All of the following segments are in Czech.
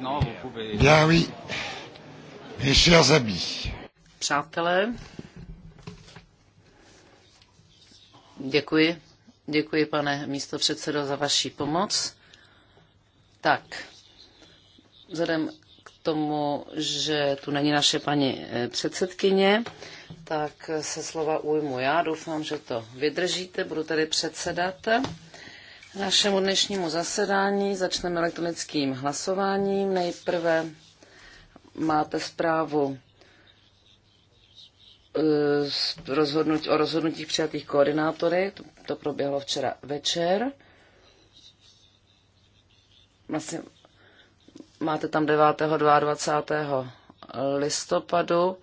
Bien oui, mes chers amis. Přátelé, děkuji. Děkuji, pane místo předsedo, za vaši pomoc. Tak, vzhledem k tomu, že tu není naše paní eh, předsedkyně, tak se slova ujmu já. Doufám, že to vydržíte, budu tady předsedat našemu dnešnímu zasedání. Začneme elektronickým hlasováním. Nejprve máte zprávu e, rozhodnutí, o rozhodnutích přijatých koordinátory. To, to proběhlo včera večer. Vlastně máte tam 9. 22. listopadu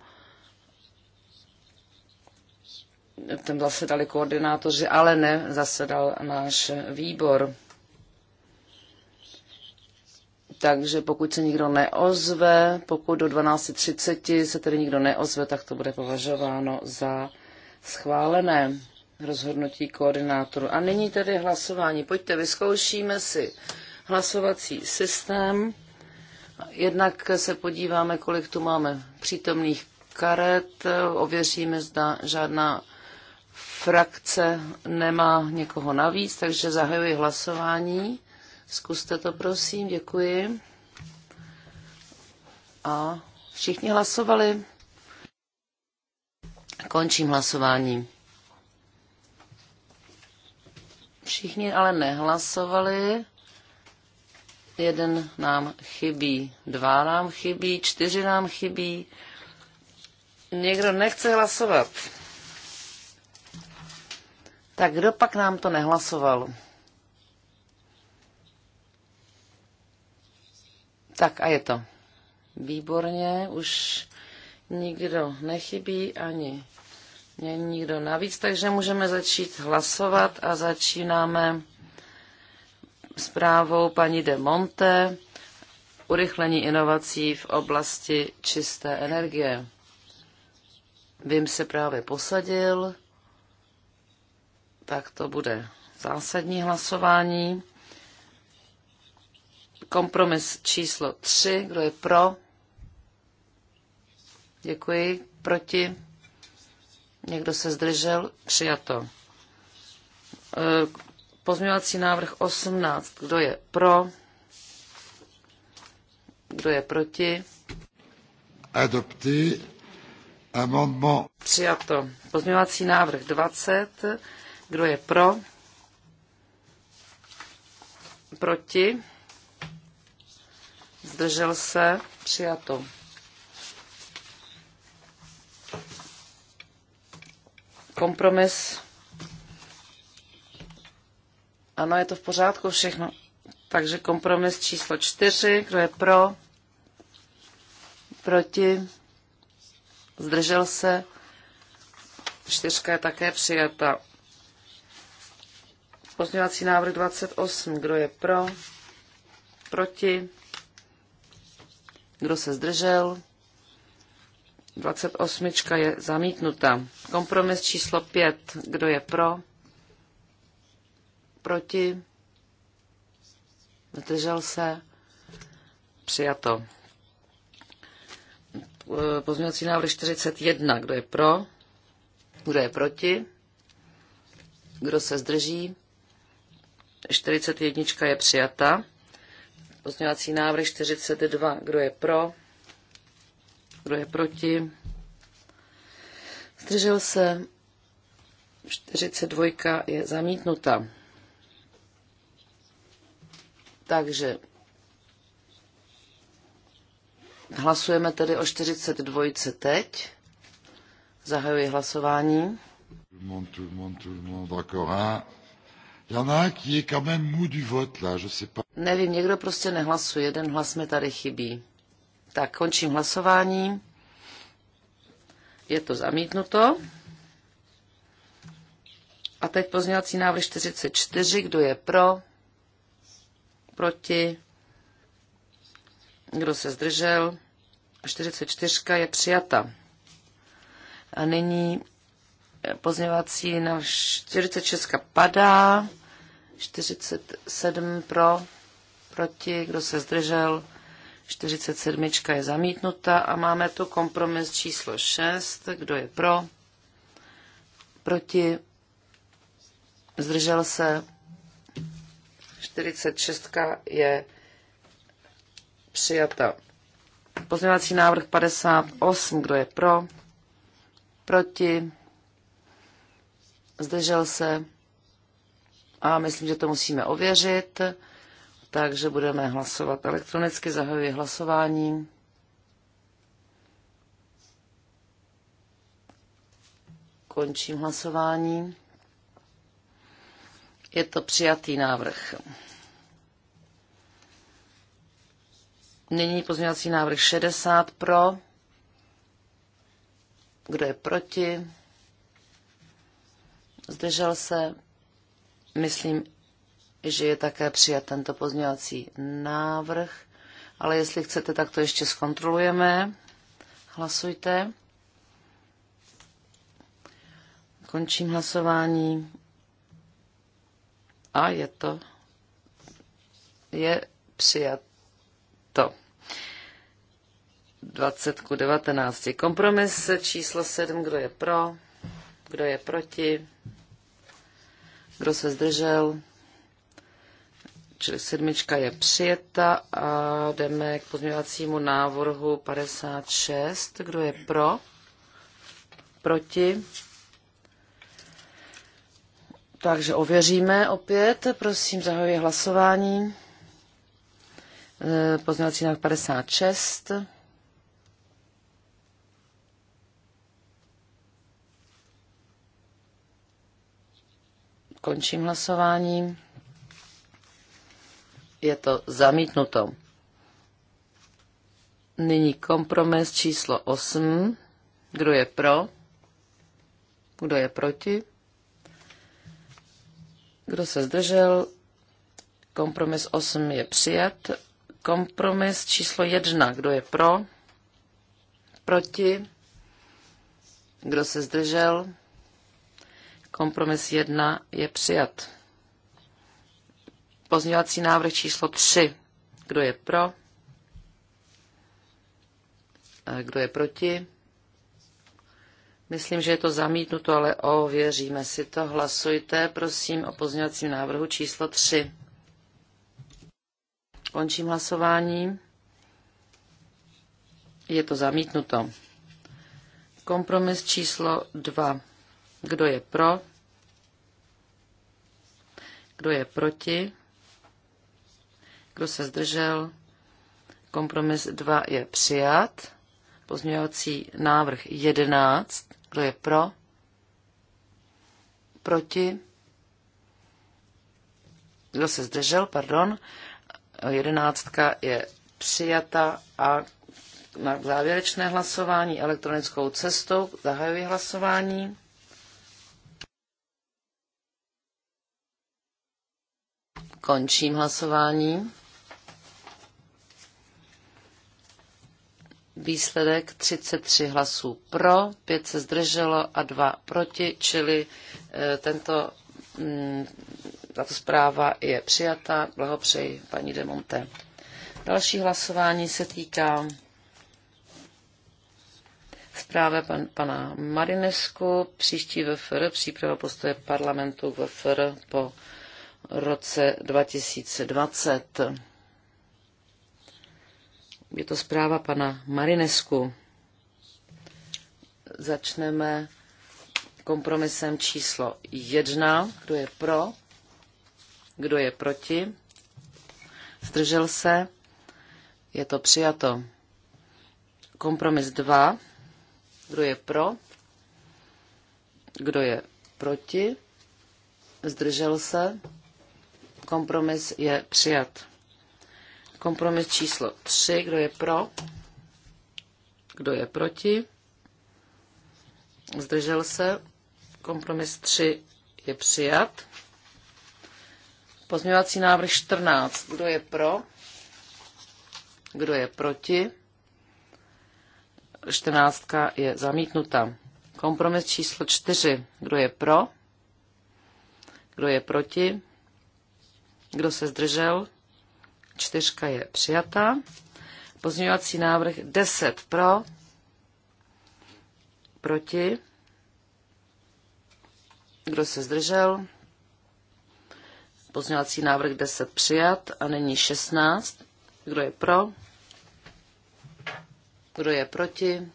tam zasedali koordinátoři, ale ne zasedal náš výbor. Takže pokud se nikdo neozve, pokud do 12.30 se tedy nikdo neozve, tak to bude považováno za schválené rozhodnutí koordinátoru. A nyní tedy hlasování. Pojďte, vyzkoušíme si hlasovací systém. Jednak se podíváme, kolik tu máme přítomných karet, ověříme, zda žádná frakce nemá někoho navíc, takže zahajuji hlasování. Zkuste to, prosím, děkuji. A všichni hlasovali. Končím hlasování. Všichni ale nehlasovali. Jeden nám chybí, dva nám chybí, čtyři nám chybí. Někdo nechce hlasovat tak kdo pak nám to nehlasoval? Tak a je to. Výborně, už nikdo nechybí ani není nikdo navíc, takže můžeme začít hlasovat a začínáme zprávou paní de Monte urychlení inovací v oblasti čisté energie. Vím se právě posadil tak to bude zásadní hlasování. Kompromis číslo 3, kdo je pro? Děkuji. Proti? Někdo se zdržel? Přijato. E, pozměňovací návrh 18. Kdo je pro? Kdo je proti? Adopté. Amendment. Přijato. Pozměňovací návrh 20. Kdo je pro? Proti? Zdržel se? Přijato. Kompromis. Ano, je to v pořádku všechno. Takže kompromis číslo čtyři. Kdo je pro? Proti? Zdržel se? Čtyřka je také přijata. Pozměňovací návrh 28. Kdo je pro? Proti? Kdo se zdržel? 28 je zamítnuta. Kompromis číslo 5. Kdo je pro? Proti? Zdržel se? Přijato. Pozměňovací návrh 41. Kdo je pro? Kdo je proti? Kdo se zdrží? 41 je přijata. Pozměňovací návrh 42. Kdo je pro? Kdo je proti? Zdržel se. 42 je zamítnuta. Takže hlasujeme tedy o 42 teď. Zahajuji hlasování. Tout le monde, tout le monde, tout le monde. D'accord. Il y en a un du vote, là, je sais pas. Nevím, někdo prostě nehlasuje, jeden hlas mi tady chybí. Tak, končím hlasování. Je to zamítnuto. A teď pozměňovací návrh 44, kdo je pro, proti, kdo se zdržel. 44 je přijata. A nyní pozměňovací na 46 padá. 47 pro, proti, kdo se zdržel, 47 je zamítnuta a máme tu kompromis číslo 6, kdo je pro, proti, zdržel se, 46 je přijata. Pozměňovací návrh 58, kdo je pro, proti, zdržel se, a myslím, že to musíme ověřit, takže budeme hlasovat elektronicky, zahajuji hlasování. Končím hlasování. Je to přijatý návrh. Nyní pozměňovací návrh 60 pro. Kdo je proti? Zdržel se? Myslím, že je také přijat tento pozměňovací návrh, ale jestli chcete, tak to ještě zkontrolujeme. Hlasujte. Končím hlasování. A je to. Je přijat to. 20 ku 19. Kompromis číslo 7. Kdo je pro? Kdo je proti? Kdo se zdržel? Čili sedmička je přijeta a jdeme k pozměňovacímu návrhu 56. Kdo je pro? Proti? Takže ověříme opět. Prosím, zahajuji hlasování. E, pozměňovací návrh 56. Končím hlasování. Je to zamítnuto. Nyní kompromis číslo 8. Kdo je pro? Kdo je proti? Kdo se zdržel? Kompromis 8 je přijat. Kompromis číslo 1. Kdo je pro? Proti? Kdo se zdržel? Kompromis 1 je přijat. Pozměňovací návrh číslo 3. Kdo je pro? Kdo je proti? Myslím, že je to zamítnuto, ale ověříme si to. Hlasujte, prosím, o pozměňovacím návrhu číslo 3. Končím hlasování. Je to zamítnuto. Kompromis číslo 2. Kdo je pro? Kdo je proti? Kdo se zdržel? Kompromis 2 je přijat. Pozměňovací návrh 11. Kdo je pro? Proti? Kdo se zdržel? Pardon. Jedenáctka je přijata a na závěrečné hlasování elektronickou cestou zahajuji hlasování. Končím hlasování. Výsledek 33 hlasů pro, 5 se zdrželo a 2 proti, čili eh, tento, mm, tato zpráva je přijata. Blahopřeji paní Demonte. Další hlasování se týká zprávy pan, pana Marinesku, příští VFR, příprava postoje parlamentu VFR po roce 2020. Je to zpráva pana Marinesku. Začneme kompromisem číslo jedna. Kdo je pro? Kdo je proti? Zdržel se? Je to přijato. Kompromis 2. Kdo je pro? Kdo je proti? Zdržel se? Kompromis je přijat. Kompromis číslo 3. Kdo je pro? Kdo je proti? Zdržel se. Kompromis 3 je přijat. Pozměňovací návrh 14. Kdo je pro? Kdo je proti? 14 je zamítnuta. Kompromis číslo 4. Kdo je pro? Kdo je proti? Kdo se zdržel? Čtyřka je přijata. Pozměňovací návrh 10 pro, proti. Kdo se zdržel? Pozměňovací návrh 10 přijat a není 16. Kdo je pro? Kdo je proti?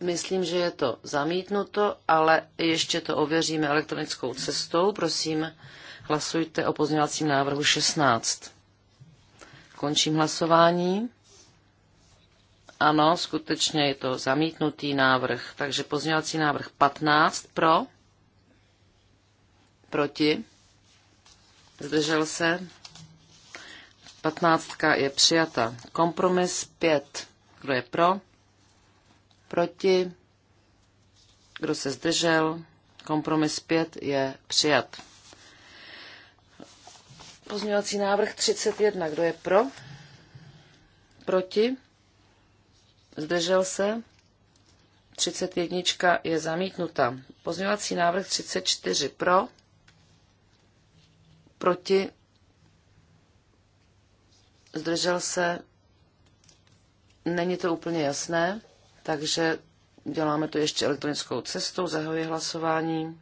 Myslím, že je to zamítnuto, ale ještě to ověříme elektronickou cestou. Prosím, hlasujte o pozměňovacím návrhu 16. Končím hlasování. Ano, skutečně je to zamítnutý návrh. Takže pozměňovací návrh 15 pro, proti, zdržel se. 15 je přijata. Kompromis 5. Kdo je pro? proti, kdo se zdržel, kompromis 5 je přijat. Pozměňovací návrh 31, kdo je pro, proti, zdržel se, 31 je zamítnuta. Pozměňovací návrh 34 pro, proti, zdržel se, není to úplně jasné. Takže děláme to ještě elektronickou cestou, zahajuji hlasování,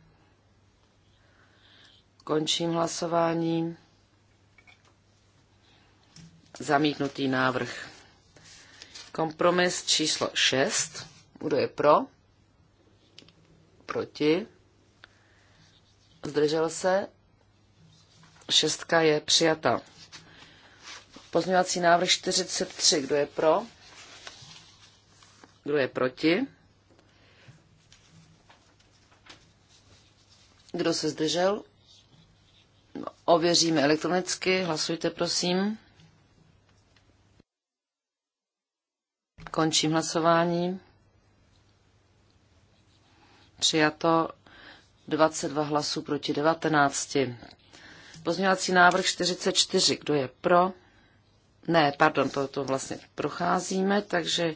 končím hlasování, zamítnutý návrh. Kompromis číslo 6. Kdo je pro? Proti? Zdržel se? Šestka je přijata. Pozměňovací návrh 43. Kdo je pro? Kdo je proti? Kdo se zdržel? No, ověříme elektronicky. Hlasujte, prosím. Končím hlasování. Přijato 22 hlasů proti 19. Pozměňovací návrh 44. Kdo je pro? Ne, pardon, to, to vlastně procházíme, takže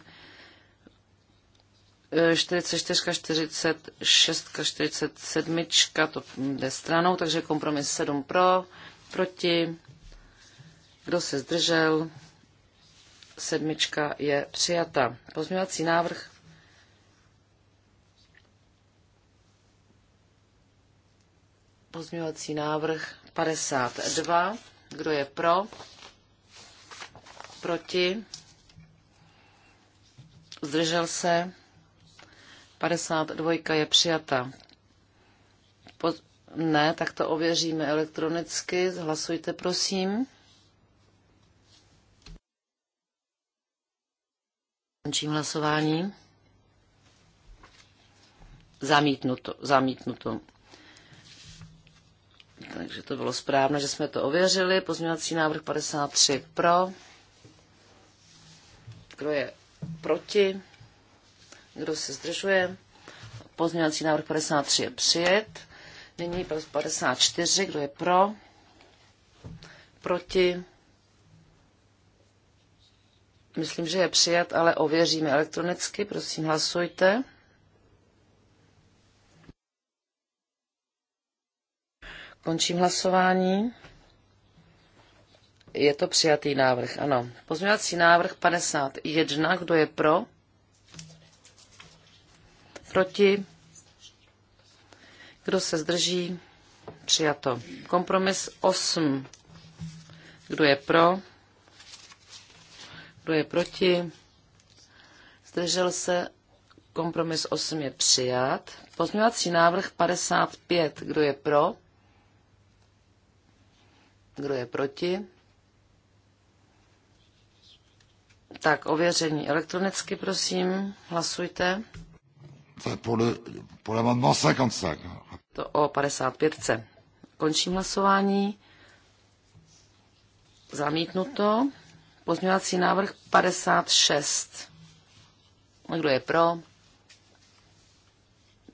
44, 46, 47, to jde stranou, takže kompromis 7 pro, proti, kdo se zdržel, sedmička je přijata. Pozměňovací návrh Pozměňovací návrh 52. Kdo je pro? Proti? Zdržel se? 52 je přijata. Po, ne, tak to ověříme elektronicky. Hlasujte, prosím. Končím hlasování. Zamítnuto, zamítnuto. Takže to bylo správné, že jsme to ověřili. Pozměňovací návrh 53 pro. Kdo je proti? Kdo se zdržuje? Pozměňovací návrh 53 je přijet. Nyní 54. Kdo je pro? Proti? Myslím, že je přijat, ale ověříme elektronicky. Prosím, hlasujte. Končím hlasování. Je to přijatý návrh, ano. Pozměňovací návrh 51. Kdo je pro? Proti? Kdo se zdrží? Přijato. Kompromis 8. Kdo je pro? Kdo je proti? Zdržel se. Kompromis 8 je přijat. Pozměňovací návrh 55. Kdo je pro? Kdo je proti? Tak ověření elektronicky, prosím. Hlasujte. Pro, le, pro l'amendement 55. To o 55. Končím hlasování. Zamítnuto. Pozměňovací návrh 56. Kdo je pro?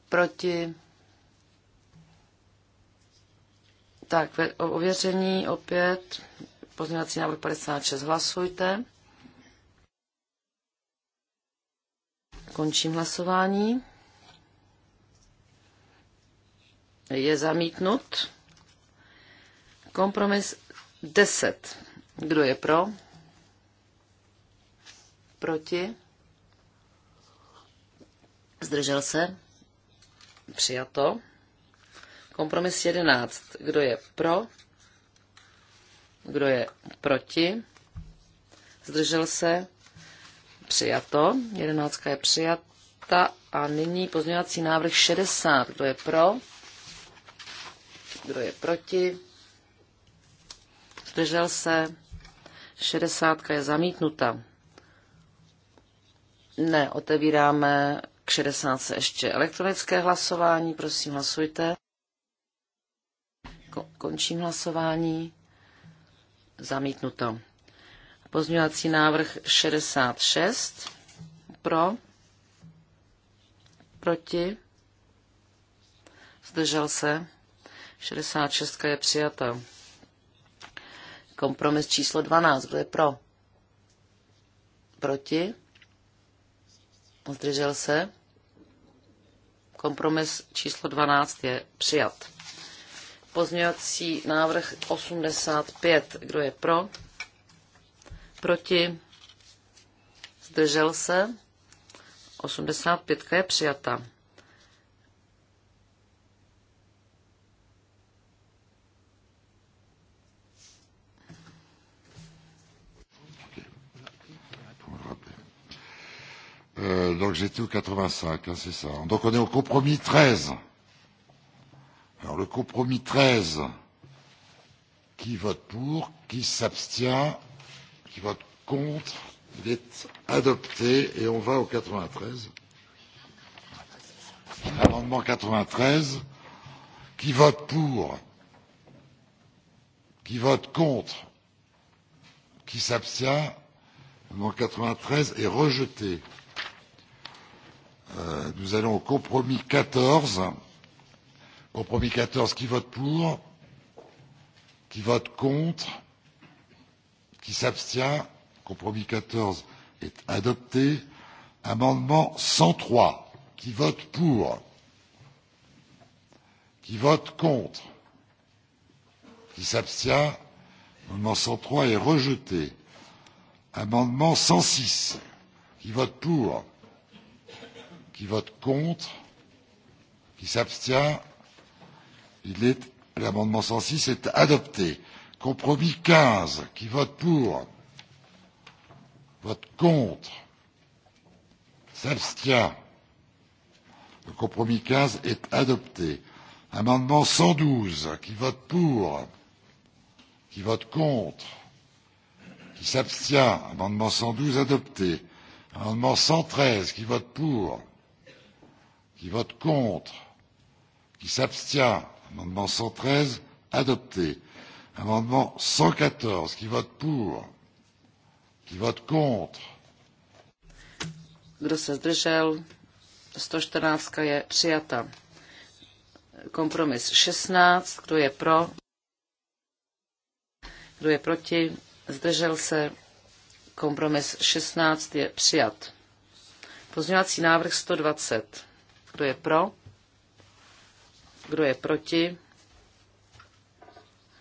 Proti? Tak, ověření opět. Pozměňovací návrh 56. Hlasujte. Končím hlasování. je zamítnut. Kompromis 10. Kdo je pro? Proti? Zdržel se? Přijato. Kompromis 11. Kdo je pro? Kdo je proti? Zdržel se? Přijato. Jedenáctka je přijata. A nyní pozměňovací návrh 60. Kdo je pro? Kdo je proti? Zdržel se? 60 je zamítnuta. Ne, otevíráme k 60 ještě elektronické hlasování. Prosím, hlasujte. Končím hlasování. Zamítnuto. Pozměňovací návrh 66. Pro. Proti. Zdržel se. 66 je přijata. Kompromis číslo 12. Kdo je pro? Proti? Zdržel se? Kompromis číslo 12 je přijat. Pozměňovací návrh 85. Kdo je pro? Proti? Zdržel se? 85 je přijata. Euh, donc j'étais au 85, hein, c'est ça. Donc on est au compromis 13. Alors le compromis 13, qui vote pour, qui s'abstient, qui vote contre, il est adopté et on va au 93. L'amendement 93, qui vote pour, qui vote contre, qui s'abstient, l'amendement 93 est rejeté. Euh, nous allons au compromis 14. Compromis 14, qui vote pour Qui vote contre Qui s'abstient Compromis 14 est adopté. Amendement 103, qui vote pour Qui vote contre Qui s'abstient Amendement 103 est rejeté. Amendement 106, qui vote pour qui vote contre, qui s'abstient. Il est l'amendement 106 est adopté. Compromis 15 qui vote pour, vote contre, s'abstient. Le compromis 15 est adopté. Amendement 112 qui vote pour, qui vote contre, qui s'abstient. Amendement 112 adopté. Amendement 113 qui vote pour, qui vote contre, qui s'abstient. Amendement 113, adopté. Amendement 114, qui vote pour, qui vote contre. Kdo se zdržel? 114 je přijata. Kompromis 16, kdo je pro? Kdo je proti? Zdržel se? Kompromis 16 je přijat. Pozměňovací návrh 120. Kdo je pro? Kdo je proti?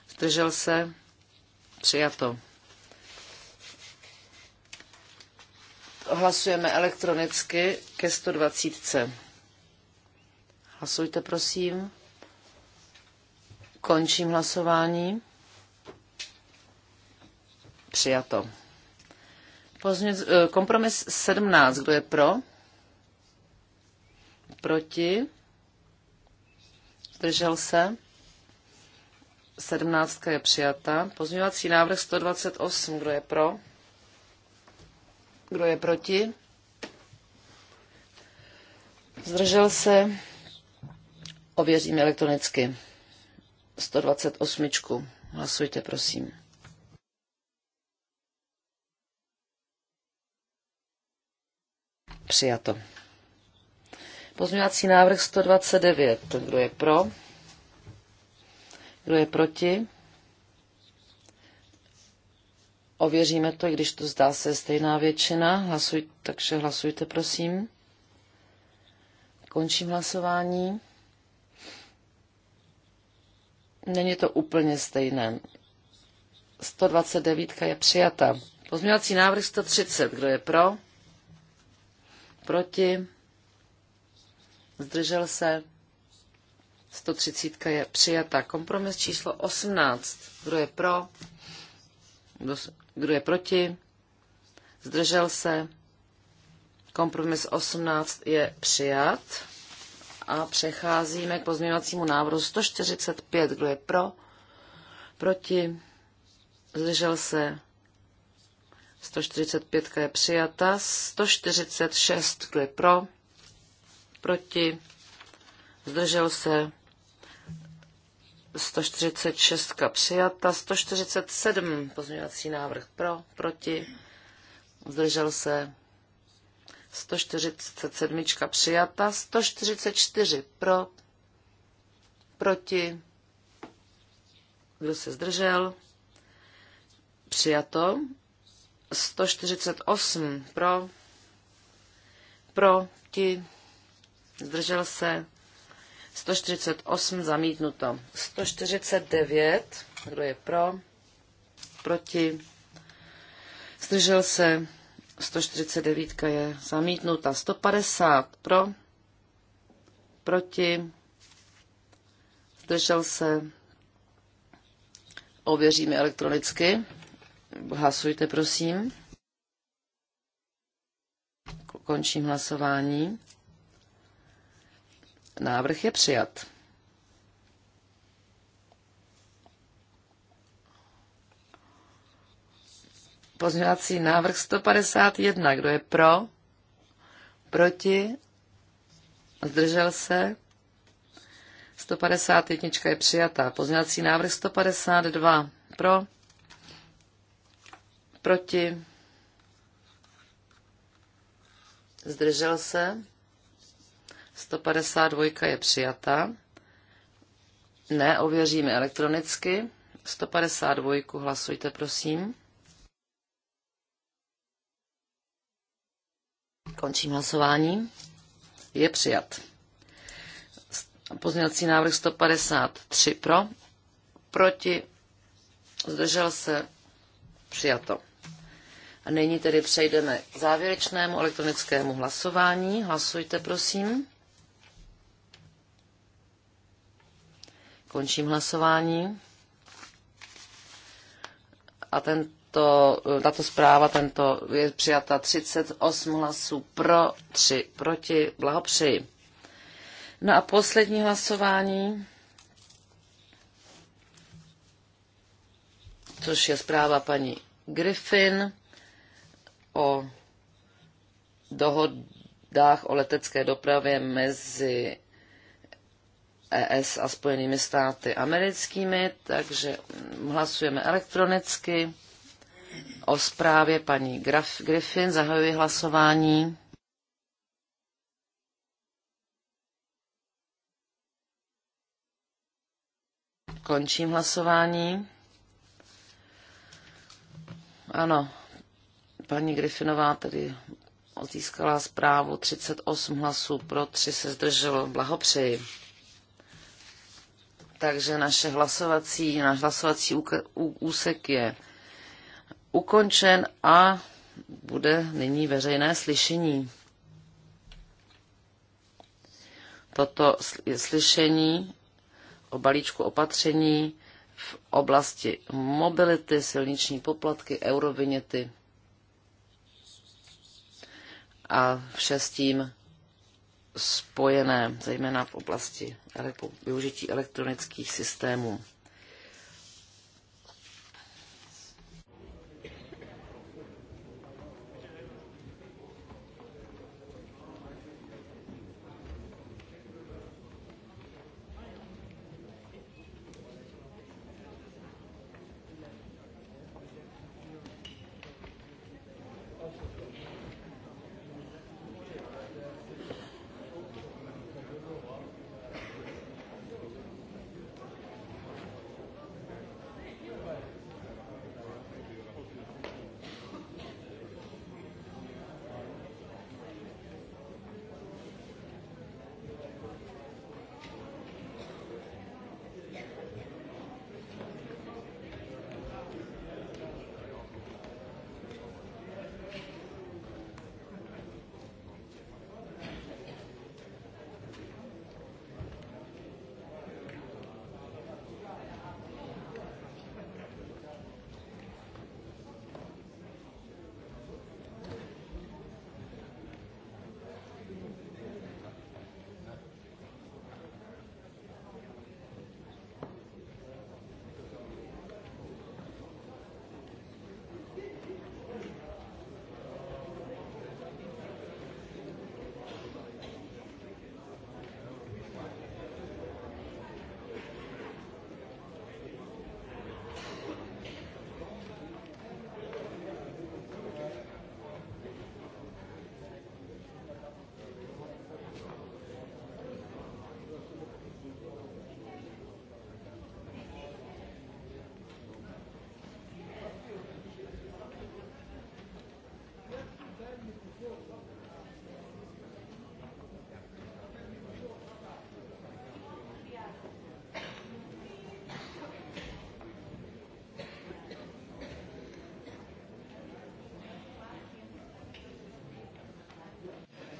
Zdržel se? Přijato. Hlasujeme elektronicky ke 120. Hlasujte, prosím. Končím hlasování. Přijato. Pozměc, eh, kompromis 17. Kdo je pro? Proti? Zdržel se? 17 je přijata. Pozměňovací návrh 128. Kdo je pro? Kdo je proti? Zdržel se? Ověřím elektronicky. 128. Hlasujte, prosím. Přijato. Pozměňovací návrh 129. Kdo je pro? Kdo je proti? Ověříme to, i když to zdá se stejná většina. Hlasuj, takže hlasujte, prosím. Končím hlasování. Není to úplně stejné. 129 je přijata. Pozměňovací návrh 130. Kdo je pro? Proti? zdržel se, 130 je přijata. Kompromis číslo 18, kdo je pro, kdo je proti, zdržel se, kompromis 18 je přijat. A přecházíme k pozměňovacímu návrhu 145, kdo je pro, proti, zdržel se, 145 je přijata, 146, kdo je pro, proti, zdržel se 146 přijata, 147 pozměňovací návrh pro, proti, zdržel se 147 přijata, 144 pro, proti, kdo se zdržel, přijato, 148 pro, proti, zdržel se, 148 zamítnuto. 149, kdo je pro, proti, zdržel se, 149 je zamítnuta. 150 pro, proti, zdržel se, ověříme elektronicky. Hlasujte, prosím. Končím hlasování. Návrh je přijat. Pozměňovací návrh 151. Kdo je pro? Proti? Zdržel se? 151 je přijatá. Pozměňovací návrh 152. Pro? Proti? Zdržel se? 152 je přijata. Ne, ověříme elektronicky. 152 hlasujte, prosím. Končím hlasování. Je přijat. Pozměňovací návrh 153 pro, proti, zdržel se, přijato. A nyní tedy přejdeme k závěrečnému elektronickému hlasování. Hlasujte, prosím. Končím hlasování. A tento, tato zpráva tento je přijata 38 hlasů pro, 3 proti. Blahopřeji. No a poslední hlasování, což je zpráva paní Griffin o dohodách o letecké dopravě mezi ES a Spojenými státy americkými, takže hlasujeme elektronicky. O zprávě paní Graf Griffin zahajuji hlasování. Končím hlasování. Ano, paní Griffinová tedy získala zprávu 38 hlasů pro 3 se zdrželo. Blahopřeji. Takže naše hlasovací, náš hlasovací úsek je ukončen a bude nyní veřejné slyšení. Toto slyšení o balíčku opatření v oblasti mobility, silniční poplatky, eurovinety a vše s tím spojené, zejména v oblasti využití elektronických systémů.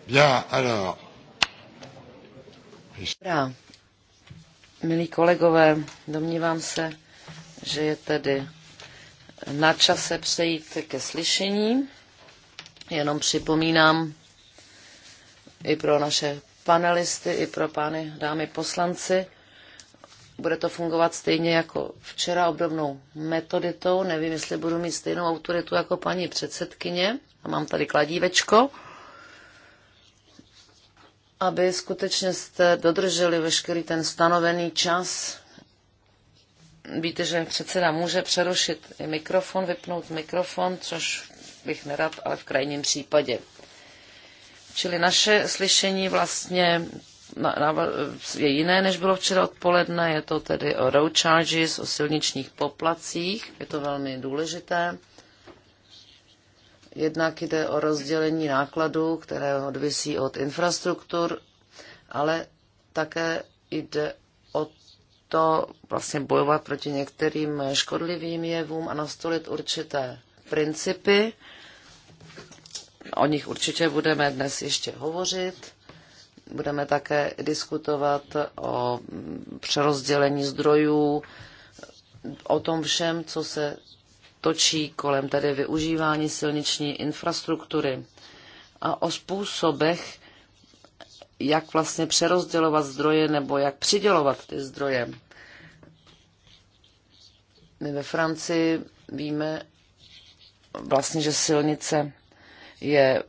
Bien, alors. Dobrá. Milí kolegové, domnívám se, že je tedy na čase přejít ke slyšení. Jenom připomínám i pro naše panelisty, i pro pány, dámy poslanci, bude to fungovat stejně jako včera obdobnou metoditou. Nevím, jestli budu mít stejnou autoritu jako paní předsedkyně. A mám tady kladívečko aby skutečně jste dodrželi veškerý ten stanovený čas. Víte, že předseda může přerušit i mikrofon, vypnout mikrofon, což bych nerad, ale v krajním případě. Čili naše slyšení vlastně je jiné, než bylo včera odpoledne. Je to tedy o road charges, o silničních poplacích. Je to velmi důležité. Jednak jde o rozdělení nákladů, které odvisí od infrastruktur, ale také jde o to vlastně bojovat proti některým škodlivým jevům a nastolit určité principy. O nich určitě budeme dnes ještě hovořit. Budeme také diskutovat o přerozdělení zdrojů, o tom všem, co se točí kolem tedy využívání silniční infrastruktury a o způsobech, jak vlastně přerozdělovat zdroje nebo jak přidělovat ty zdroje. My ve Francii víme vlastně, že silnice je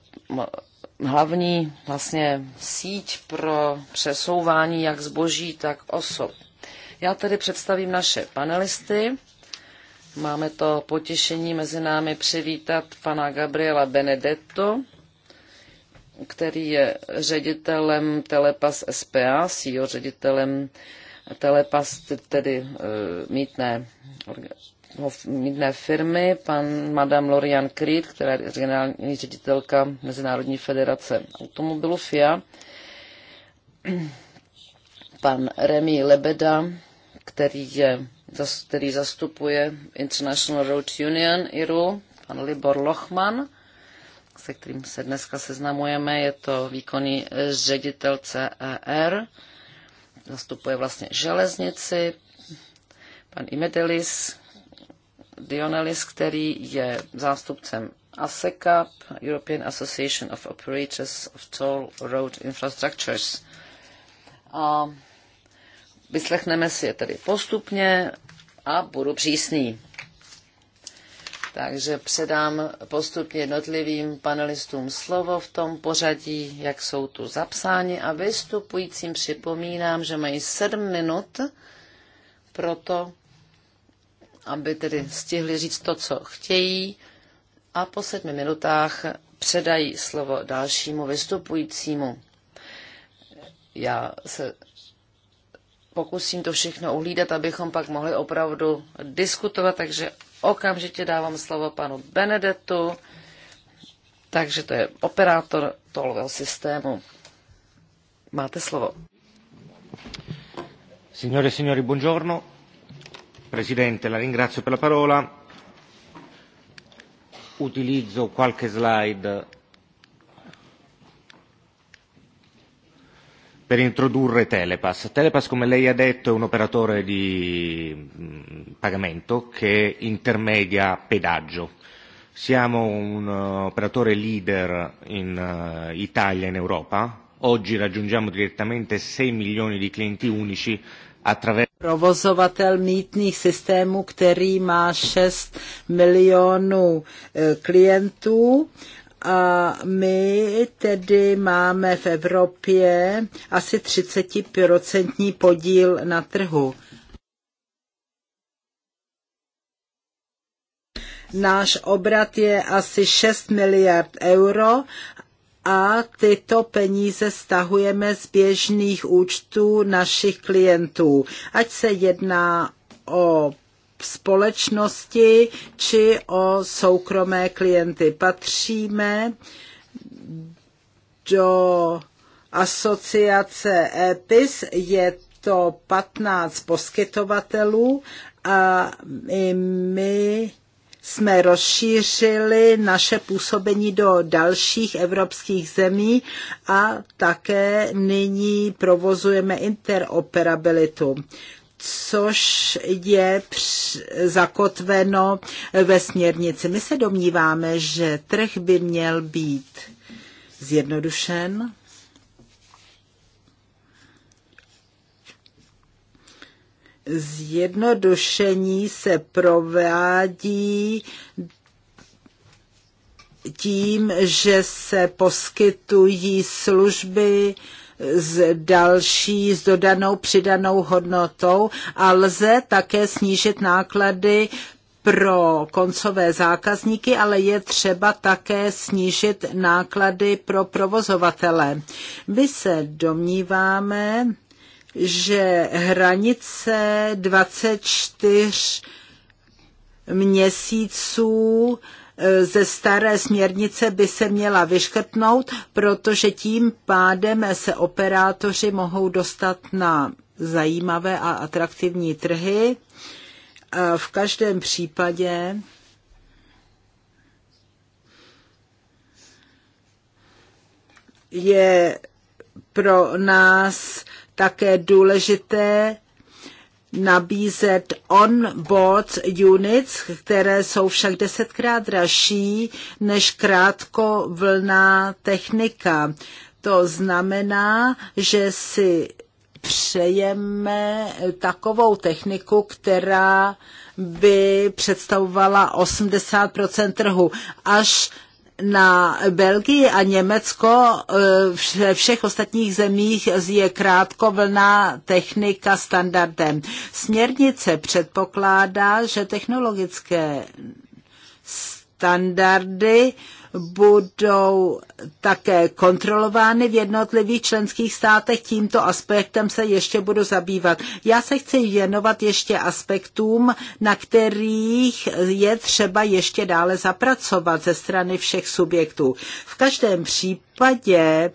hlavní vlastně síť pro přesouvání jak zboží, tak osob. Já tedy představím naše panelisty. Máme to potěšení mezi námi přivítat pana Gabriela Benedetto, který je ředitelem Telepas SPA, CEO ředitelem Telepas, tedy uh, mítné, no, mítné firmy, pan Madame Lorian Creed, která je generální ředitelka Mezinárodní federace automobilů FIA, pan Remy Lebeda, který je který zastupuje International Road Union IRU, pan Libor Lochman, se kterým se dneska seznamujeme. Je to výkonný eh, ředitel CER, zastupuje vlastně železnici, pan Imedelis, Dionelis, který je zástupcem ASECAP, European Association of Operators of Toll Road Infrastructures. A Vyslechneme si je tedy postupně a budu přísný. Takže předám postupně jednotlivým panelistům slovo v tom pořadí, jak jsou tu zapsáni a vystupujícím připomínám, že mají sedm minut pro to, aby tedy stihli říct to, co chtějí a po sedmi minutách předají slovo dalšímu vystupujícímu. Já se pokusím to všechno uhlídat, abychom pak mohli opravdu diskutovat, takže okamžitě dávám slovo panu Benedetu, takže to je operátor tolového systému. Máte slovo. Signore e signori, buongiorno. Presidente, la ringrazio per la parola. Utilizzo qualche slide per introdurre Telepass. Telepass, come lei ha detto, è un operatore di mm, pagamento che intermedia pedaggio. Siamo un uh, operatore leader in uh, Italia e in Europa. Oggi raggiungiamo direttamente 6 milioni di clienti unici attraverso provozovatel mítných systémů, který má 6 milionů eh, klientů a my tedy máme v Evropě asi 30% podíl na trhu. Náš obrat je asi 6 miliard euro a tyto peníze stahujeme z běžných účtů našich klientů. Ať se jedná o společnosti či o soukromé klienty. Patříme do asociace EPIS, je to 15 poskytovatelů a i my jsme rozšířili naše působení do dalších evropských zemí a také nyní provozujeme interoperabilitu což je zakotveno ve směrnici. My se domníváme, že trh by měl být zjednodušen. Zjednodušení se provádí tím, že se poskytují služby, z další s dodanou přidanou hodnotou a lze také snížit náklady pro koncové zákazníky, ale je třeba také snížit náklady pro provozovatele. My se domníváme, že hranice 24 měsíců E, ze staré směrnice by se měla vyškrtnout, protože tím pádem se operátoři mohou dostat na zajímavé a atraktivní trhy. A e, v každém případě je pro nás také důležité nabízet on-board units, které jsou však desetkrát dražší než krátkovlná technika. To znamená, že si přejeme takovou techniku, která by představovala 80 trhu, až na Belgii a Německo eh, ve všech ostatních zemích je krátkovlná technika standardem. Směrnice předpokládá, že technologické standardy budou také kontrolovány v jednotlivých členských státech. Tímto aspektem se ještě budu zabývat. Já se chci věnovat ještě aspektům, na kterých je třeba ještě dále zapracovat ze strany všech subjektů. V každém případě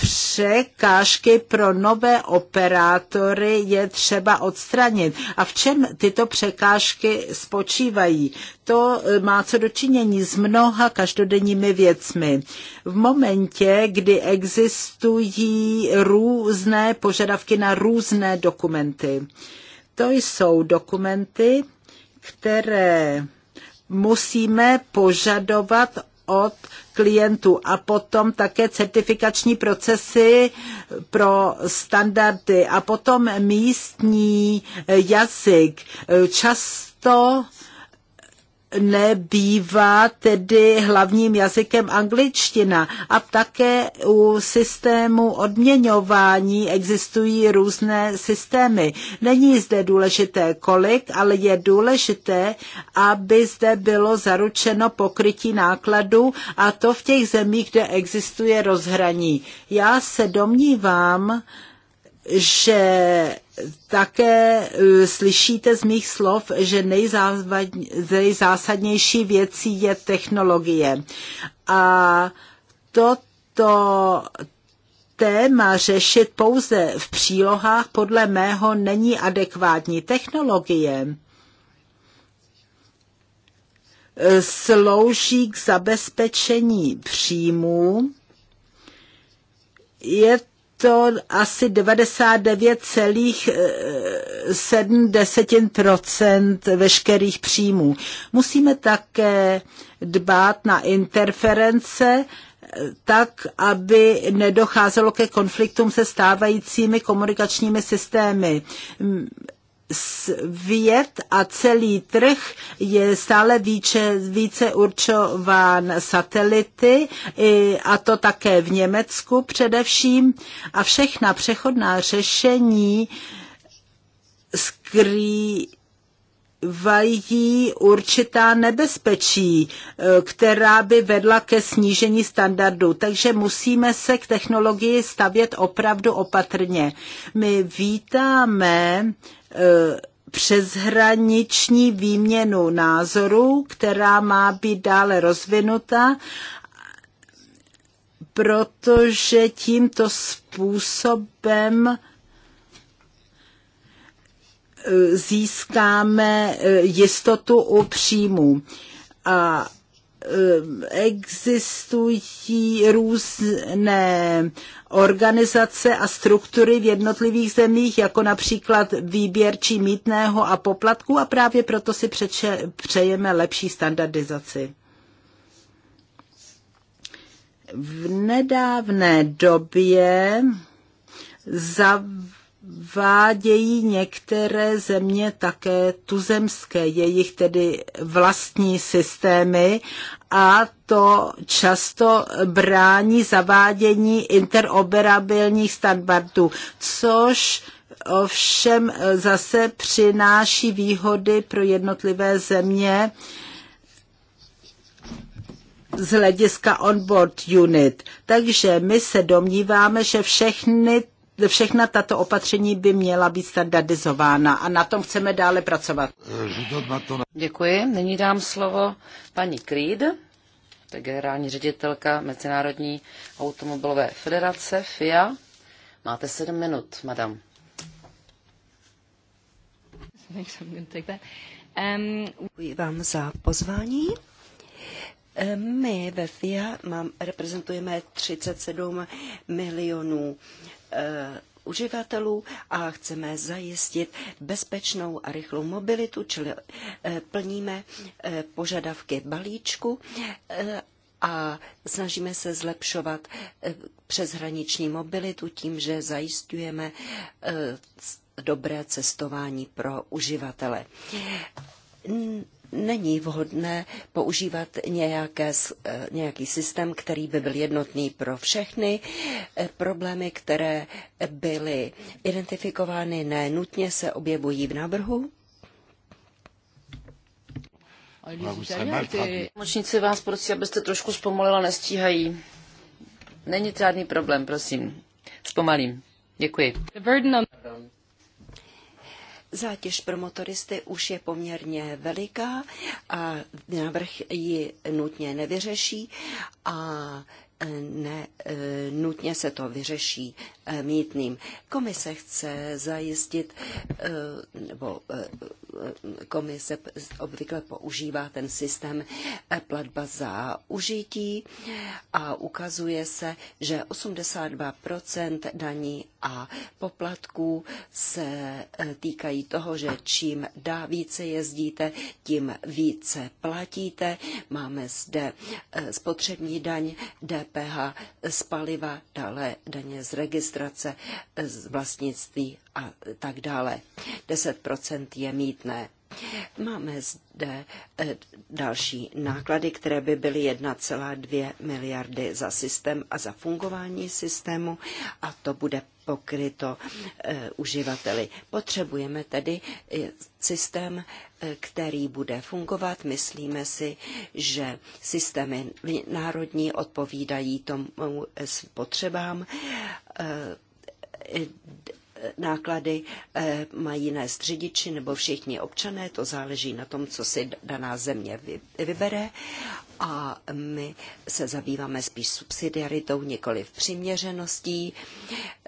překážky pro nové operátory je třeba odstranit. A v čem tyto překážky spočívají? To e, má co dočinění s mnoha každodenními věcmi. V momentě, kdy existují různé požadavky na různé dokumenty. To jsou dokumenty, které musíme požadovat od klientů a potom také certifikační procesy pro standardy a potom místní jazyk. Často nebývá tedy hlavním jazykem angličtina. A také u systému odměňování existují různé systémy. Není zde důležité kolik, ale je důležité, aby zde bylo zaručeno pokrytí nákladů a to v těch zemích, kde existuje rozhraní. Já se domnívám, že také e, slyšíte z mých slov, že nejzásadnější věcí je technologie. A toto téma řešit pouze v přílohách podle mého není adekvátní technologie slouží k zabezpečení příjmů. Je to asi 99,7 eh, veškerých příjmů. Musíme také dbát na interference, eh, tak, aby nedocházelo ke konfliktům se stávajícími komunikačními systémy svět a celý trh je stále více, více určován satelity a to také v Německu především a všechna přechodná řešení skrý vají určitá nebezpečí, e, která by vedla ke snížení standardu. Takže musíme se k technologii stavět opravdu opatrně. My vítáme přeshraniční výměnu názorů, která má být dále rozvinuta, protože tímto způsobem e, získáme e, jistotu u příjmů. A Ehm, existují různé organizace a struktury v jednotlivých zemích, jako například výběrčí mítného a poplatku a právě proto si přeče, přejeme lepší standardizaci. V nedávné době zav vádějí některé země také tuzemské, jejich tedy vlastní systémy a to často brání zavádění interoperabilních standardů, což ovšem zase přináší výhody pro jednotlivé země z hlediska onboard unit. Takže my se domníváme, že všechny všechna tato opatření by měla být standardizována a na tom chceme dále pracovat. Děkuji. Nyní dám slovo paní Creed, to je generální ředitelka Mezinárodní automobilové federace FIA. Máte sedm minut, madam. Děkuji vám za pozvání. My ve FIA mám, reprezentujeme 37 milionů Eh, uživatelů a chceme zajistit bezpečnou a rychlou mobilitu, čili eh, plníme eh, požadavky balíčku a snažíme se zlepšovat přeshraniční mobilitu tím, že zajistujeme dobré cestování pro uživatele není vhodné používat nějaké, eh, nějaký systém, který by byl jednotný pro všechny. Eh, problémy, které byly identifikovány, nenutně se objevují v návrhu. Tlumočníci vás prosí, abyste trošku zpomalila, nestíhají. Není žádný problém, prosím. Zpomalím. Děkuji. Zátěž pro motoristy už je poměrně veliká a návrh ji nutně nevyřeší a e, ne, e, nutně se to vyřeší e, mítným. Komise chce zajistit nebo komise obvykle používá ten systém e, platba za užití a ukazuje se, že 82% daní a poplatků se e, týkají toho, že čím dá více jezdíte, tím více platíte. Máme zde e, spotřební daň, DPH z paliva, dále daně z registrace, z vlastnictví a tak dále. 10% je mítné. Máme zde eh, další náklady, které by byly 1,2 miliardy za systém a za fungování systému a to bude pokryto eh, uživateli. Potřebujeme tedy eh, systém, který bude fungovat. Myslíme si, že systémy národní odpovídají tomu potřebám náklady eh, mají nést řidiči nebo všichni občané, to záleží na tom, co si daná země vybere a my se zabýváme spíš subsidiaritou, nikoli v přiměřeností.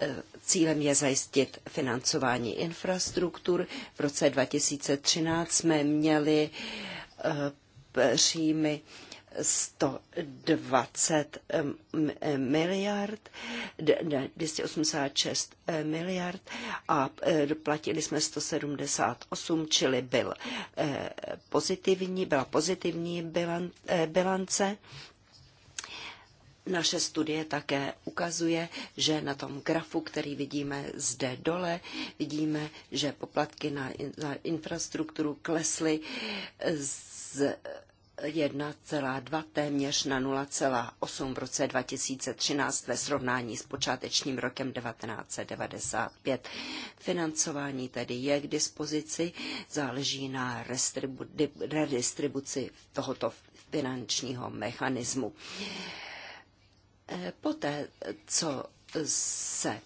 Eh, cílem je zajistit financování infrastruktur. V roce 2013 jsme měli eh, příjmy 120 miliard, 286 miliard a e, doplatili jsme 178, čili byl e, pozitivní, byla pozitivní e, bilance. Naše studie také ukazuje, že na tom grafu, který vidíme zde dole, vidíme, že poplatky na infrastrukturu klesly z 1,2 téměř na 0,8 v roce 2013 ve srovnání s počátečním rokem 1995. Financování tedy je k dispozici, záleží na redistribuci tohoto finančního mechanismu. E, poté, co se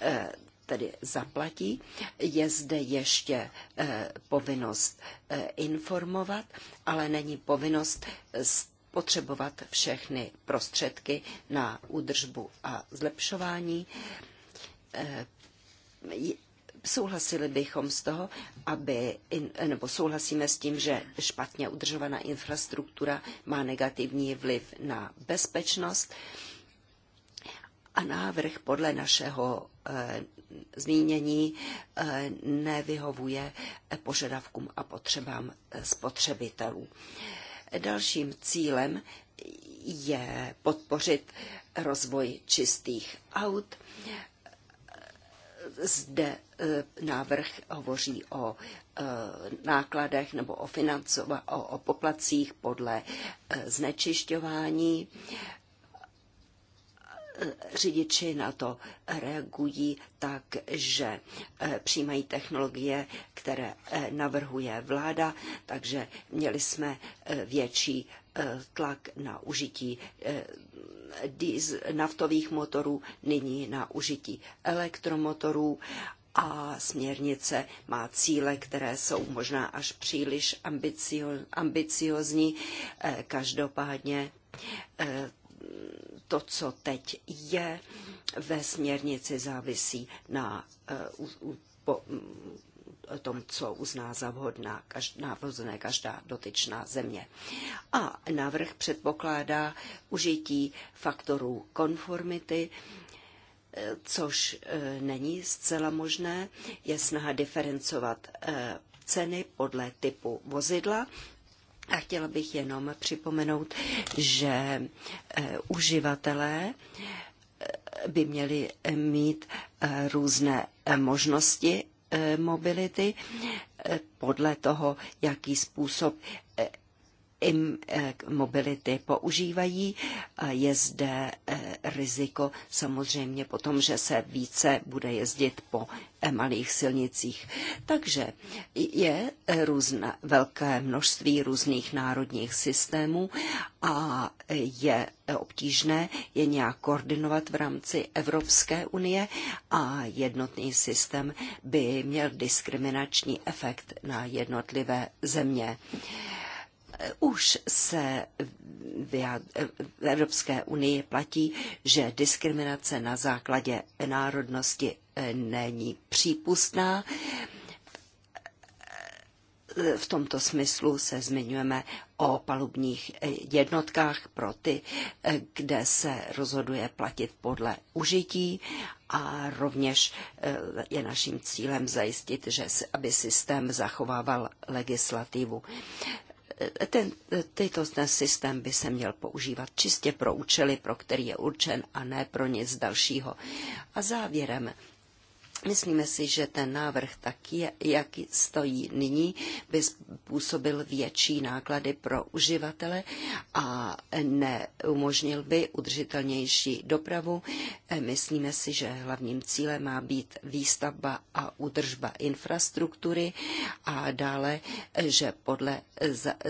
e, tedy zaplatí. Je zde ještě eh, povinnost eh, informovat, ale není povinnost eh, potřebovat všechny prostředky na údržbu a zlepšování. Souhlasili bychom z toho, aby, nebo souhlasíme s tím, že špatně udržovaná infrastruktura má negativní vliv na bezpečnost a návrh podle našeho zmínění eh, nevyhovuje požadavkům a potřebám eh, spotřebitelů. Dalším cílem je podpořit rozvoj čistých aut. Zde eh, návrh hovoří o nákladech nebo o, financova- o, o poplacích podle znečišťování řidiči na to reagují tak, že eh, přijímají technologie, které eh, navrhuje vláda, takže měli jsme eh, větší tlak na užití naftových motorů, nyní na užití elektromotorů a směrnice má cíle, které jsou možná až příliš ambicio, ambiciozní. Každopádně to, co teď je ve směrnici, závisí na uh, po, mm, tom, co uzná za vhodná, každá, vhodné každá dotyčná země. A návrh předpokládá užití faktorů konformity, eh, což eh, není zcela možné, je snaha diferencovat ceny podle typu vozidla a chtěla bych jenom připomenout, že eh, uživatelé eh, by měli eh, mít různé možnosti mobility podle toho, jaký způsob Eh, mobility používají je zde eh, riziko samozřejmě potom, že se více bude jezdit po eh, malých silnicích. Takže je různé, velké množství různých národních systémů a je obtížné je nějak koordinovat v rámci Evropské unie a jednotný systém by měl diskriminační efekt na jednotlivé země. Už se v Evropské unii platí, že diskriminace na základě národnosti eh, není přípustná. V tomto smyslu se zmiňujeme o palubních eh, jednotkách pro ty, eh, kde se rozhoduje platit podle užití a rovněž je naším cílem zajistit, že, aby systém zachovával legislativu ten, tyto, ten systém by se měl používat čistě pro účely, pro který je určen a ne pro nic dalšího. A závěrem Myslíme si, že ten návrh tak, jak stojí nyní, by způsobil větší náklady pro uživatele a neumožnil by udržitelnější dopravu. E, myslíme si, že hlavním cílem má být výstavba a udržba infrastruktury a dále, e, že podle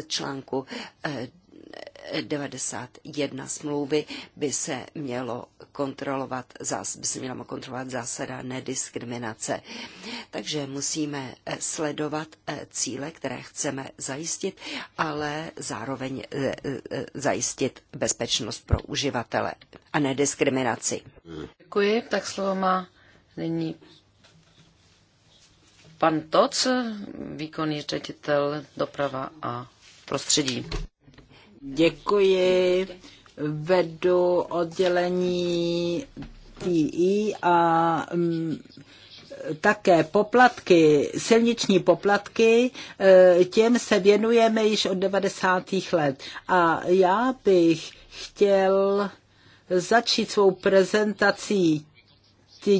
článku e, 91 smlouvy by se mělo kontrolovat, by se měla kontrolovat zásada nediskriminace. Takže musíme eh, sledovat eh, cíle, které chceme zajistit, ale zároveň eh, zajistit bezpečnost pro uživatele a nediskriminaci. Děkuji, tak slovo má nyní pan Toc, výkonný ředitel doprava a prostředí. Děkuji. Vedu oddělení TI e a mm, také poplatky, silniční poplatky, eh, těm se věnujeme již od 90. let. A já bych chtěl začít svou prezentací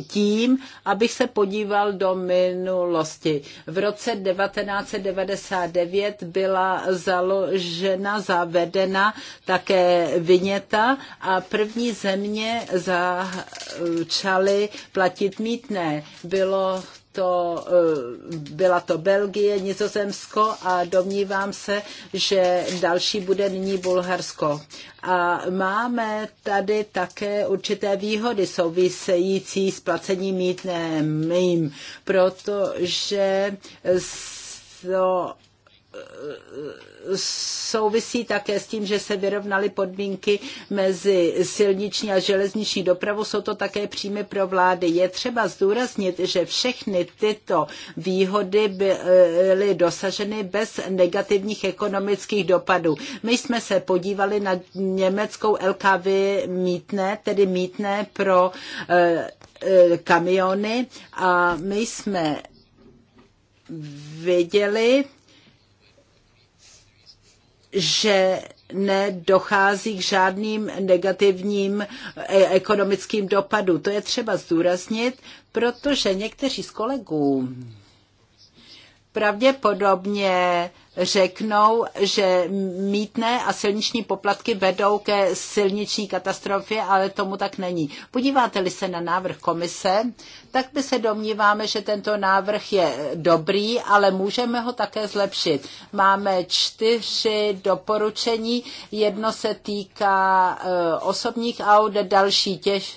tím, abych se podíval do minulosti. V roce 1999 byla založena, zavedena také vyněta a první země začaly platit mítné. Bylo to, eh, byla to Belgie, Nizozemsko a domnívám se, že další bude nyní Bulharsko. A máme tady také určité výhody související s placením mým, protože to souvisí také s tím, že se vyrovnaly podmínky mezi silniční a železniční dopravou. Jsou to také příjmy pro vlády. Je třeba zdůraznit, že všechny tyto výhody byly dosaženy bez negativních ekonomických dopadů. My jsme se podívali na německou LKV mítné, tedy mítné pro eh, eh, kamiony a my jsme viděli, že nedochází k žádným negativním e, ekonomickým dopadům. To je třeba zdůraznit, protože někteří z kolegů pravděpodobně řeknou, že mítné a silniční poplatky vedou ke silniční katastrofě, ale tomu tak není. Podíváte-li se na návrh komise, tak my se domníváme, že tento návrh je dobrý, ale můžeme ho také zlepšit. Máme čtyři doporučení. Jedno se týká eh, osobních aut, další těž,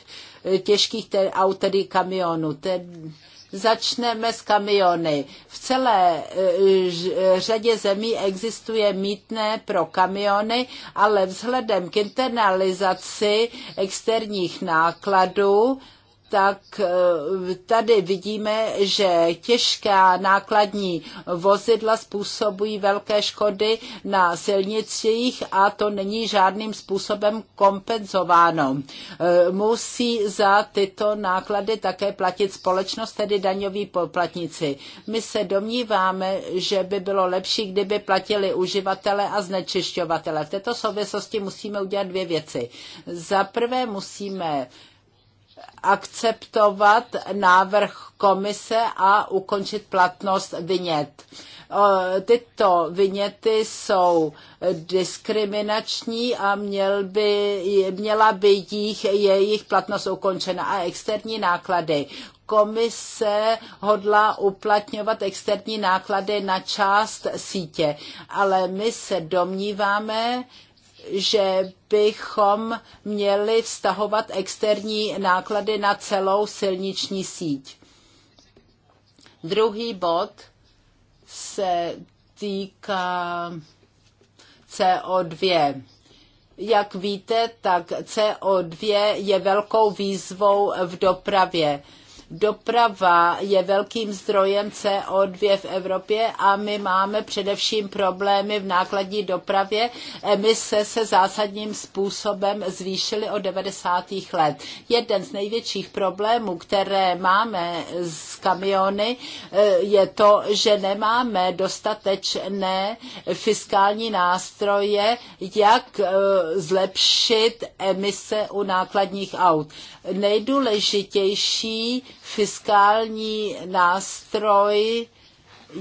těžkých aut, tedy kamionů. tedy. Začneme s kamiony. V celé eh, řadě zemí existuje mítné pro kamiony, ale vzhledem k internalizaci externích nákladů, tak eh, tady vidíme, že těžká nákladní vozidla způsobují velké škody na silnicích a to není žádným způsobem kompenzováno. Eh, musí za tyto náklady také platit společnost, tedy daňoví poplatníci. My se domníváme, že by bylo lepší, kdyby platili uživatele a znečišťovatele. V této souvislosti musíme udělat dvě věci. Za prvé musíme akceptovat návrh komise a ukončit platnost vinět. Tyto viněty jsou diskriminační a měl by, měla by jich, jejich platnost ukončena a externí náklady komise hodla uplatňovat externí náklady na část sítě, ale my se domníváme, že bychom měli vztahovat externí náklady na celou silniční síť. Druhý bod se týká CO2. Jak víte, tak CO2 je velkou výzvou v dopravě Doprava je velkým zdrojem CO2 v Evropě a my máme především problémy v nákladní dopravě. Emise se zásadním způsobem zvýšily od 90. let. Jeden z největších problémů, které máme s kamiony, je to, že nemáme dostatečné fiskální nástroje, jak eh, zlepšit emise u nákladních aut. Nejdůležitější fiskální nástroj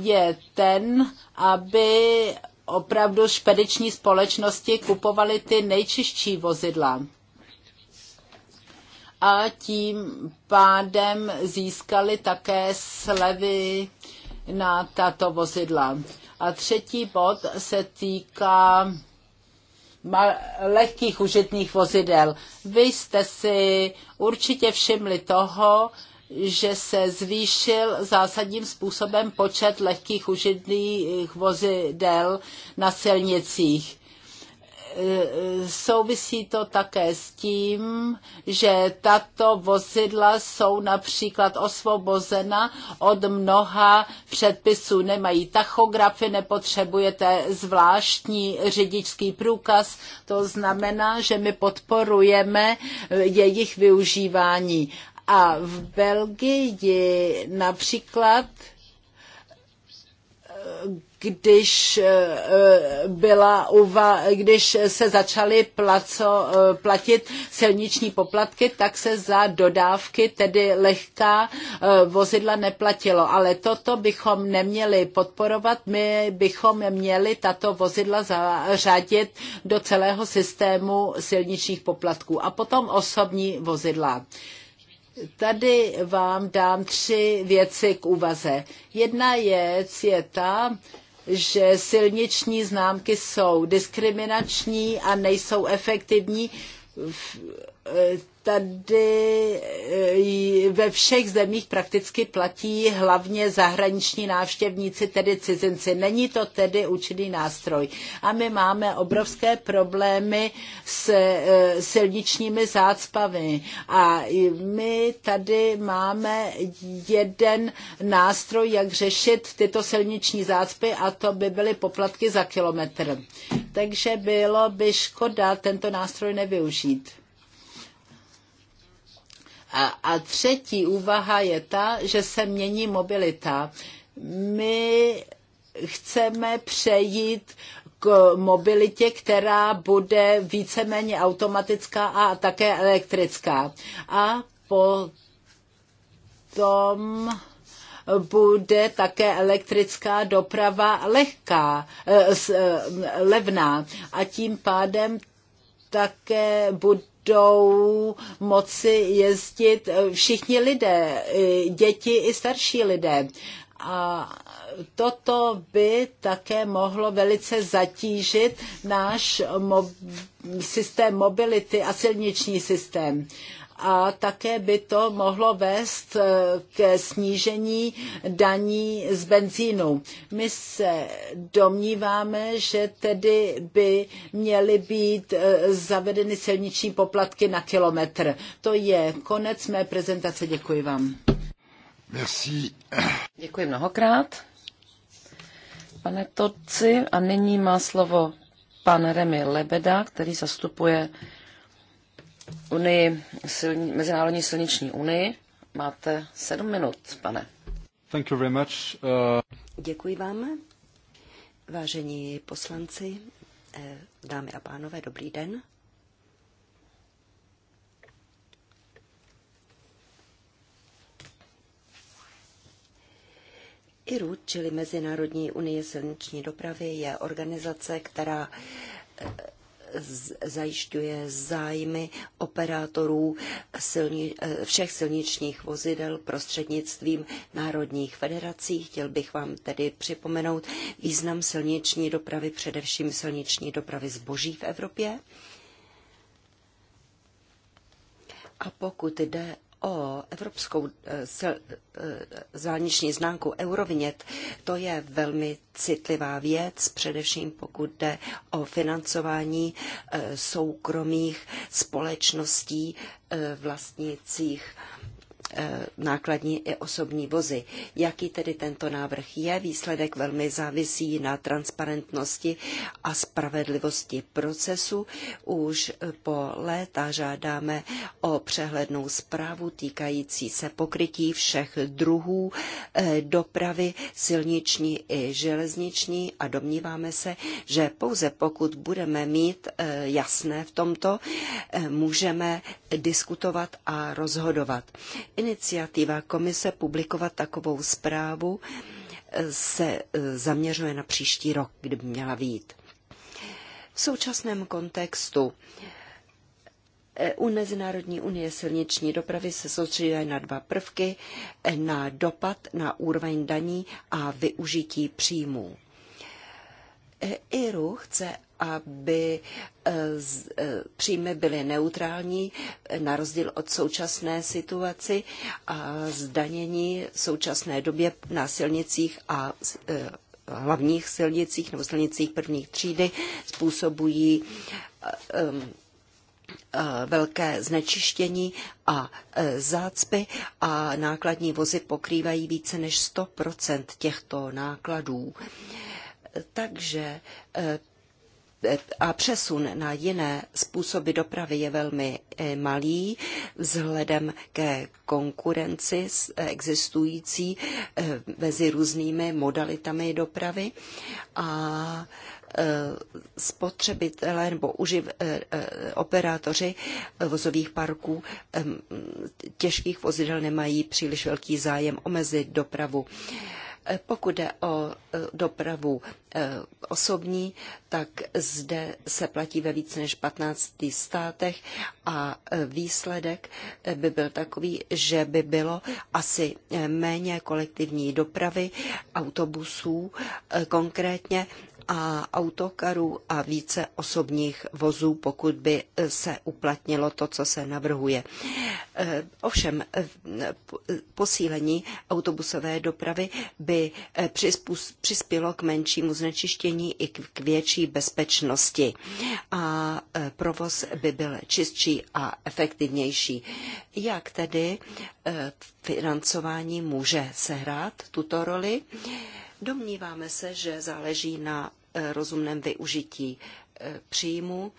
je ten, aby opravdu špediční společnosti kupovaly ty nejčistší vozidla. A tím pádem získali také slevy na tato vozidla. A třetí bod se týká lehkých užitných vozidel. Vy jste si určitě všimli toho, že se zvýšil zásadním způsobem počet lehkých užitných vozidel na silnicích. Souvisí to také s tím, že tato vozidla jsou například osvobozena od mnoha předpisů. Nemají tachografy, nepotřebujete zvláštní řidičský průkaz. To znamená, že my podporujeme jejich využívání. A v Belgii například eh, když, eh, byla uva, když se začaly placo, eh, platit silniční poplatky, tak se za dodávky, tedy lehká vozidla neplatilo. Ale toto bychom neměli podporovat, my bychom měli tato vozidla zařadit do celého systému silničních poplatků. A potom osobní vozidla. Uh, Tady vám dám tři věci k úvaze. Jedna věc je ta, že silniční známky jsou diskriminační a nejsou efektivní v eh, tady eh, ve všech zemích prakticky platí hlavně zahraniční návštěvníci, tedy cizinci. Není to tedy účinný nástroj. A my máme obrovské problémy s eh, silničními zácpavy. A my tady máme jeden nástroj, jak řešit tyto silniční zácpy a to by byly poplatky za kilometr. Takže bylo by škoda tento nástroj nevyužít. A, a třetí úvaha je ta, že se mění mobilita. My chceme přejít k mobilitě, která bude víceméně automatická a také elektrická. A potom bude také elektrická doprava lehká, eh, eh, levná a tím pádem také bude budou moci jezdit eh, všichni lidé, děti i starší lidé. A toto by také mohlo velice zatížit náš mo- systém mobility a silniční systém. Uh, a také by to mohlo vést eh, ke snížení daní z benzínu. My se domníváme, že tedy by měly být eh, zavedeny silniční poplatky na kilometr. To je konec mé prezentace. Děkuji vám. Merci. Děkuji mnohokrát. Pane Torci, a nyní má slovo pan Remy Lebeda, který zastupuje unii, silni, Mezinárodní silniční unii. Máte sedm minut, pane. Thank you very much. Uh... Děkuji vám. Vážení poslanci, eh, dámy a pánové, dobrý den. IRU, čili Mezinárodní unie silniční dopravy, je organizace, která eh, zajišťuje zájmy operátorů silni, eh, všech silničních vozidel prostřednictvím národních federací. Chtěl bych vám tedy připomenout význam silniční dopravy, především silniční dopravy zboží v Evropě. A pokud jde o evropskou eh, eh, zániční známku Eurovinět, to je velmi citlivá věc, především pokud jde o financování eh, soukromých společností vlastnících Eh, nákladní i osobní vozy. Jaký tedy tento návrh je? Výsledek velmi závisí na transparentnosti a spravedlivosti procesu. Už po léta žádáme o přehlednou zprávu týkající se pokrytí všech druhů eh, dopravy silniční i železniční a domníváme se, že pouze pokud budeme mít eh, jasné v tomto, můžeme diskutovat a rozhodovat. Iniciativa komise publikovat takovou zprávu eh, se eh, zaměřuje na příští rok, kdyby měla výjít. V současném kontextu eh, u Mezinárodní unie silniční dopravy se soustředí na dva prvky, na dopad na úroveň daní a využití příjmů. IRU chce aby eh, eh, příjmy byly neutrální, eh, na rozdíl od současné situaci a zdanění v současné době na silnicích a hlavních silnicích nebo silnicích první třídy způsobují velké znečištění a zácpy a nákladní vozy pokrývají více než 100 těchto nákladů. Takže a přesun na jiné způsoby dopravy je velmi eh, malý vzhledem ke konkurenci eh, existující eh, mezi různými modalitami dopravy a spotřebitelé nebo uživ, operátoři vozových parků těžkých vozidel nemají příliš velký zájem omezit dopravu. Eh, pokud jde o eh, dopravu eh, osobní, tak zde se platí ve více než 15 státech a výsledek by byl takový, že by bylo asi méně kolektivní dopravy autobusů konkrétně a autokarů a více osobních vozů, pokud by eh, se uplatnilo to, co se navrhuje. Eh, ovšem, eh, posílení autobusové dopravy by přispělo k menšímu znečištění i k větší bezpečnosti a provoz by byl čistší a efektivnější. Jak tedy financování může sehrát tuto roli? Domníváme se, že záleží na eh, rozumném využití eh, příjmu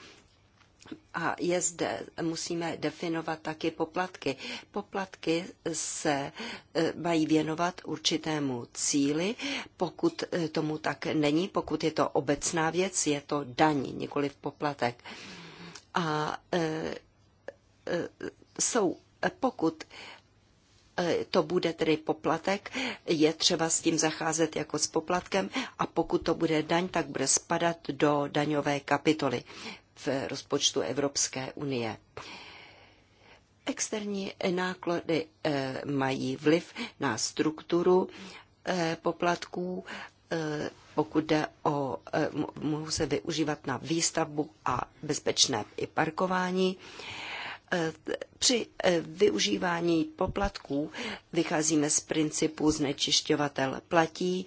a je zde, musíme definovat taky poplatky. Poplatky se eh, mají věnovat určitému cíli, pokud tomu tak není, pokud je to obecná věc, je to daň, nikoli poplatek. A jsou, pokud Eh, to bude tedy poplatek, je třeba s tím zacházet jako s poplatkem a pokud to bude daň, tak bude spadat do daňové kapitoly v rozpočtu Evropské unie. Externí náklady eh, mají vliv na strukturu eh, poplatků, pokud jde o, mohou se využívat na výstavbu a bezpečné i parkování. Eh, při eh, využívání poplatků vycházíme z principu znečišťovatel platí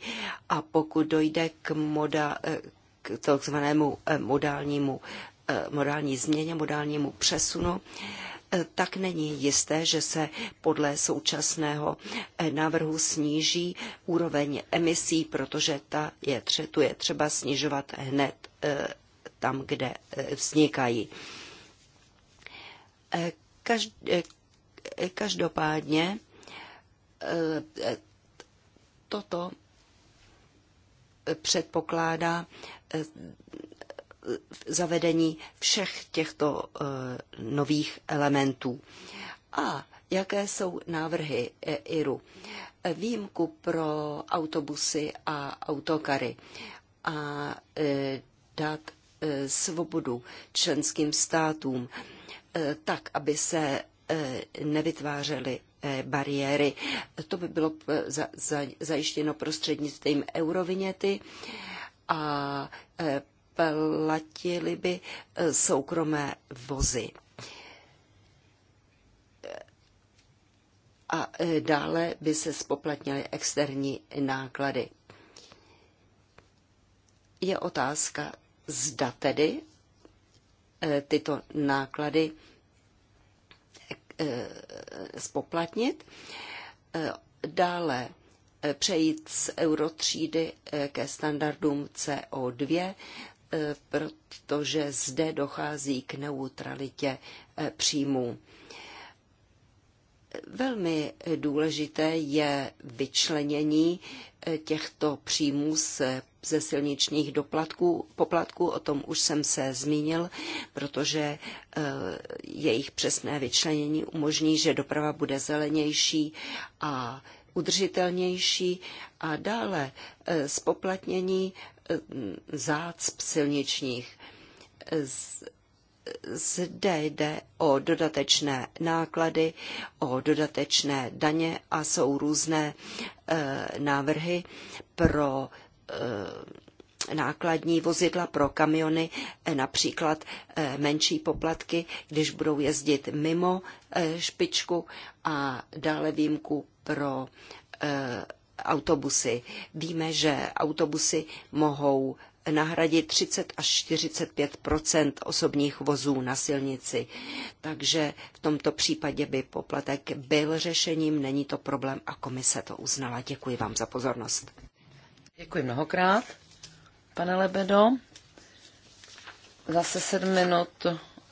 a pokud dojde k, moda, eh, k takzvanému modálnímu, modální změně, modálnímu přesunu, tak není jisté, že se podle současného návrhu sníží úroveň emisí, protože ta je, tu je třeba snižovat hned tam, kde vznikají. Každopádně eh, toto předpokládá eh, zavedení všech těchto eh, nových elementů. A jaké jsou návrhy IRU? Výjimku pro autobusy a autokary a dát svobodu členským státům tak, aby se eh, nevytvářely eh, bariéry. To by bylo eh, za, za, zajištěno prostřednictvím eurovinety a platili by soukromé vozy. A dále by se spoplatnily externí náklady. Je otázka, zda tedy Eh, tyto náklady eh, eh, spoplatnit. Dále přejít z eurotřídy ke standardům CO2, protože zde dochází k neutralitě příjmů. Velmi důležité je vyčlenění těchto příjmů z ze silničních doplatků, poplatků, o tom už jsem se zmínil, protože e, jejich přesné vyčlenění umožní, že doprava bude zelenější a udržitelnější a dále spoplatnění e, e, zácp silničních. Zde jde o dodatečné náklady, o dodatečné daně a jsou různé návrhy pro Eh, nákladní vozidla pro kamiony, eh, například eh, menší poplatky, když budou jezdit mimo špičku a dále výjimku pro autobusy. Víme, že autobusy mohou nahradit 30 až 45 osobních vozů na silnici. Takže v tomto případě by poplatek byl řešením, není to problém a komise to uznala. Děkuji vám za pozornost. Děkuji mnohokrát, pane Lebedo. Zase sedm minut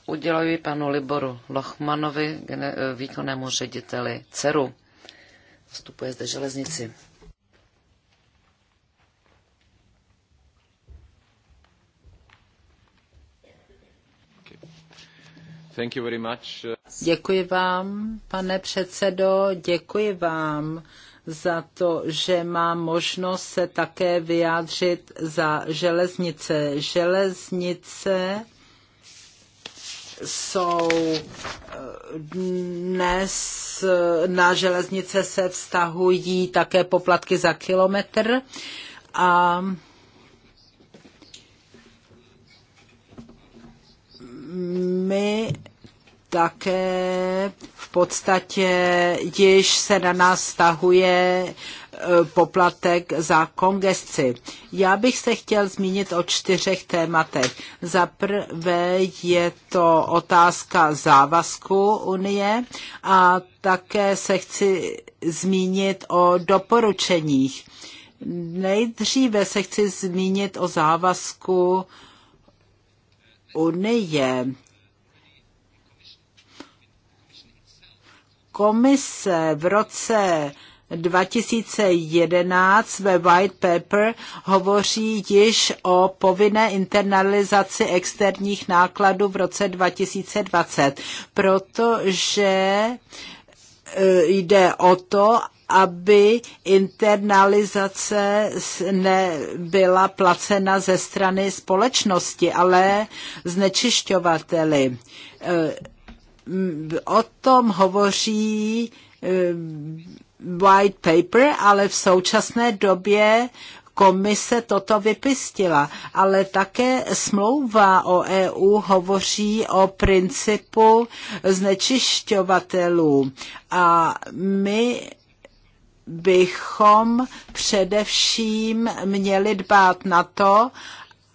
uděluji panu Liboru Lochmanovi, eh, výkonnému řediteli CERu. Vstupuje zde železnici. Děkuji vám, pane předsedo, děkuji vám za to, že mám možnost se také vyjádřit za železnice. Železnice jsou eh, dnes eh, na železnice se vztahují také poplatky za kilometr a my také v podstatě již se na nás stahuje e, poplatek za kongesci. Já bych se chtěl zmínit o čtyřech tématech. Za prvé je to otázka závazku Unie a také se chci zmínit o doporučeních. Nejdříve se chci zmínit o závazku Unie Komise v roce 2011 ve White Paper hovoří již o povinné internalizaci externích nákladů v roce 2020, protože eh, jde o to, aby internalizace nebyla placena ze strany společnosti, ale znečišťovateli eh, o tom hovoří eh, white paper, ale v současné době komise toto vypistila, ale také smlouva o EU hovoří o principu znečišťovatelů a my bychom především měli dbát na to,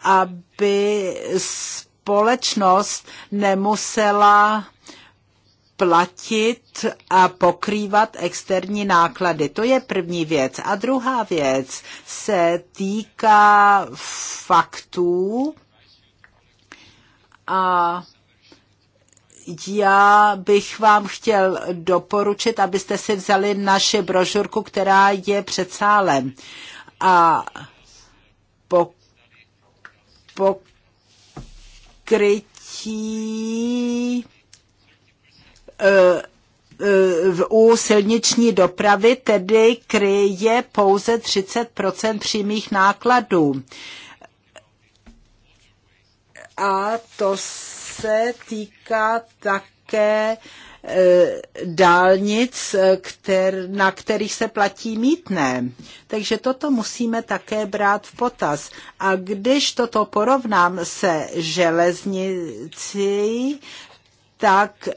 aby společnost nemusela platit a pokrývat externí náklady. To je první věc. A druhá věc se týká faktů a já bych vám chtěl doporučit, abyste si vzali naši brožurku, která je před sálem. A po, Eh, u silniční dopravy tedy kryje pouze 30 přímých nákladů. A to se týká také eh, dálnic, kter, na kterých se platí mítné. Takže toto musíme také brát v potaz. A když toto porovnám se železnicí, tak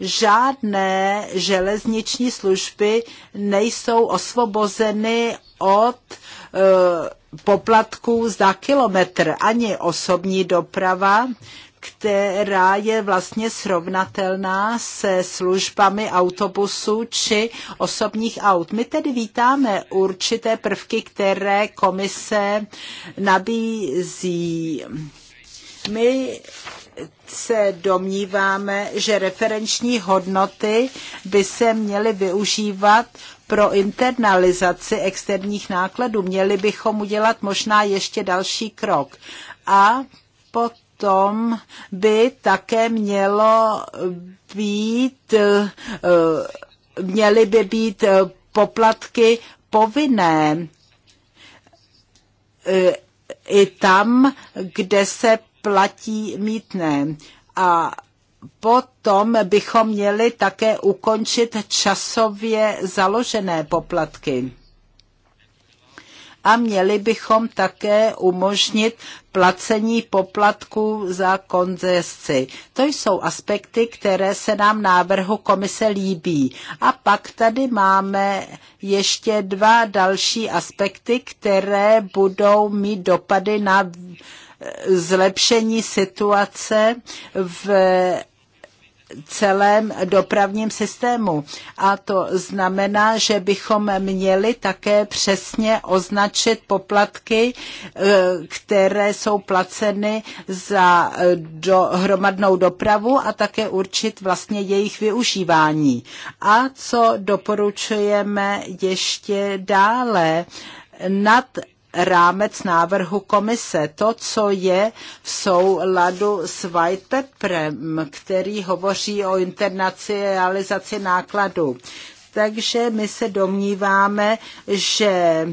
žádné železniční služby nejsou osvobozeny od eh, poplatků za kilometr, ani osobní doprava, která je vlastně srovnatelná se službami autobusů či osobních aut. My tedy vítáme určité prvky, které komise nabízí. My se domníváme, že referenční hodnoty by se měly využívat pro internalizaci externích nákladů. Měli bychom udělat možná ještě další krok. A potom by také mělo být, eh, měly by být eh, poplatky povinné eh, i tam, kde se platí mítné. A potom bychom měli také ukončit časově založené poplatky. A měli bychom také umožnit placení poplatků za koncesci. To jsou aspekty, které se nám návrhu komise líbí. A pak tady máme ještě dva další aspekty, které budou mít dopady na zlepšení situace v celém dopravním systému. A to znamená, že bychom měli také přesně označit poplatky, e, které jsou placeny za e, do, hromadnou dopravu a také určit vlastně jejich využívání. A co doporučujeme ještě dále? Nad rámec návrhu komise. To, co je v souladu s White Paperem, který hovoří o internacionalizaci nákladů. Takže my se domníváme, že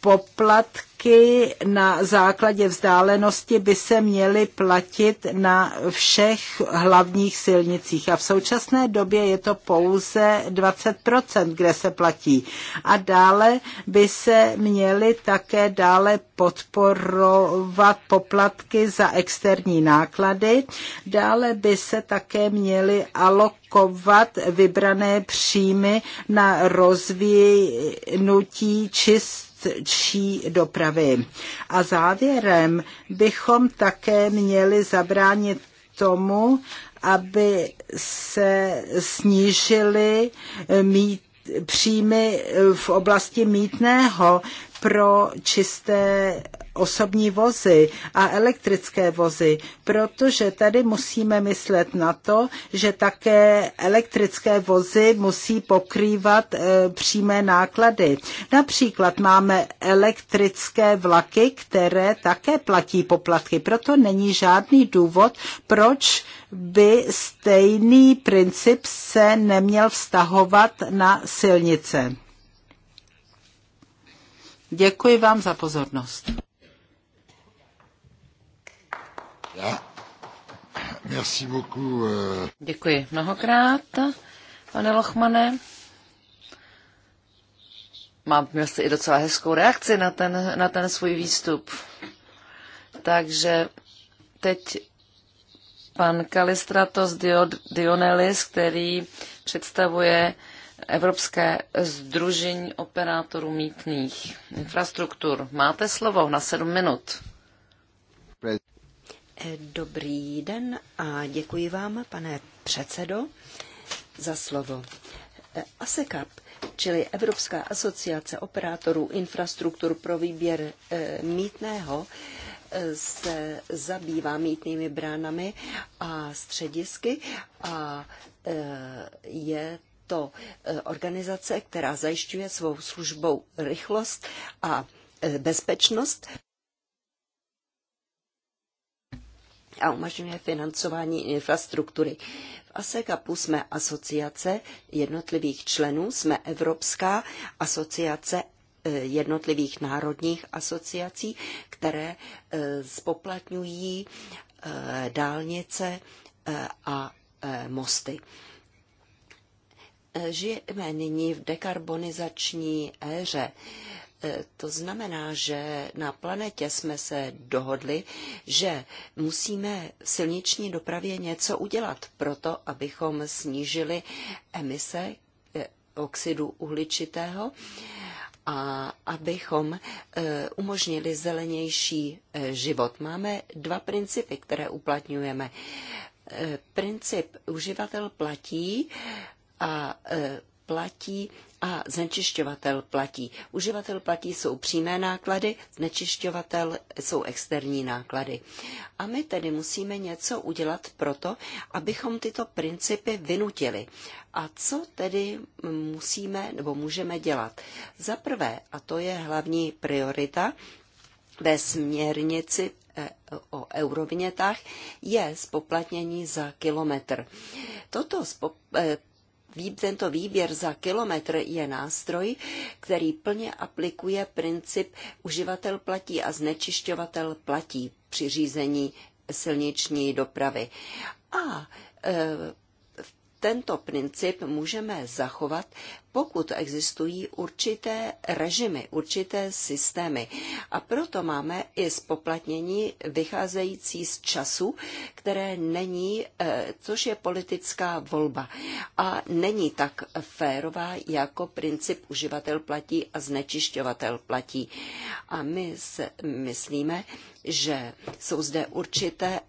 poplatky poplatky na základě vzdálenosti by se měly platit na všech hlavních silnicích. A v současné době je to pouze 20%, kde se platí. A dále by se měly také dále podporovat poplatky za externí náklady. Dále by se také měly alokovat vybrané příjmy na rozvinutí čist čí dopravy. A závěrem bychom také měli zabránit tomu, aby se snížily mít, příjmy v oblasti mítného pro čisté osobní vozy a elektrické vozy, protože tady musíme myslet na to, že také elektrické vozy musí pokrývat e, přímé náklady. Například máme elektrické vlaky, které také platí poplatky, proto není žádný důvod, proč by stejný princip se neměl vztahovat na silnice. Děkuji vám za pozornost. Merci beaucoup. Euh. Děkuji mnohokrát, pane Lochmane. Mám měl jste i docela hezkou reakci na ten, na ten svůj výstup. Takže teď pan Kalistratos Dionelis, který představuje Evropské združení operátorů mítných infrastruktur. Máte slovo na sedm minut. Dobrý den a děkuji vám, pane předsedo, za slovo. ASECAP, čili Evropská asociace operátorů infrastruktur pro výběr e, mítného, e, se zabývá mítnými bránami a středisky a e, je to organizace, která zajišťuje svou službou rychlost a bezpečnost. a umožňuje financování infrastruktury. V ASEKAPu jsme asociace jednotlivých členů, jsme Evropská asociace e, jednotlivých národních asociací, které e, spoplatňují e, dálnice a mosty. Žijeme nyní v dekarbonizační éře. E, to znamená, že na planetě jsme se dohodli, že musíme v silniční dopravě něco udělat proto, abychom snížili emise e, oxidu uhličitého a abychom e, umožnili zelenější život. Máme dva principy, které uplatňujeme. Princip uživatel platí a platí a znečišťovatel platí. Uživatel platí jsou přímé náklady, znečišťovatel jsou externí náklady. A my tedy musíme něco udělat proto, abychom tyto principy vynutili. A co tedy musíme nebo můžeme dělat? Za prvé, a to je hlavní priorita, ve směrnici eh, o eurovinětách je spoplatnění za kilometr. Toto spop, eh, tento výběr za kilometr je nástroj, který plně aplikuje princip uživatel platí a znečišťovatel platí při řízení silniční dopravy. A e, tento princip můžeme zachovat, pokud existují určité režimy, určité systémy. A proto máme i spoplatnění vycházející z času, které není, eh, což je politická volba. A není tak férová, jako princip uživatel platí a znečišťovatel platí. A my se myslíme, že jsou zde určité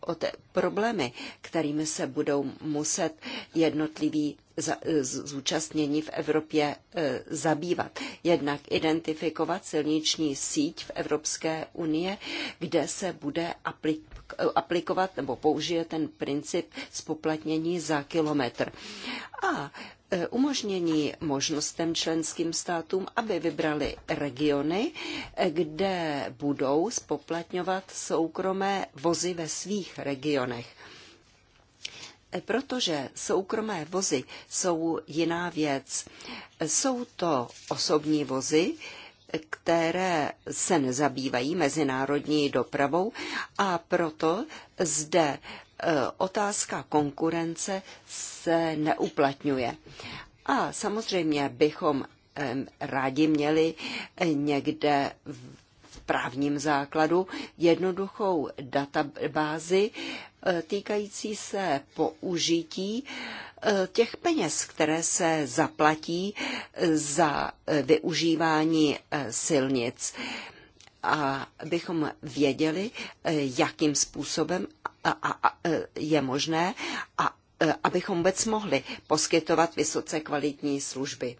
problémy, kterými se budou muset jednotliví zúčastnění v Evropě e, zabývat. Jednak identifikovat silniční síť v Evropské unie, kde se bude aplikovat aplikovat nebo použije ten princip spoplatnění za kilometr. A e, umožnění možnostem členským státům, aby vybrali regiony, e, kde budou spoplatňovat soukromé vozy ve svých regionech e, protože soukromé vozy jsou jiná věc. Jsou to osobní vozy, které se nezabývají mezinárodní dopravou a proto zde e, otázka konkurence se neuplatňuje. A samozřejmě bychom rádi měli e, někde v právním základu jednoduchou databázi e, týkající se použití těch peněz, které se zaplatí za eh, využívání eh, silnic. A bychom věděli, eh, jakým způsobem je možné a abychom vůbec mohli poskytovat vysoce kvalitní služby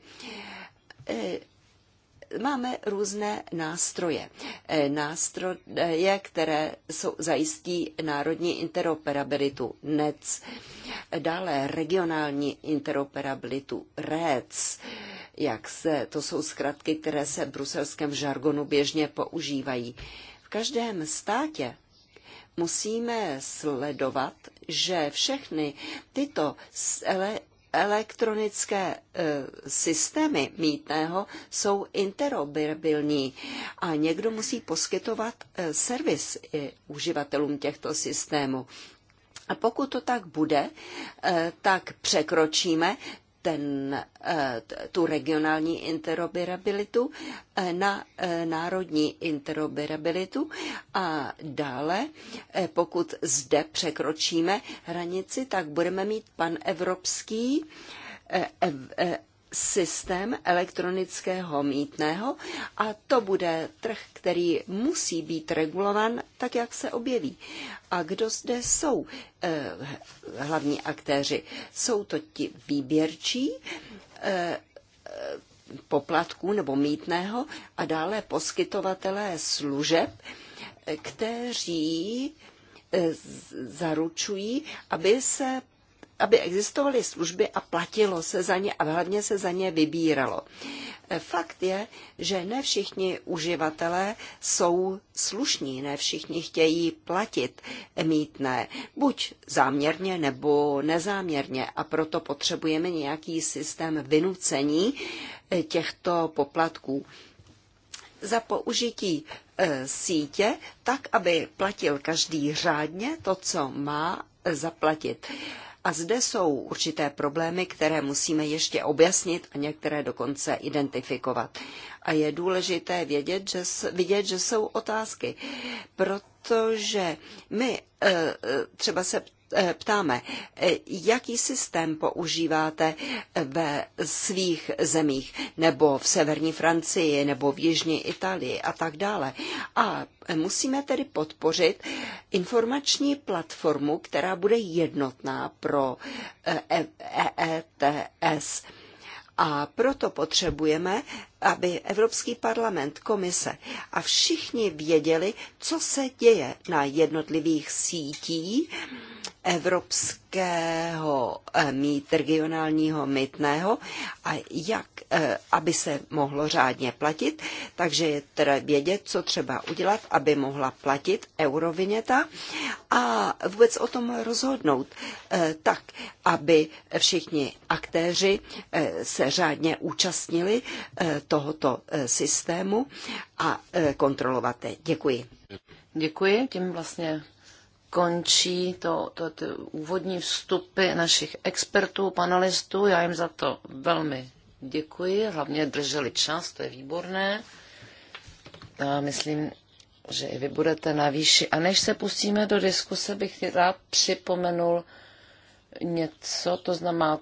máme různé nástroje. Eh, nástroje, které jsou, zajistí národní interoperabilitu NEC, dále regionální interoperabilitu REC, jak se, to jsou zkratky, které se v bruselském žargonu běžně používají. V každém státě musíme sledovat, že všechny tyto elektronické e, systémy mítného jsou interoperabilní a někdo musí poskytovat e, servis e, uživatelům těchto systémů. A pokud to tak bude, tak překročíme ten, eh, tu regionální interoperabilitu eh, na eh, národní interoperabilitu a dále, pokud zde překročíme hranici, tak budeme mít pan evropský systém elektronického mítného a to bude trh, který musí být regulovan tak, jak se objeví. A kdo zde jsou eh, hlavní aktéři? Jsou to ti výběrčí eh, poplatků nebo mítného a dále poskytovatelé služeb, kteří eh, zaručují, aby se aby existovaly služby a platilo se za ně a hlavně se za ně vybíralo. Fakt je, že ne všichni uživatelé jsou slušní, ne všichni chtějí platit mítné, buď záměrně nebo nezáměrně a proto potřebujeme nějaký systém vynucení eh, těchto poplatků za použití e, sítě, tak aby platil každý řádně to, co má eh, zaplatit. E, a zde jsou určité problémy, které musíme ještě objasnit a některé dokonce identifikovat. A je důležité vědět, že, vidět, že jsou otázky, protože my eh, eh, třeba se Eh, ptáme, eh, jaký systém používáte eh, ve svých zemích, nebo v severní Francii, nebo v jižní Itálii a tak dále. A musíme tedy podpořit informační platformu, která bude jednotná pro EETS. E, e, a proto potřebujeme, aby Evropský parlament, komise a všichni věděli, co se děje na jednotlivých sítích, evropského eh, mít regionálního mytného a jak, eh, aby se mohlo řádně platit, takže je teda vědět, co třeba udělat, aby mohla platit euroviněta a vůbec o tom rozhodnout eh, tak, aby všichni aktéři se řádně účastnili tohoto systému a kontrolovat. Děkuji. Děkuji, tím vlastně končí to, to, to úvodní vstupy našich expertů, panelistů. Já jim za to velmi děkuji, hlavně drželi čas, to je výborné. A myslím, že i vy budete na výši. A než se pustíme do diskuse, bych rád připomenul něco, to znamená,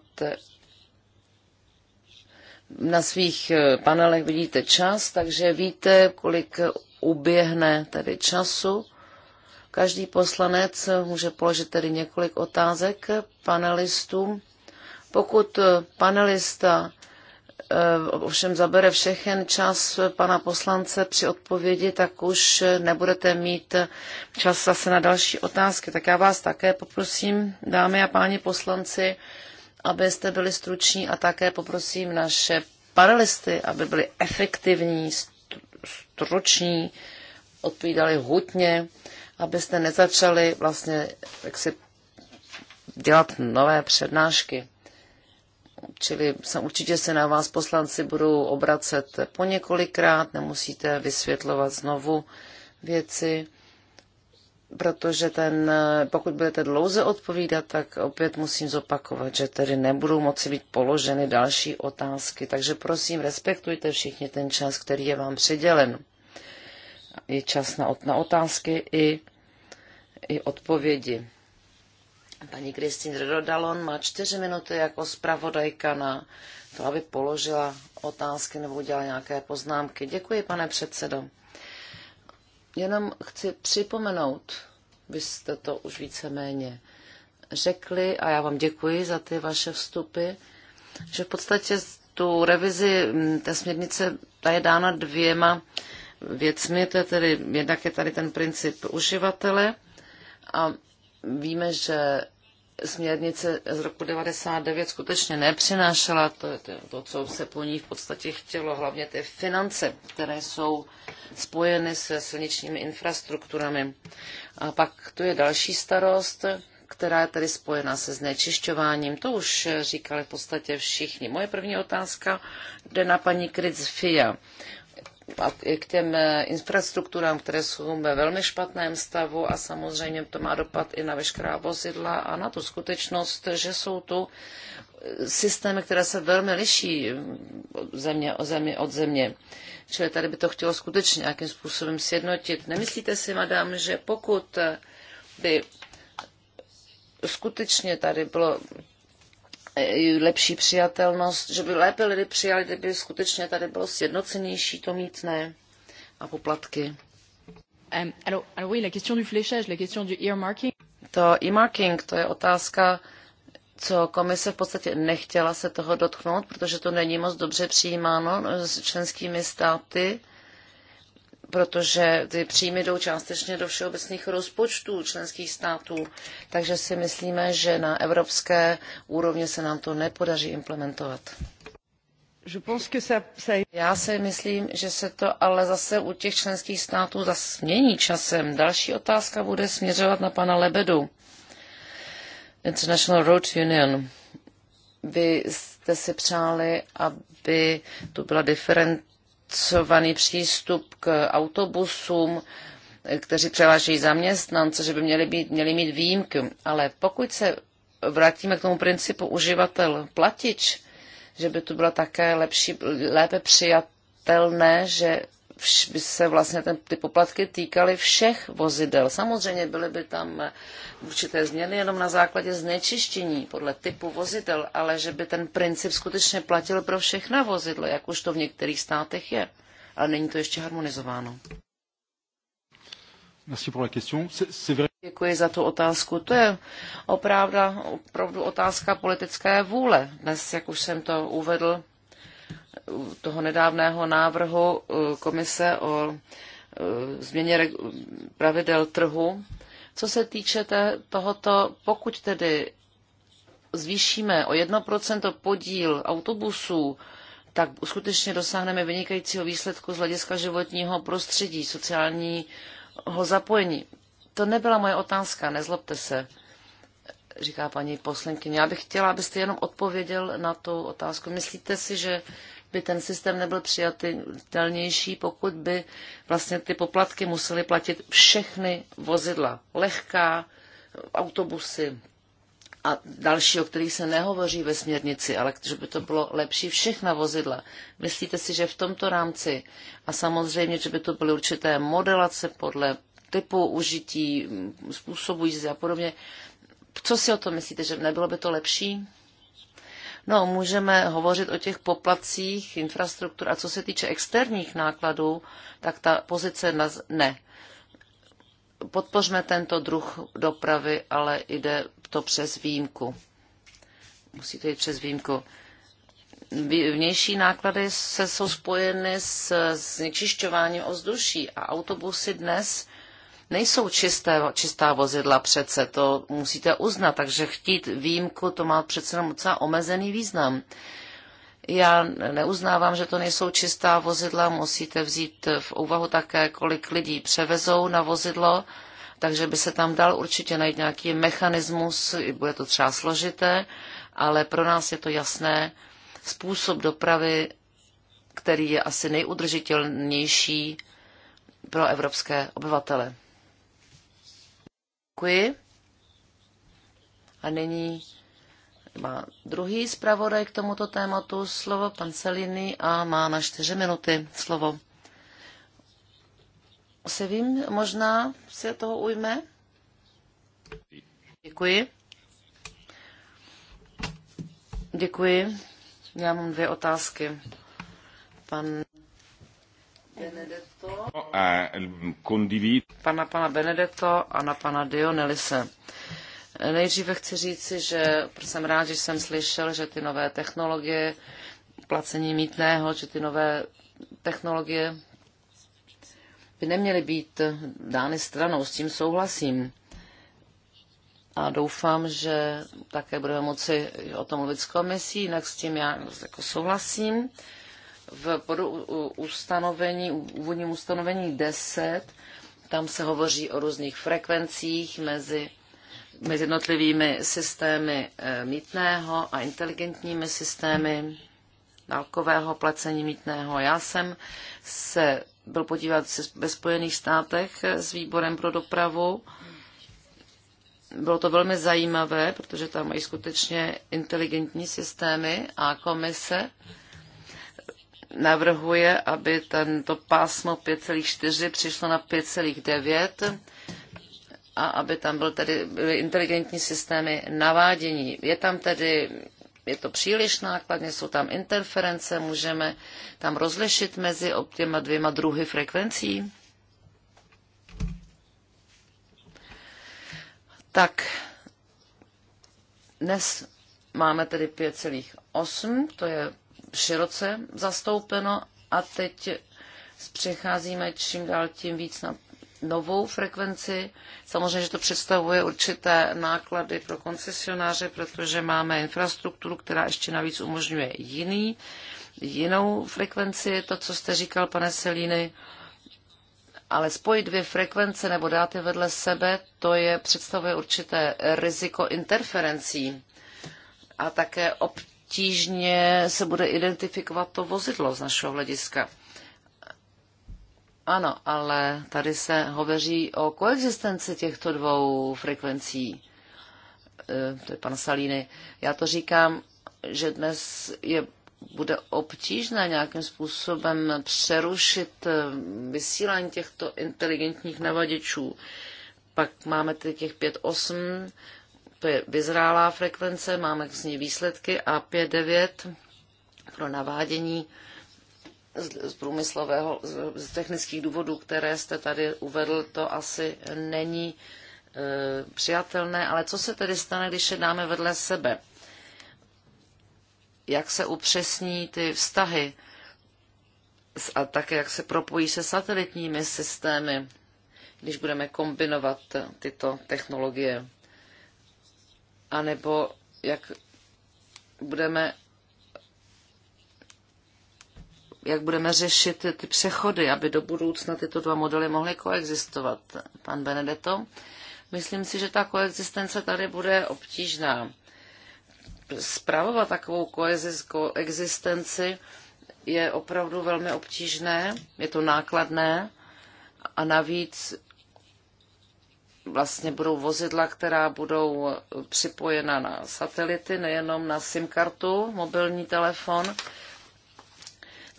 na svých eh, panelech vidíte čas, takže víte, kolik uběhne tady času. Každý poslanec může položit tedy několik otázek panelistům. Pokud panelista eh, ovšem zabere všechen čas pana poslance při odpovědi, tak už nebudete mít čas zase na další otázky. Tak já vás také poprosím, dámy a páni poslanci, abyste byli struční a také poprosím naše panelisty, aby byli efektivní, struční, odpovídali hutně abyste nezačali vlastně jak si dělat nové přednášky. Čili určitě se na vás poslanci budou obracet po několikrát, nemusíte vysvětlovat znovu věci, protože ten, pokud budete dlouze odpovídat, tak opět musím zopakovat, že tedy nebudou moci být položeny další otázky. Takže prosím, respektujte všichni ten čas, který je vám přidělen. Je čas na, na otázky i i odpovědi. Paní Kristýn Drodalon má čtyři minuty jako zpravodajka na to, aby položila otázky nebo udělala nějaké poznámky. Děkuji, pane předsedo. Jenom chci připomenout, vy jste to už víceméně řekli a já vám děkuji za ty vaše vstupy, že v podstatě tu revizi mm, té směrnice ta je dána dvěma věcmi, to je tedy, jednak je tady ten princip uživatele, a víme, že směrnice z roku 99 skutečně nepřinášela to, to, to, co se po ní v podstatě chtělo, hlavně ty finance, které jsou spojeny se silničními infrastrukturami. A pak tu je další starost, která je tedy spojena se znečišťováním. To už říkali v podstatě všichni. Moje první otázka jde na paní Kritzfia a i k těm eh, infrastrukturám, které jsou ve velmi špatném stavu a samozřejmě to má dopad i na veškerá vozidla a na tu skutečnost, že jsou tu eh, systémy, které se velmi liší mm, země, o země od země. Čili tady by to chtělo skutečně nějakým způsobem sjednotit. Nemyslíte si, madam, že pokud eh, by skutečně tady bylo lepší přijatelnost, že by lépe lidi přijali, kdyby skutečně tady bylo sjednocenější to mítné a poplatky. Um, to e-marking, To earmarking, to je otázka, co komise v podstatě nechtěla se toho dotknout, protože to není moc dobře přijímáno s členskými státy protože ty příjmy jdou částečně do všeobecných rozpočtů členských států, takže si myslíme, že na evropské úrovni se nám to nepodaří implementovat. Já si myslím, že se to ale zase u těch členských států zasmění časem. Další otázka bude směřovat na pana Lebedu. International Road Union. Vy jste si přáli, aby tu byla diferent, diferencovaný přístup k autobusům, kteří převážejí zaměstnance, že by měli, být, měli mít výjimky. Ale pokud se vrátíme k tomu principu uživatel platič, že by to bylo také lepší, lépe přijatelné, že by se vlastně ten, ty poplatky týkaly všech vozidel. Samozřejmě byly by tam určité změny jenom na základě znečištění podle typu vozidel, ale že by ten princip skutečně platil pro všechna vozidla, jak už to v některých státech je. Ale není to ještě harmonizováno. Děkuji za tu otázku. To je opravdu, opravdu otázka politické vůle. Dnes, jak už jsem to uvedl, toho nedávného návrhu eh, komise o eh, změně pravidel trhu. Co se týče tohoto, pokud tedy zvýšíme o 1% podíl autobusů, tak skutečně dosáhneme vynikajícího výsledku z hlediska životního prostředí, sociálního zapojení. To nebyla moje otázka, nezlobte se, říká paní poslankyně. Já bych chtěla, abyste jenom odpověděl na tu otázku. Myslíte si, že by ten systém nebyl přijatelnější, pokud by vlastně ty poplatky musely platit všechny vozidla. Lehká, autobusy a další, o kterých se nehovoří ve směrnici, ale že by to bylo lepší všechna vozidla. Myslíte si, že v tomto rámci a samozřejmě, že by to byly určité modelace podle typu užití, způsobu jízdy a podobně, co si o tom myslíte, že nebylo by to lepší? No, můžeme hovořit o těch poplacích, infrastruktur a co se týče externích nákladů, tak ta pozice nás ne. Podpořme tento druh dopravy, ale jde to přes výjimku. Musí to jít přes výjimku vnější náklady se jsou spojeny s znečišťováním ovzduší a autobusy dnes nejsou čisté, čistá vozidla přece, to musíte uznat, takže chtít výjimku, to má přece jenom docela omezený význam. Já neuznávám, že to nejsou čistá vozidla, musíte vzít v úvahu také, kolik lidí převezou na vozidlo, takže by se tam dal určitě najít nějaký mechanismus, bude to třeba složité, ale pro nás je to jasné, způsob dopravy, který je asi nejudržitelnější pro evropské obyvatele. Děkuji. A nyní má druhý zpravodaj k tomuto tématu slovo, pan Celiny a má na čtyři minuty slovo. Se vím, možná se toho ujme? Děkuji. Děkuji. Já mám dvě otázky. Pan No, eh, pana pana Benedetto a na pana Dionelise. Nejdříve chci říci, že jsem rád, že jsem slyšel, že ty nové technologie, placení mítného, že ty nové technologie by neměly být dány stranou, s tím souhlasím. A doufám, že také budeme moci o tom mluvit s komisí, jinak s tím já jako souhlasím v ustanovení, úvodním ustanovení 10, tam se hovoří o různých frekvencích mezi, mezi jednotlivými systémy eh, mítného a inteligentními systémy dálkového placení mítného. Já jsem se byl podívat se ve Spojených státech eh, s výborem pro dopravu. Bylo to velmi zajímavé, protože tam mají skutečně inteligentní systémy a komise navrhuje, aby tento pásmo 5,4 přišlo na 5,9 a aby tam byl tedy, byly inteligentní systémy navádění. Je tam tedy, je to příliš nákladně, jsou tam interference, můžeme tam rozlišit mezi těma dvěma druhy frekvencí. Tak, dnes máme tedy 5,8, to je široce zastoupeno a teď přecházíme čím dál tím víc na novou frekvenci. Samozřejmě, že to představuje určité náklady pro koncesionáře, protože máme infrastrukturu, která ještě navíc umožňuje jiný, jinou frekvenci, to, co jste říkal, pane Selíny, ale spojit dvě frekvence nebo dát je vedle sebe, to je, představuje určité riziko interferencí a také ob, obtížně se bude identifikovat to vozidlo z našeho hlediska. Ano, ale tady se hovoří o koexistenci těchto dvou frekvencí. E, to je pan Salíny. Já to říkám, že dnes je, bude obtížné nějakým způsobem přerušit e, vysílání těchto inteligentních navaděčů. Pak máme tedy těch 5-8 to je vyzrálá frekvence, máme s ní výsledky a 5.9 pro navádění z, průmyslového, z, technických důvodů, které jste tady uvedl, to asi není e, přijatelné. Ale co se tedy stane, když je dáme vedle sebe? Jak se upřesní ty vztahy a také jak se propojí se satelitními systémy, když budeme kombinovat tyto technologie? anebo jak budeme jak budeme řešit ty přechody, aby do budoucna tyto dva modely mohly koexistovat. Pan Benedetto, myslím si, že ta koexistence tady bude obtížná. Spravovat takovou koexistenci je opravdu velmi obtížné, je to nákladné a navíc vlastně budou vozidla, která budou připojena na satelity, nejenom na SIM kartu, mobilní telefon,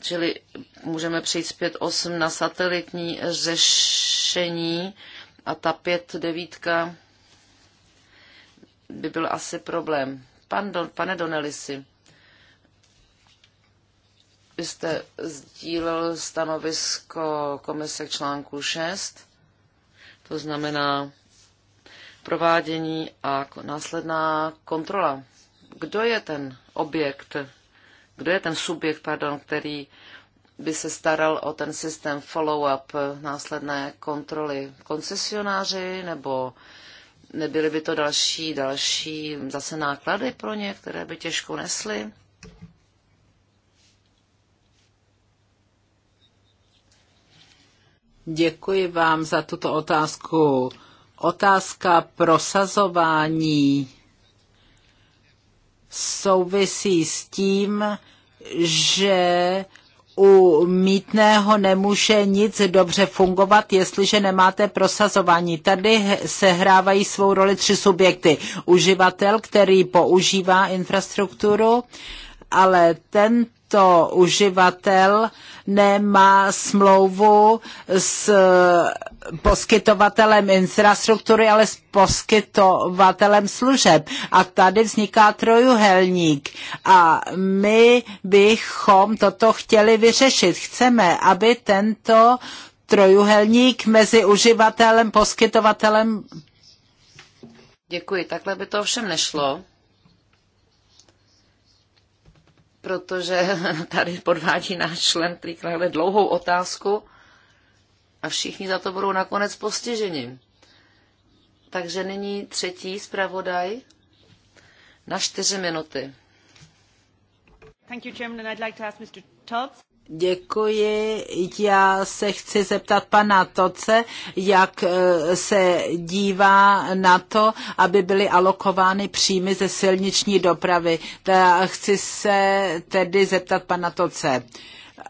čili můžeme přejít z 5.8 na satelitní řešení a ta 5.9 by byl asi problém. Pan Don, pane Donelisi, vy jste sdílel stanovisko komise k článku 6 to znamená provádění a následná kontrola. Kdo je ten objekt, kdo je ten subjekt, pardon, který by se staral o ten systém follow-up následné kontroly koncesionáři, nebo nebyly by to další, další zase náklady pro ně, které by těžko nesly? Děkuji vám za tuto otázku. Otázka prosazování souvisí s tím, že u mítného nemůže nic dobře fungovat, jestliže nemáte prosazování. Tady se hrávají svou roli tři subjekty. Uživatel, který používá infrastrukturu, ale tento uživatel nemá smlouvu s eh, poskytovatelem infrastruktury, ale s poskytovatelem služeb. A tady vzniká trojuhelník. A my bychom toto chtěli vyřešit. Chceme, aby tento trojuhelník mezi uživatelem, poskytovatelem. Děkuji, takhle by to ovšem nešlo protože tady podvádí náš člen, který kladl dlouhou otázku a všichni za to budou nakonec postiženi. Takže nyní třetí zpravodaj na čtyři minuty. Thank you, Chairman, and I'd like to ask Mr. Děkuji. Já se chci zeptat pana Toce, jak eh, se dívá na to, aby byly alokovány příjmy ze silniční dopravy. chci se tedy zeptat pana Toce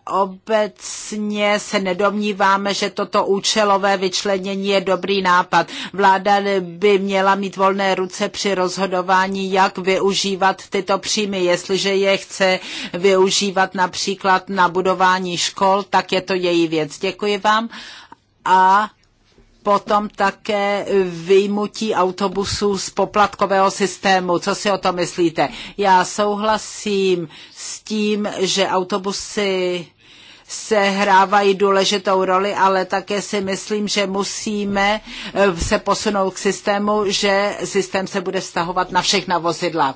obecně se nedomníváme, že toto účelové vyčlenění je dobrý nápad. Vláda by měla mít volné ruce při rozhodování, jak využívat tyto příjmy. Jestliže je chce využívat například na budování škol, tak je to její věc. Děkuji vám. A potom také vyjmutí autobusů z poplatkového systému. Co si o to myslíte? Já souhlasím s tím, že autobusy se hrávají důležitou roli, ale také si myslím, že musíme eh, se posunout k systému, že systém se bude vztahovat na všechna vozidla.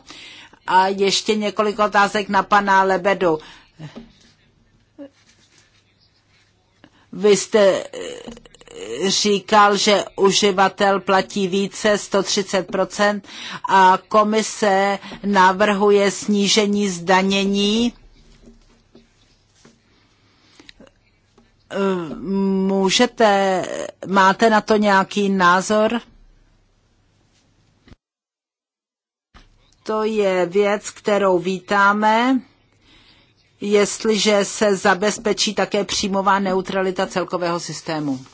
A ještě několik otázek na pana Lebedu. Vy jste eh, říkal, že uživatel platí více 130% a komise navrhuje snížení zdanění. Můžete, máte na to nějaký názor? To je věc, kterou vítáme jestliže se zabezpečí také přímová neutralita celkového systému.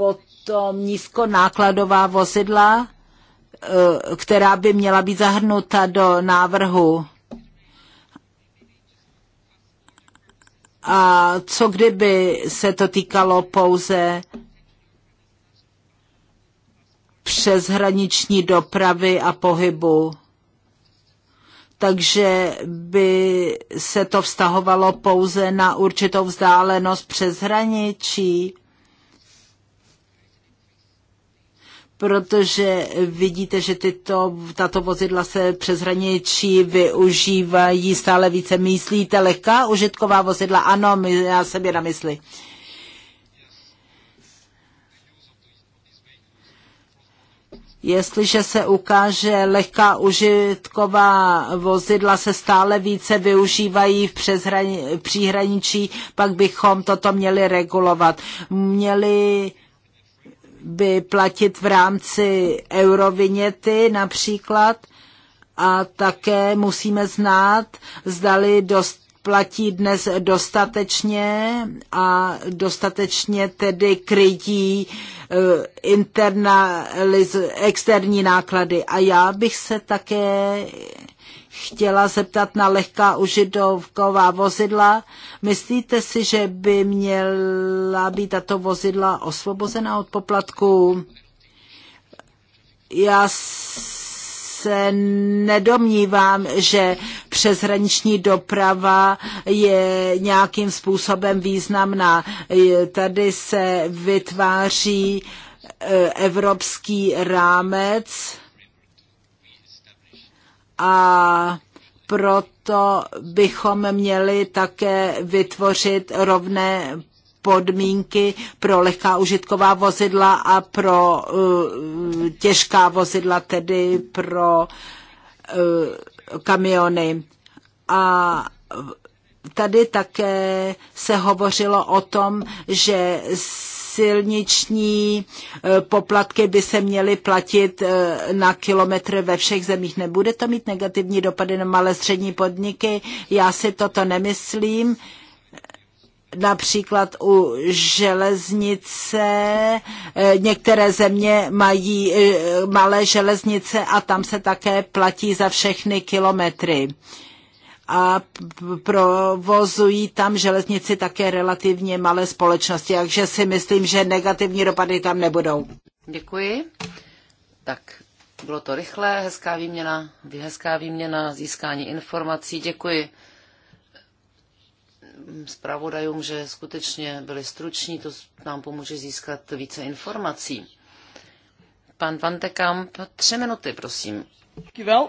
potom nízkonákladová vozidla, e, která by měla být zahrnuta do návrhu. A co kdyby se to týkalo pouze přeshraniční dopravy a pohybu? takže by se to vztahovalo pouze na určitou vzdálenost přes hraničí. protože vidíte, že tyto, tato vozidla se hraničí využívají stále více. Myslíte lehká užitková vozidla? Ano, já jsem je na mysli. Jestliže se ukáže lehká užitková vozidla se stále více využívají v přeshrani- příhraničí, pak bychom toto měli regulovat. Měli by platit v rámci eurovinety například a také musíme znát, zdali dost platí dnes dostatečně a dostatečně tedy krytí eh, externí náklady. A já bych se také chtěla zeptat na lehká užidovková vozidla. Myslíte si, že by měla být tato vozidla osvobozena od poplatků? Já se nedomnívám, že přeshraniční doprava je nějakým způsobem významná. Tady se vytváří eh, evropský rámec, a proto bychom měli také vytvořit rovné podmínky pro lehká užitková vozidla a pro uh, těžká vozidla, tedy pro uh, kamiony. A tady také se hovořilo o tom, že silniční eh, poplatky by se měly platit eh, na kilometr ve všech zemích. Nebude to mít negativní dopady na malé střední podniky? Já si toto nemyslím například u železnice. Eh, některé země mají malé železnice a tam se také platí za všechny kilometry a provozují tam železnici také relativně malé společnosti, takže si myslím, že negativní dopady tam nebudou. Děkuji. Tak, bylo to rychlé, hezká výměna, hezká výměna, získání informací. Děkuji zpravodajům, že skutečně byli struční, to nám pomůže získat více informací. Pan Van de Kamp, tři minuty, prosím. Děkuji.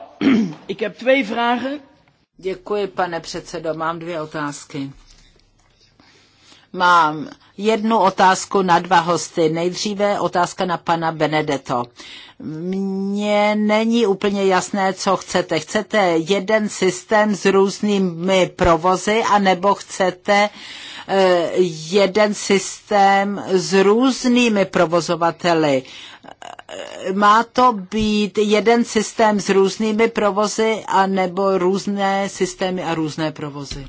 Ik heb twee vragen. Děkuji, pane předsedo. Mám dvě otázky. Mám jednu otázku na dva hosty. Nejdříve otázka na pana Benedetto. Mně není úplně jasné, co chcete. Chcete jeden systém s různými provozy, anebo chcete eh, jeden systém s různými provozovateli? má to být jeden systém s různými provozy a nebo různé systémy a různé provozy?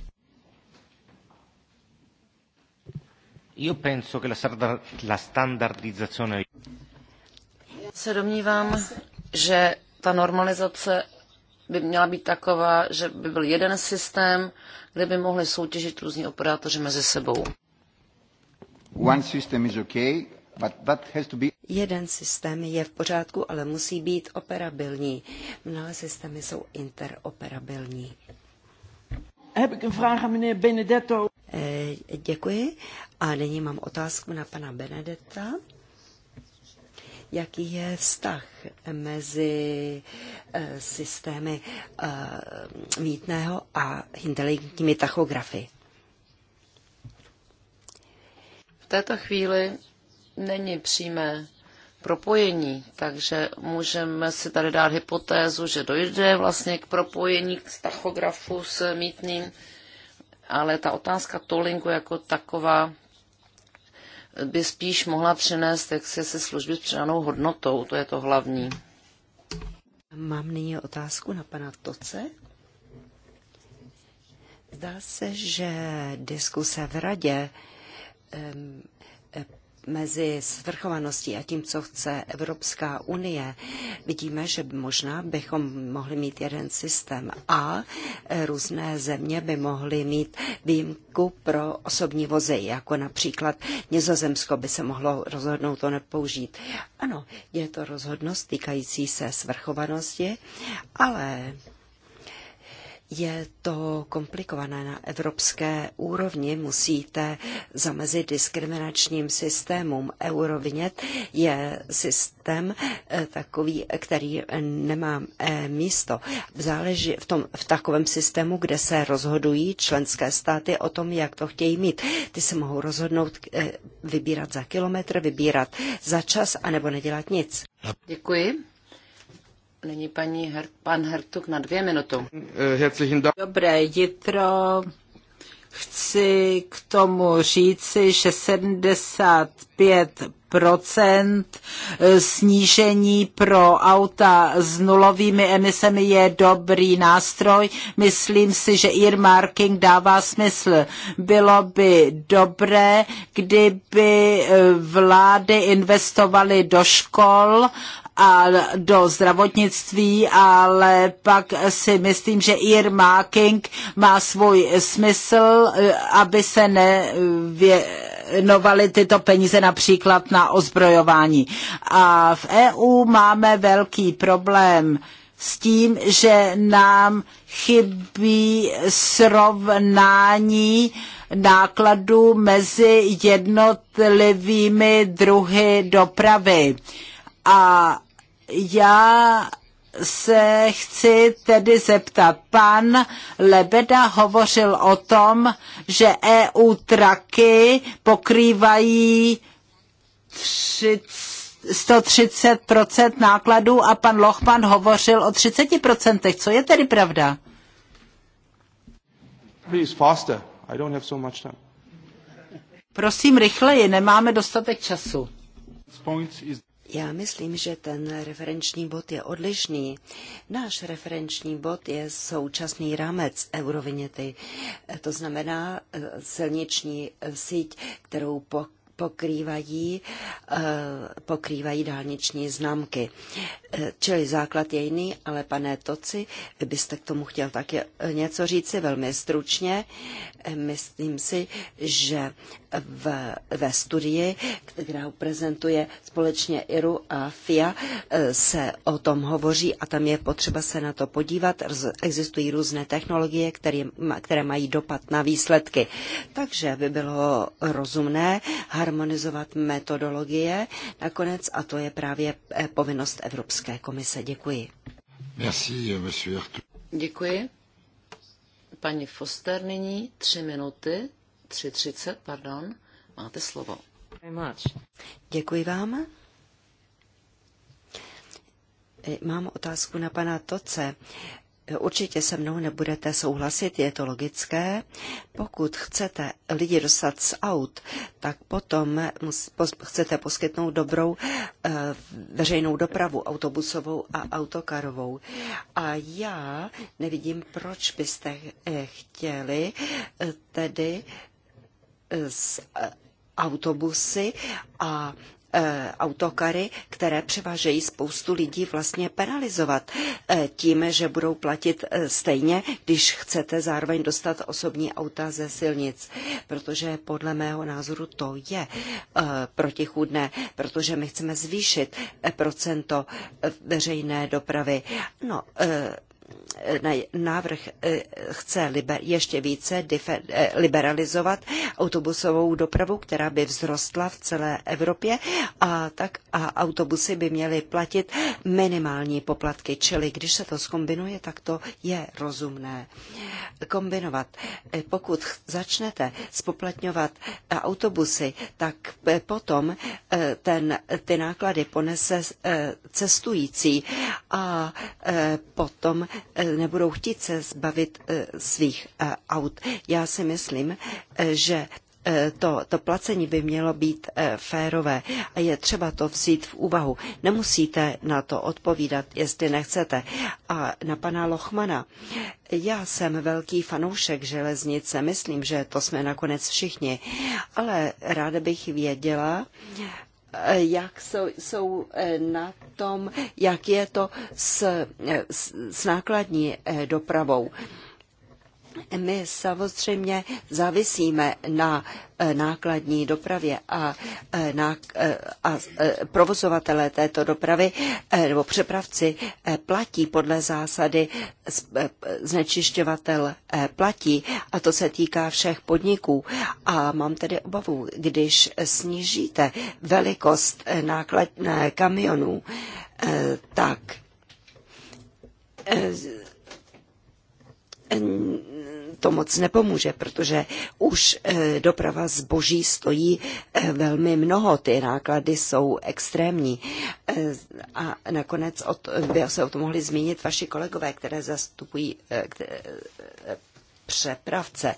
Io penso che la standardizzazione... Se domnívám, že ta normalizace by měla být taková, že by byl jeden systém, kde by mohli soutěžit různí operátoři mezi sebou. One system is okay, Be... Jeden systém je v pořádku, ale musí být operabilní. Mnohé systémy jsou interoperabilní. Heb ik een vraag aan meneer Benedetto. Eh, děkuji. A nyní mám otázku na pana Benedetta. Jaký je vztah mezi eh, systémy eh, mítného a inteligentními tachografy? V této chvíli není přímé propojení, takže můžeme si tady dát hypotézu, že dojde vlastně k propojení k tachografu s mítným, ale ta otázka tolinku jako taková by spíš mohla přinést jaksi si služby s přidanou hodnotou, to je to hlavní. Mám nyní otázku na pana Toce. Zdá se, že diskuse v radě um, mezi svrchovaností a tím, co chce Evropská unie, vidíme, že možná bychom mohli mít jeden systém a různé země by mohly mít výjimku pro osobní vozy, jako například Nizozemsko by se mohlo rozhodnout to nepoužít. Ano, je to rozhodnost týkající se svrchovanosti, ale je to komplikované na evropské úrovni. Musíte zamezit diskriminačním systémům. Eurovinět je systém eh, takový, který nemá eh, místo. Záleží v, tom, v takovém systému, kde se rozhodují členské státy o tom, jak to chtějí mít. Ty se mohou rozhodnout eh, vybírat za kilometr, vybírat za čas, anebo nedělat nic. Děkuji. Nyní paní Her- pan Hertuk na dvě minuty. Dobré jitro. Chci k tomu říci, že 75 snížení pro auta s nulovými emisemi je dobrý nástroj. Myslím si, že earmarking dává smysl. Bylo by dobré, kdyby eh, vlády investovaly do škol a do zdravotnictví, ale pak si myslím, že Irma má svůj smysl, eh, aby se nevěnovaly tyto peníze například na ozbrojování. A v EU máme velký problém s tím, že nám chybí srovnání nákladů mezi jednotlivými druhy dopravy. A já se chci tedy zeptat. Pan Lebeda hovořil o tom, že EU traky pokrývají 30 130 nákladů a pan Lochman hovořil o 30 Co je tedy pravda? Please, faster. I don't have so much time. Prosím rychleji, nemáme dostatek času. Is... Já myslím, že ten referenční bod je odlišný. Náš referenční bod je současný rámec eurovinity. to znamená eh, silniční eh, síť, kterou po pokrývají, eh, pokrývají dálniční známky. Čili základ je jiný, ale pane Toci, byste k tomu chtěl také něco říci velmi stručně. Myslím si, že v, ve studii, která prezentuje společně IRU a FIA, se o tom hovoří a tam je potřeba se na to podívat. Existují různé technologie, které, které mají dopad na výsledky. Takže by bylo rozumné harmonizovat metodologie nakonec a to je právě eh, povinnost Evropské komise. Děkuji. Merci, eh, Děkuji. Paní Foster, nyní tři minuty, 3.30, pardon, máte slovo. Děkuji vám. E, mám otázku na pana Toce. Určitě se mnou nebudete souhlasit, je to logické. Pokud chcete lidi dostat z aut, tak potom chcete poskytnout dobrou eh, veřejnou dopravu, autobusovou a autokarovou. A já nevidím, proč byste eh, chtěli eh, tedy z autobusy a Eh, autokary, které převážejí spoustu lidí, vlastně penalizovat eh, tím, že budou platit eh, stejně, když chcete zároveň dostat osobní auta ze silnic. Protože podle mého názoru to je protichůdné, protože my chceme zvýšit procento veřejné dopravy. No, návrh e, chce liber, ještě více difer, e, liberalizovat autobusovou dopravu, která by vzrostla v celé Evropě a tak a autobusy by měly platit minimální poplatky, čili když se to skombinuje, tak to je rozumné kombinovat. E, pokud začnete spoplatňovat autobusy, tak potom ten, ty náklady ponese cestující a potom Eh, nebudou chtít se zbavit eh, svých eh, aut. Já si myslím, že to, to placení by mělo být férové a je třeba to vzít v úvahu. Nemusíte na to odpovídat, jestli nechcete. A na pana Lochmana. Já jsem velký fanoušek železnice, myslím, že to jsme nakonec všichni, ale ráda bych věděla, jak jsou, eh, na tom, jak je to s, eh, s nákladní eh, dopravou. My samozřejmě závisíme na eh, nákladní dopravě a, eh, na, eh, a provozovatelé této dopravy nebo přepravci platí podle zásady znečišťovatel platí a to se týká všech podniků. A mám tedy obavu, když snížíte velikost nákladní kamionů, tak to moc nepomůže, protože už eh, doprava zboží stojí eh, velmi mnoho, ty náklady jsou extrémní. Eh, a nakonec od by se o tom mohli zmínit vaši kolegové, které zastupují přepravce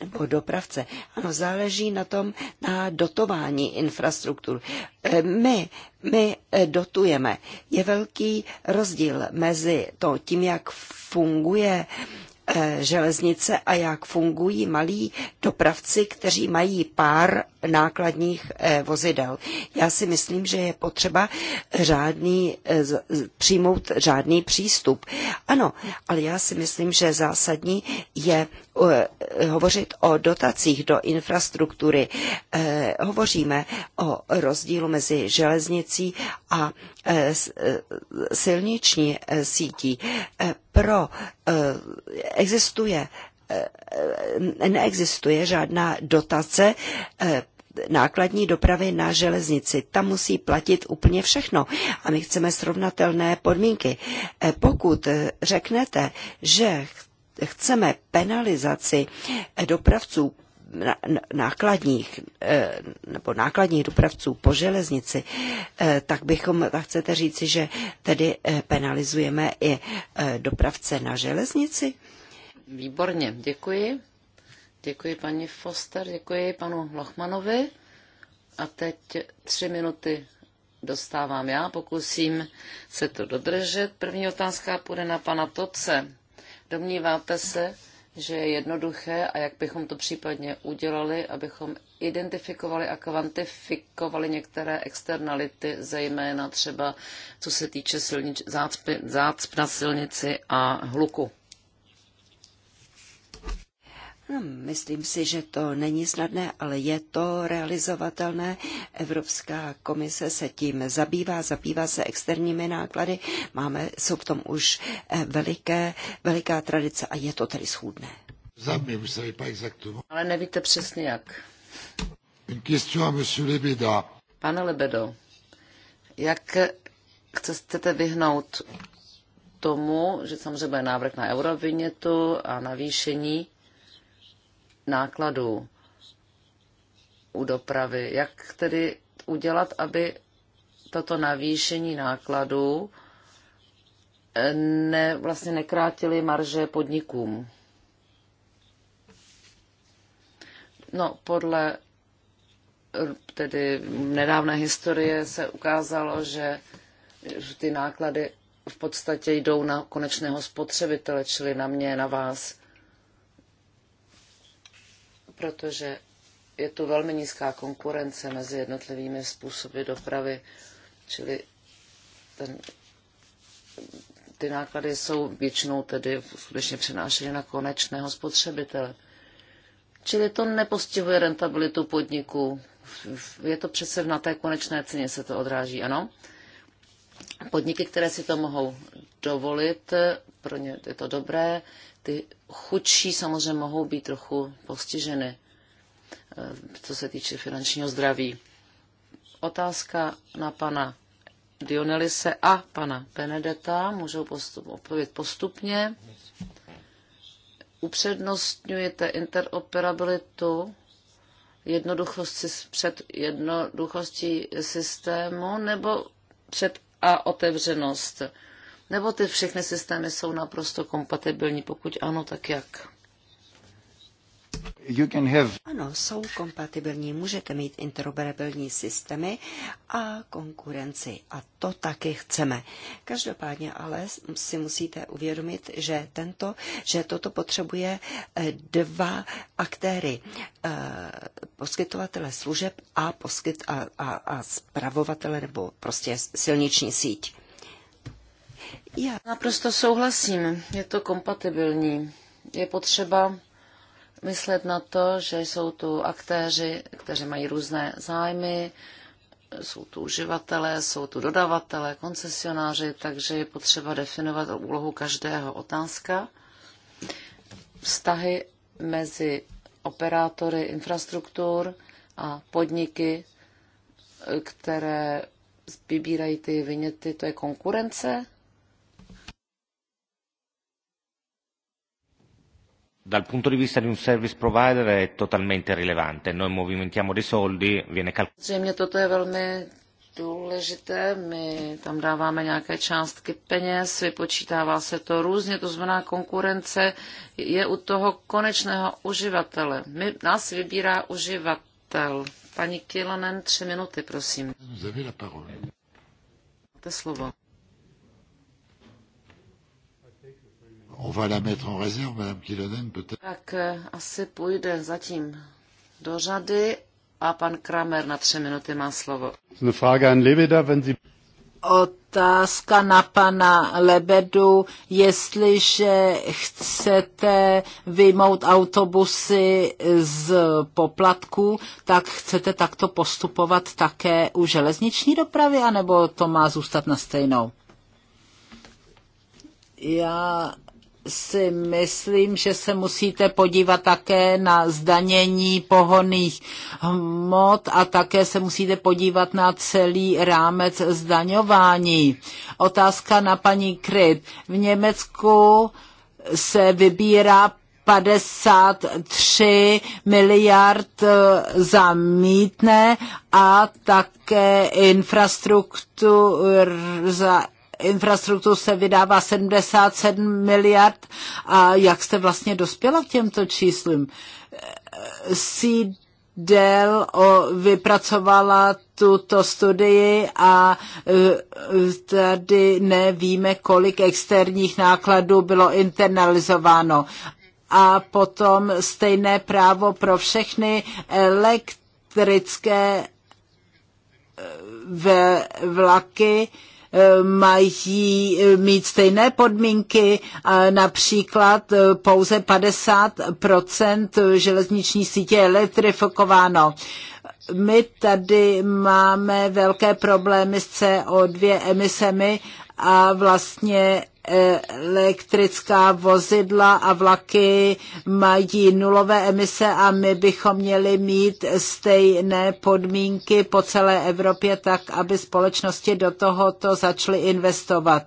nebo dopravce. Ano, záleží na tom, na dotování infrastruktur. My, my dotujeme. Je velký rozdíl mezi to, tím, jak funguje eh, Eh, železnice a jak fungují malí dopravci, kteří mají pár nákladních eh, vozidel. Já si myslím, že je potřeba řádný, eh, přijmout řádný přístup. Ano, ale já si myslím, že zásadní je hovořit o dotacích do infrastruktury. Hovoříme o rozdílu mezi železnicí a silniční sítí pro eh, existuje eh, eh, neexistuje žádná dotace nákladní dopravy na železnici. Tam musí platit úplně všechno a my chceme srovnatelné podmínky. Pokud řeknete, že chceme penalizaci dopravců nákladních eh, nebo nákladních dopravců po železnici, eh, tak bychom, tak chcete říci, že tedy eh, penalizujeme i dopravce na železnici? Výborně, děkuji. Děkuji paní Foster, děkuji panu Lochmanovi. A teď tři minuty dostávám já, pokusím se to dodržet. První otázka půjde na pana Toce. Domníváte se, že je jednoduché a jak bychom to případně udělali, abychom identifikovali a kvantifikovali některé externality, zejména třeba co se týče silnič, zácp na silnici a hluku. Hm, myslím si, že to není snadné, ale je to realizovatelné. Evropská komise se tím zabývá, zabývá se externími náklady. Máme, jsou v tom už eh, veliké, veliká tradice a je to tedy schůdné. Ale nevíte přesně jak. Pane Lebedo, jak chcete vyhnout tomu, že samozřejmě bude návrh na eurovinětu a navýšení nákladů u dopravy. Jak tedy udělat, aby toto navýšení nákladů eh, ne, vlastně nekrátily marže podnikům? No, podle tedy nedávné historie se ukázalo, že ty náklady v podstatě jdou na konečného spotřebitele, čili na mě, na vás protože je tu velmi nízká konkurence mezi jednotlivými způsoby dopravy, čili ten, ty náklady jsou většinou tedy skutečně přenášeny na konečného spotřebitele. Čili to nepostihuje rentabilitu podniku. Je to přece na té konečné ceně se to odráží, ano? Podniky, které si to mohou dovolit, pro ně je to dobré, ty chudší samozřejmě mohou být trochu postiženy, eh, co se týče finančního zdraví. Otázka na pana Dionelise a pana Benedeta můžou postup, odpovědět postupně. Upřednostňujete interoperabilitu, jednoduchosti před jednoduchostí systému nebo před a otevřenost? Nebo ty všechny systémy jsou naprosto kompatibilní? Pokud ano, tak jak? You can have... Ano, jsou kompatibilní. Můžete mít interoperabilní systémy a konkurenci. A to taky chceme. Každopádně ale si musíte uvědomit, že, tento, že toto potřebuje eh, dva aktéry. Eh, poskytovatele služeb a, poskyt, a, a, a spravovatele nebo prostě silniční síť. Já naprosto souhlasím, je to kompatibilní. Je potřeba myslet na to, že jsou tu aktéři, kteří mají různé zájmy, jsou tu uživatelé, jsou tu dodavatelé, koncesionáři, takže je potřeba definovat úlohu každého. Otázka. Vztahy mezi operátory infrastruktur a podniky, které vybírají ty vyněty, to je konkurence dal punto di vista di un service provider è totalmente rilevante. Noi movimentiamo dei soldi, viene calcolato. Zřejmě toto je velmi důležité. My tam dáváme nějaké částky peněz, vypočítává se to různě, to znamená konkurence je u toho konečného uživatele. My, nás vybírá uživatel. Paní Kilonen, tři minuty, prosím. Máte slovo. on va la mettre en réserve, Madame Kilonen, peut-être. Tak eh, asi půjde zatím do řady a pan Kramer na tři minuty má slovo. Otázka na pana Lebedu, jestliže chcete vyjmout autobusy z poplatku, tak chcete takto postupovat také u železniční dopravy, anebo to má zůstat na stejnou? Já si myslím, že se musíte podívat také na zdanění pohoných hmot a také se musíte podívat na celý rámec zdaňování. Otázka na paní Kryt. V Německu se vybírá 53 miliard eh, za mítné a také infrastruktur, za Infrastruktu se vydává 77 miliard a jak jste vlastně dospěla k těmto číslům? Seedel vypracovala tuto studii a e, tady nevíme, kolik externích nákladů bylo internalizováno. A potom stejné právo pro všechny elektrické e, vlaky, Eh, mají eh, mít stejné podmínky, například eh, pouze 50 železniční sítě je elektrifikováno. My tady máme velké problémy s CO2 emisemi a vlastně elektrická vozidla a vlaky mají nulové emise a my bychom měli mít stejné podmínky po celé Evropě tak, aby společnosti do tohoto začaly investovat.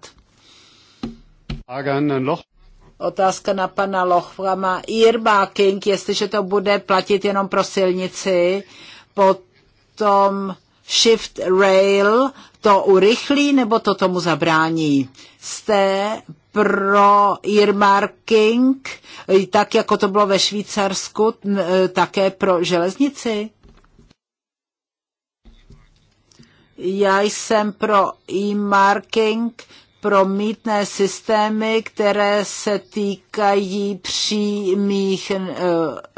Otázka na pana Lochvama. Earmarking, jestliže to bude platit jenom pro silnici, potom shift rail, to urychlí nebo to tomu zabrání? Jste pro earmarking, tak jako to bylo ve Švýcarsku, e, také pro železnici? Já jsem pro e-marking, pro mítné systémy, které se týkají přímých e,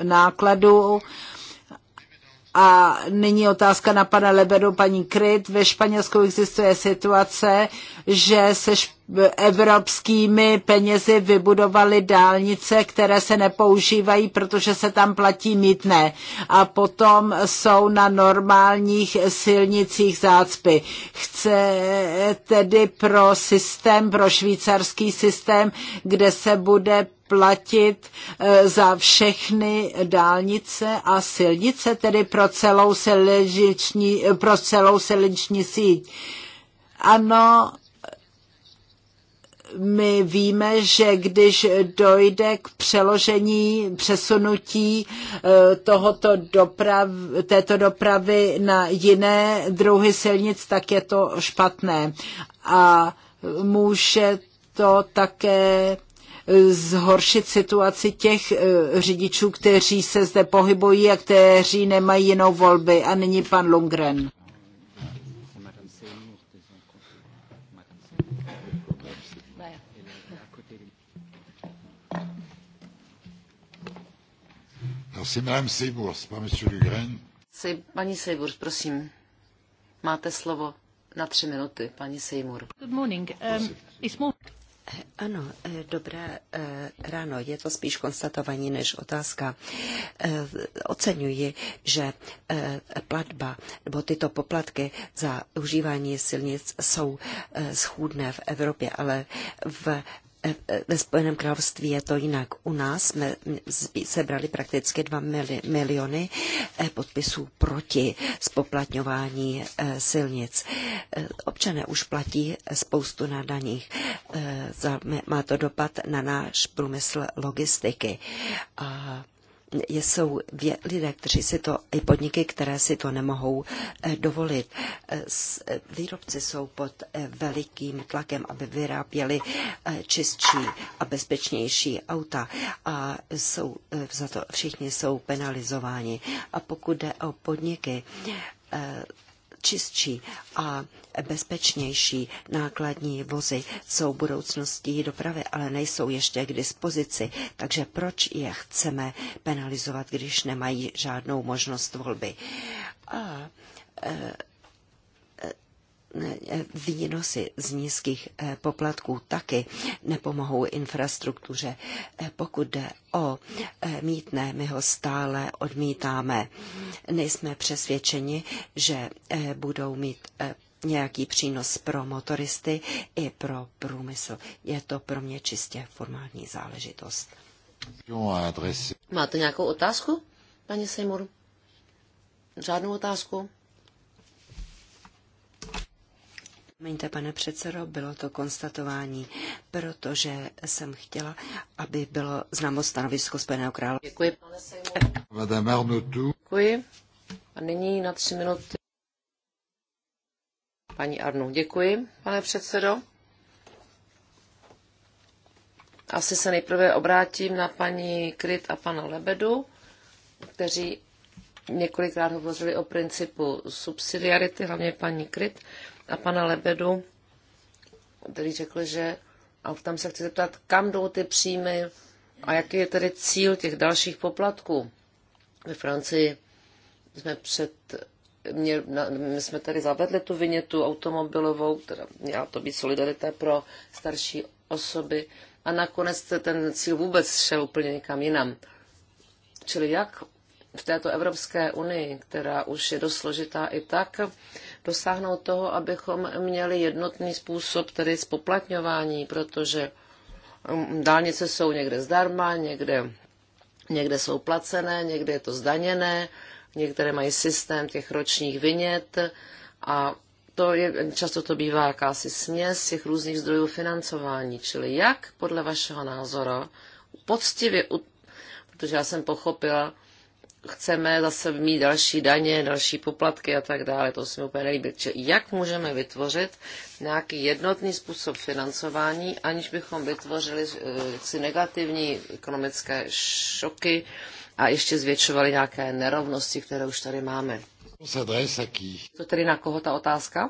nákladů a nyní otázka na pana Leberu, paní Kryt. Ve Španělsku existuje situace, že se evropskými penězi vybudovaly dálnice, které se nepoužívají, protože se tam platí mítné. A potom jsou na normálních silnicích zácpy. Chce tedy pro systém, pro švýcarský systém, kde se bude platit eh, za všechny dálnice a silnice, tedy pro celou silniční, pro celou silniční síť. Ano, my víme, že když dojde k přeložení, přesunutí eh, tohoto doprav, této dopravy na jiné druhy silnic, tak je to špatné. A může to také zhoršit situaci těch eh, řidičů, kteří se zde pohybují a kteří nemají jinou volby. A nyní pan Lundgren. No, c'est Madame Seybours, pas Monsieur Lugren. Paní Seybours, prosím, máte slovo na tři minuty, paní Seymour. Good morning. Um, it's more... Eh, ano, eh, dobré eh, ráno. Je to spíš konstatování než otázka. Oceňuji, že platba nebo tyto poplatky za užívání silnic jsou schůdné v Evropě, ale v ve Spojeném království je to jinak. U nás jsme sebrali prakticky 2 miliony eh, podpisů proti spoplatňování eh, silnic. Eh, občané už platí spoustu na daních. Má to dopad na náš průmysl logistiky. A jsou lidé, kteří si to, i podniky, které si to nemohou eh, dovolit. Eh, eh, výrobci jsou pod velikým tlakem, aby vyráběli čistší a bezpečnější auta a jsou, za to všichni jsou penalizováni. A pokud jde o podniky, čistší a bezpečnější nákladní vozy jsou budoucností dopravy, ale nejsou ještě k dispozici. Takže proč je chceme penalizovat, když nemají žádnou možnost volby? A e, výnosy z nízkých eh, poplatků taky nepomohou infrastruktuře. Eh, pokud jde o eh, mítné, my ho stále odmítáme. Nejsme přesvědčeni, že budou mít nějaký přínos pro motoristy i pro průmysl. Je to pro mě čistě formální záležitost. Máte nějakou otázku, paní Seymour? Žádnou otázku? Promiňte, pane předsedo, bylo to konstatování, protože jsem chtěla, aby bylo známo stanovisko Spojeného krále. Děkuji, pane Sejmo. Děkuji. A nyní na tři minuty. Paní Arnu, děkuji, pane předsedo. Asi se nejprve obrátím na paní Kryt a pana Lebedu, kteří několikrát hovořili o principu subsidiarity, hlavně paní Kryt a pana Lebedu, který řekl, že a tam se chci zeptat, kam jdou ty příjmy a jaký je tedy cíl těch dalších poplatků. Ve Francii jsme před mě, my jsme tady zavedli tu vinětu automobilovou, která měla to být solidarita pro starší osoby a nakonec ten cíl vůbec šel úplně někam jinam. Čili jak v této Evropské unii, která už je dost složitá i tak, dosáhnout toho, abychom měli jednotný způsob tedy spoplatňování, protože um, dálnice jsou někde zdarma, někde, někde jsou placené, někde je to zdaněné, některé mají systém těch ročních vinět a to je, často to bývá jakási směs těch různých zdrojů financování. Čili jak podle vašeho názoru poctivě, protože já jsem pochopila, chceme zase mít další daně, další poplatky a tak dále. To se mi úplně nelíbí. Čiže jak můžeme vytvořit nějaký jednotný způsob financování, aniž bychom vytvořili eh, si negativní ekonomické šoky a ještě zvětšovali nějaké nerovnosti, které už tady máme. To tedy na koho ta otázka?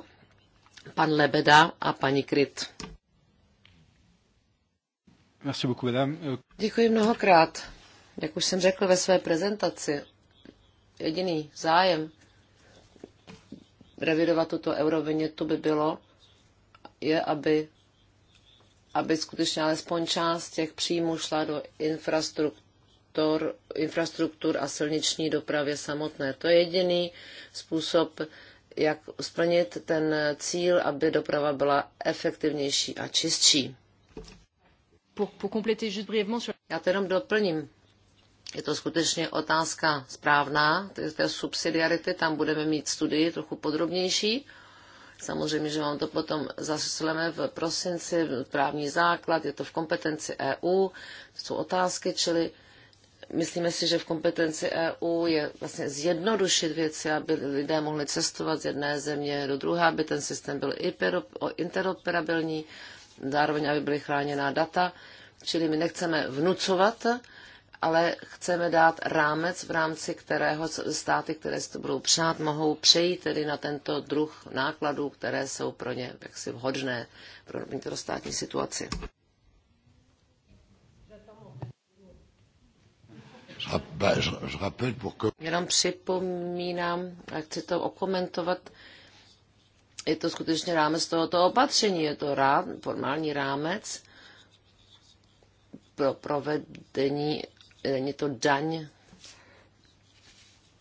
Pan Lebeda a paní Kryt. Děkuji mnohokrát. Jak už jsem řekl ve své prezentaci, jediný zájem revidovat tuto eurovinětu by bylo, je, aby, aby skutečně alespoň část těch příjmů šla do infrastruktur, infrastruktur a silniční dopravě samotné. To je jediný způsob, jak splnit ten cíl, aby doprava byla efektivnější a čistší. Já to jenom doplním je to skutečně otázka správná, té subsidiarity, tam budeme mít studii trochu podrobnější. Samozřejmě, že vám to potom zasleme v prosinci, právní základ, je to v kompetenci EU, to jsou otázky, čili myslíme si, že v kompetenci EU je vlastně zjednodušit věci, aby lidé mohli cestovat z jedné země do druhé, aby ten systém byl interoperabilní, zároveň aby byly chráněná data. Čili my nechceme vnucovat ale chceme dát rámec, v rámci kterého státy, které si to budou přát, mohou přejít tedy na tento druh nákladů, které jsou pro ně jaksi vhodné pro vnitrostátní situaci. Jenom připomínám, a chci to okomentovat, je to skutečně rámec tohoto opatření, je to rá, formální rámec pro provedení Není to daň,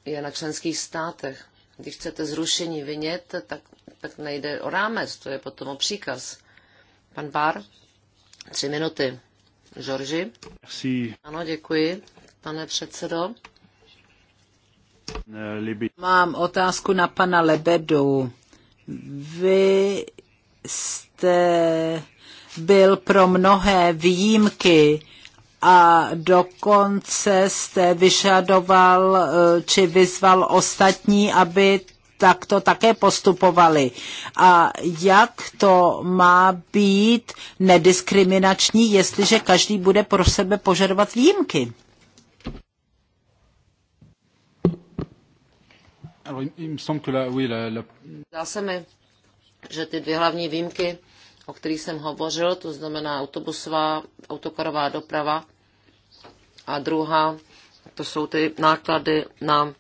je na členských státech. Když chcete zrušení vynět, tak, tak nejde o rámec, to je potom o příkaz. Pan Bar, tři minuty. Žorži? Merci. Ano, děkuji, pane předsedo. Mám otázku na pana Lebedu. Vy jste byl pro mnohé výjimky, a dokonce jste vyžadoval eh, či vyzval ostatní, aby takto také postupovali. A jak to má být nediskriminační, jestliže každý bude pro sebe požadovat výjimky? Zdá se mi, že ty dvě hlavní výjimky o kterých jsem hovořil, to znamená autobusová, autokarová doprava. A druhá, to jsou ty náklady na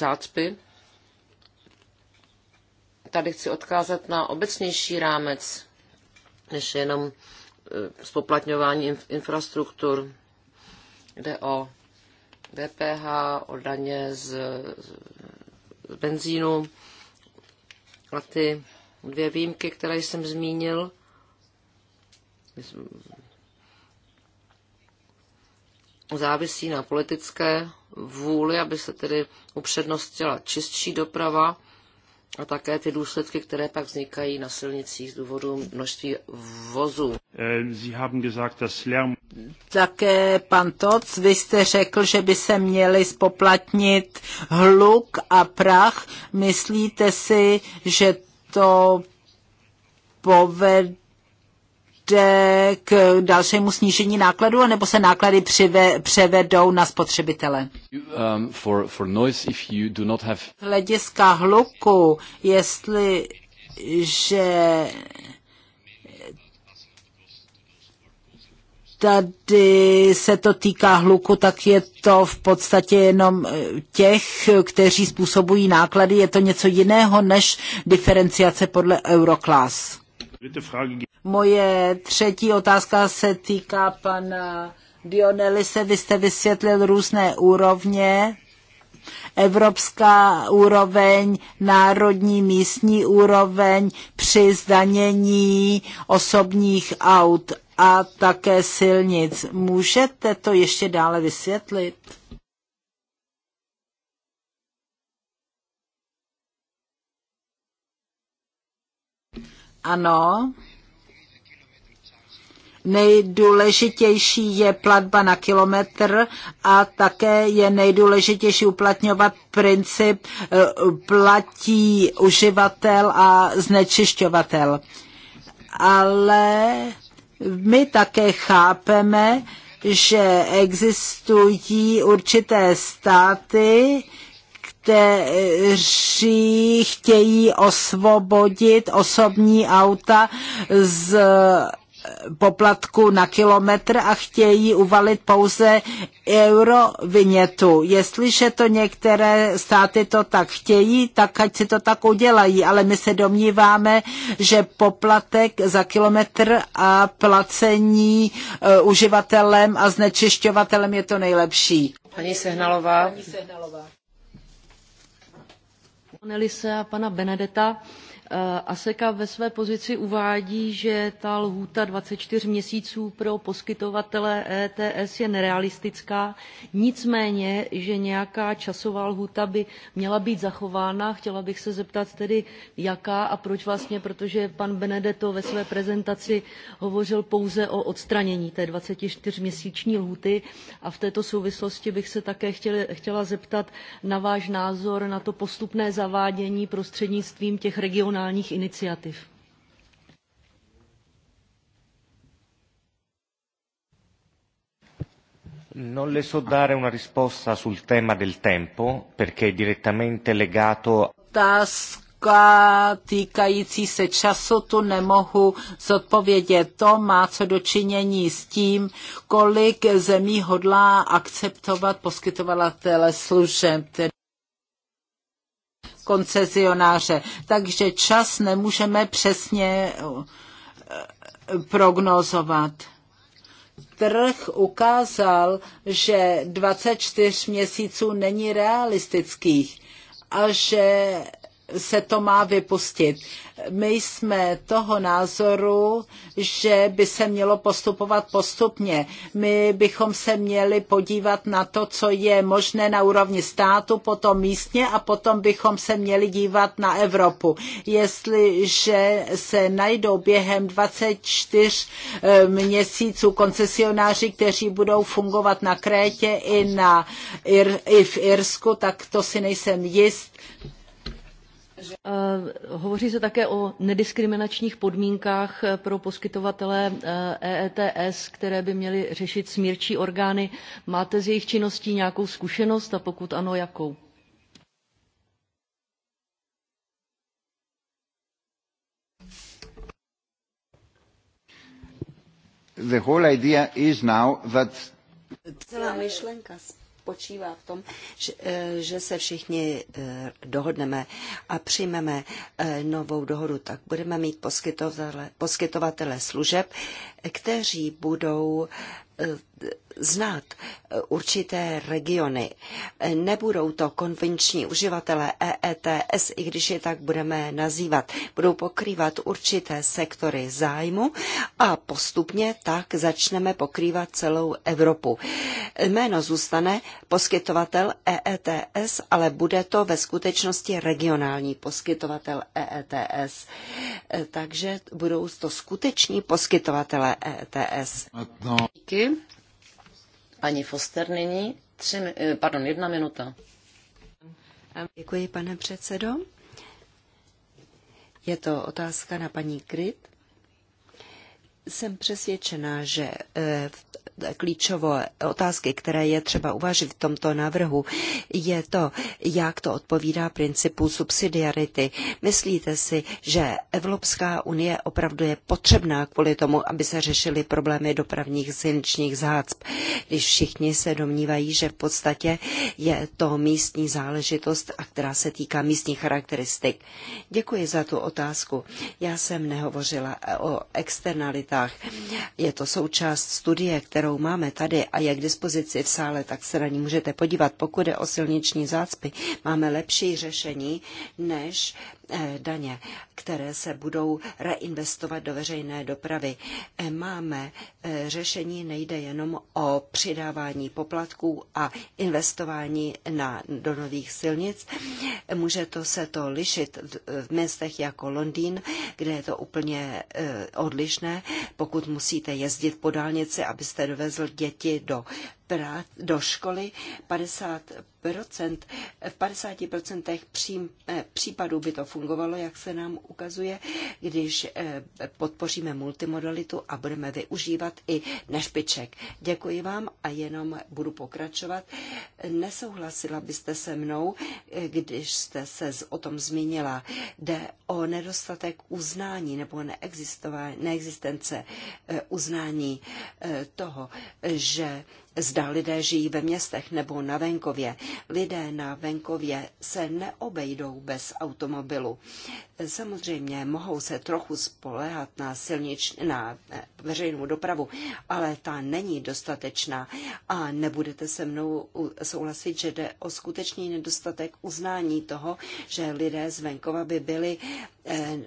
zácpy. Tady chci odkázat na obecnější rámec, než jenom spoplatňování e, infrastruktur. Jde o DPH, o daně z, z benzínu a ty dvě výjimky, které jsem zmínil. Závisí na politické vůli, aby se tedy upřednostila čistší doprava a také ty důsledky, které pak vznikají na silnicích z důvodu množství vozů. Také pan Toc, vy jste řekl, že by se měli spoplatnit hluk a prach. Myslíte si, že to povede k dalšímu snížení nákladů, nebo se náklady přive, převedou na spotřebitele? Um, for, for noise, if you do not have... Hlediska hluku, jestli že tady se to týká hluku, tak je to v podstatě jenom eh, těch, kteří způsobují náklady. Je to něco jiného než diferenciace podle Euroclass. Moje třetí otázka se týká pana Dionelise. Vy jste vysvětlil různé úrovně evropská úroveň, národní místní úroveň při zdanění osobních aut a také silnic. Můžete to ještě dále vysvětlit? Ano. Nejdůležitější je platba na kilometr a také je nejdůležitější uplatňovat princip eh, platí uživatel a znečišťovatel. Ale my také chápeme, že existují určité státy, kteří chtějí osvobodit osobní auta z poplatku na kilometr a chtějí uvalit pouze euro vynětu. Jestliže to některé státy to tak chtějí, tak ať si to tak udělají, ale my se domníváme, že poplatek za kilometr a placení e, uživatelem a znečišťovatelem je to nejlepší. Paní Sehnalová. Paní Sehnalová. Nelise a pana Benedeta. Eh, ASEKA ve své pozici uvádí, že ta lhůta 24 měsíců pro poskytovatele ETS je nerealistická, nicméně, že nějaká časová lhůta by měla být zachována. Chtěla bych se zeptat tedy, jaká a proč vlastně, protože pan Benedetto ve své prezentaci hovořil pouze o odstranění té 24-měsíční lhůty a v této souvislosti bych se také chtěla, chtěla zeptat na váš názor na to postupné zavádění prostřednictvím těch regionálních regionálních iniciativ. Non le so dare una risposta sul tema del tempo, perché è direttamente legato... a... týkající se času tu nemohu zodpovědět. To má co dočinění s tím, kolik zemí hodlá akceptovat poskytovatele služeb koncesionáře. Takže čas nemůžeme přesně eh, prognozovat trh ukázal, že 24 měsíců není realistických a že se to má vypustit. My jsme toho názoru, že by se mělo postupovat postupně. My bychom se měli podívat na to, co je možné na úrovni státu, potom místně a potom bychom se měli dívat na Evropu. Jestliže se najdou během 24 eh, měsíců koncesionáři, kteří budou fungovat na Krétě i, na, i v Irsku, tak to si nejsem jist, Eh, hovoří se také o nediskriminačních podmínkách eh, pro poskytovatele EETS, eh, e které by měly řešit smírčí orgány. Máte z jejich činností nějakou zkušenost a pokud ano, jakou? The whole idea is now that... Celá myšlenka spočívá v tom, že, eh, že se všichni eh, dohodneme a přijmeme eh, novou dohodu, tak budeme mít poskytovatele, poskytovatele služeb, kteří budou znát eh, určité regiony. Eh, nebudou to konvenční uživatelé EETS, i když je tak budeme nazývat. Budou pokrývat určité sektory zájmu a postupně tak začneme pokrývat celou Evropu. Jméno zůstane poskytovatel EETS, ale bude to ve skutečnosti regionální poskytovatel EETS. Eh, takže budou to skuteční poskytovatele EETS. Díky. Paní Foster nyní, tři, eh, pardon, jedna minuta. Děkuji, pane předsedo. Je to otázka na paní Kryt. Jsem přesvědčená, že eh, klíčové otázky, které je třeba uvažit v tomto návrhu, je to, jak to odpovídá principu subsidiarity. Myslíte si, že Evropská unie opravdu je potřebná kvůli tomu, aby se řešily problémy dopravních silničních zácp, když všichni se domnívají, že v podstatě je to místní záležitost, a která se týká místních charakteristik. Děkuji za tu otázku. Já jsem nehovořila o externalitách. Je to součást studie, kterou kterou máme tady a je k dispozici v sále, tak se na ní můžete podívat. Pokud je o silniční zácpy, máme lepší řešení než eh, daně, které se budou reinvestovat do veřejné dopravy. Eh, máme eh, řešení, nejde jenom o přidávání poplatků a investování na, do nových silnic. Může to se to lišit v, městech jako Londýn, kde je to úplně odlišné. Pokud musíte jezdit po dálnici, abyste do odvezl děti do do školy 50 v 50 pří, eh, případů by to fungovalo, jak se nám ukazuje, když eh, podpoříme multimodalitu a budeme využívat i nešpiček. Děkuji vám a jenom budu pokračovat. Nesouhlasila byste se mnou, eh, když jste se o tom zmínila. Jde o nedostatek uznání nebo neexistence uznání toho, že Zda lidé žijí ve městech nebo na venkově. Lidé na venkově se neobejdou bez automobilu. Samozřejmě mohou se trochu spolehat na, silnič, na eh, veřejnou dopravu, ale ta není dostatečná a nebudete se mnou souhlasit, že jde o skutečný nedostatek uznání toho, že lidé z venkova by byli eh,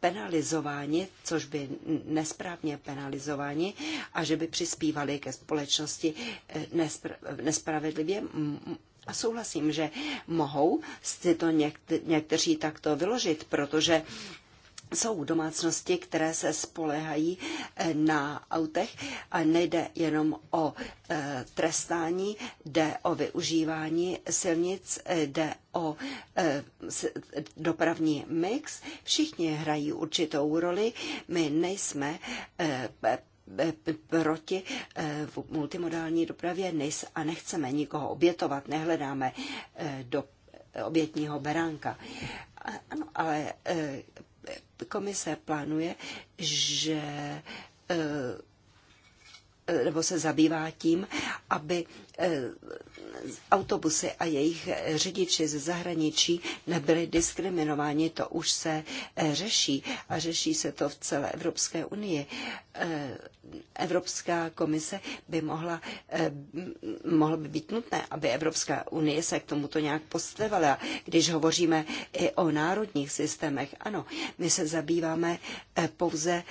penalizováni, což by nesprávně penalizováni a že by přispívali ke společnosti eh, nespravedlivě a souhlasím, že mohou si to někteří takto vyložit, protože jsou domácnosti, které se spolehají eh, na autech a nejde jenom o eh, trestání, jde o využívání silnic, eh, jde o dopravní mix. Všichni hrají určitou roli. My nejsme E, proti e, multimodální dopravě NIS a nechceme nikoho obětovat, nehledáme e, do obětního beránka. Ano, ale komise plánuje, že nebo se zabývá tím, aby Eh, autobusy a jejich řidiči ze zahraničí nebyli diskriminováni, to už se eh, řeší a řeší se to v celé Evropské unii. Eh, Evropská komise by mohla, mohlo by být nutné, aby Evropská unie se k tomuto nějak postavila. Když hovoříme i o národních systémech, ano, my se zabýváme pouze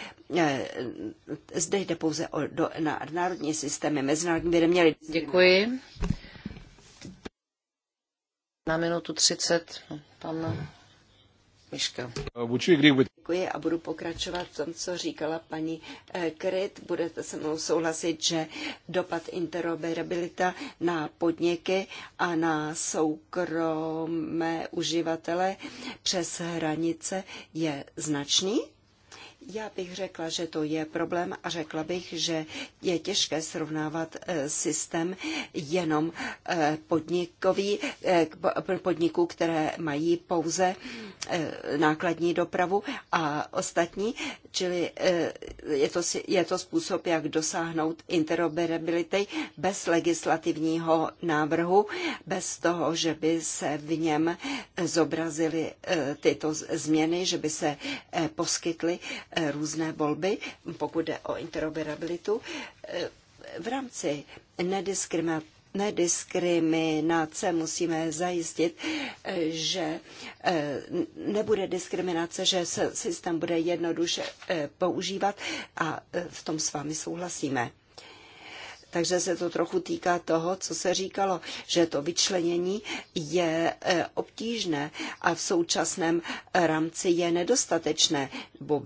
zde jde pouze o do, na, národní systémy. Mezinárodní by neměly. Děkuji. Děkuji. Na minutu 30 pan Miška. Děkuji a budu pokračovat v tom, co říkala paní eh, Kryt. Budete se mnou souhlasit, že dopad interoperabilita na podniky a na soukromé uživatele přes hranice je značný? Já bych řekla, že to je problém a řekla bych, že je těžké srovnávat eh, systém jenom eh, podnikový, eh, podniků, které mají pouze nákladní dopravu a ostatní, čili je to, je to způsob, jak dosáhnout interoperability bez legislativního návrhu, bez toho, že by se v něm zobrazily tyto změny, že by se poskytly Eh, různé volby, pokud jde o interoperabilitu. Eh, v rámci nediskriminace nediskriminace musíme zajistit, eh, že nebude diskriminace, že se systém bude jednoduše používat a v tom s vámi souhlasíme. Takže se to trochu týká toho, co se říkalo, že to vyčlenění je e, obtížné a v současném rámci je nedostatečné. Bo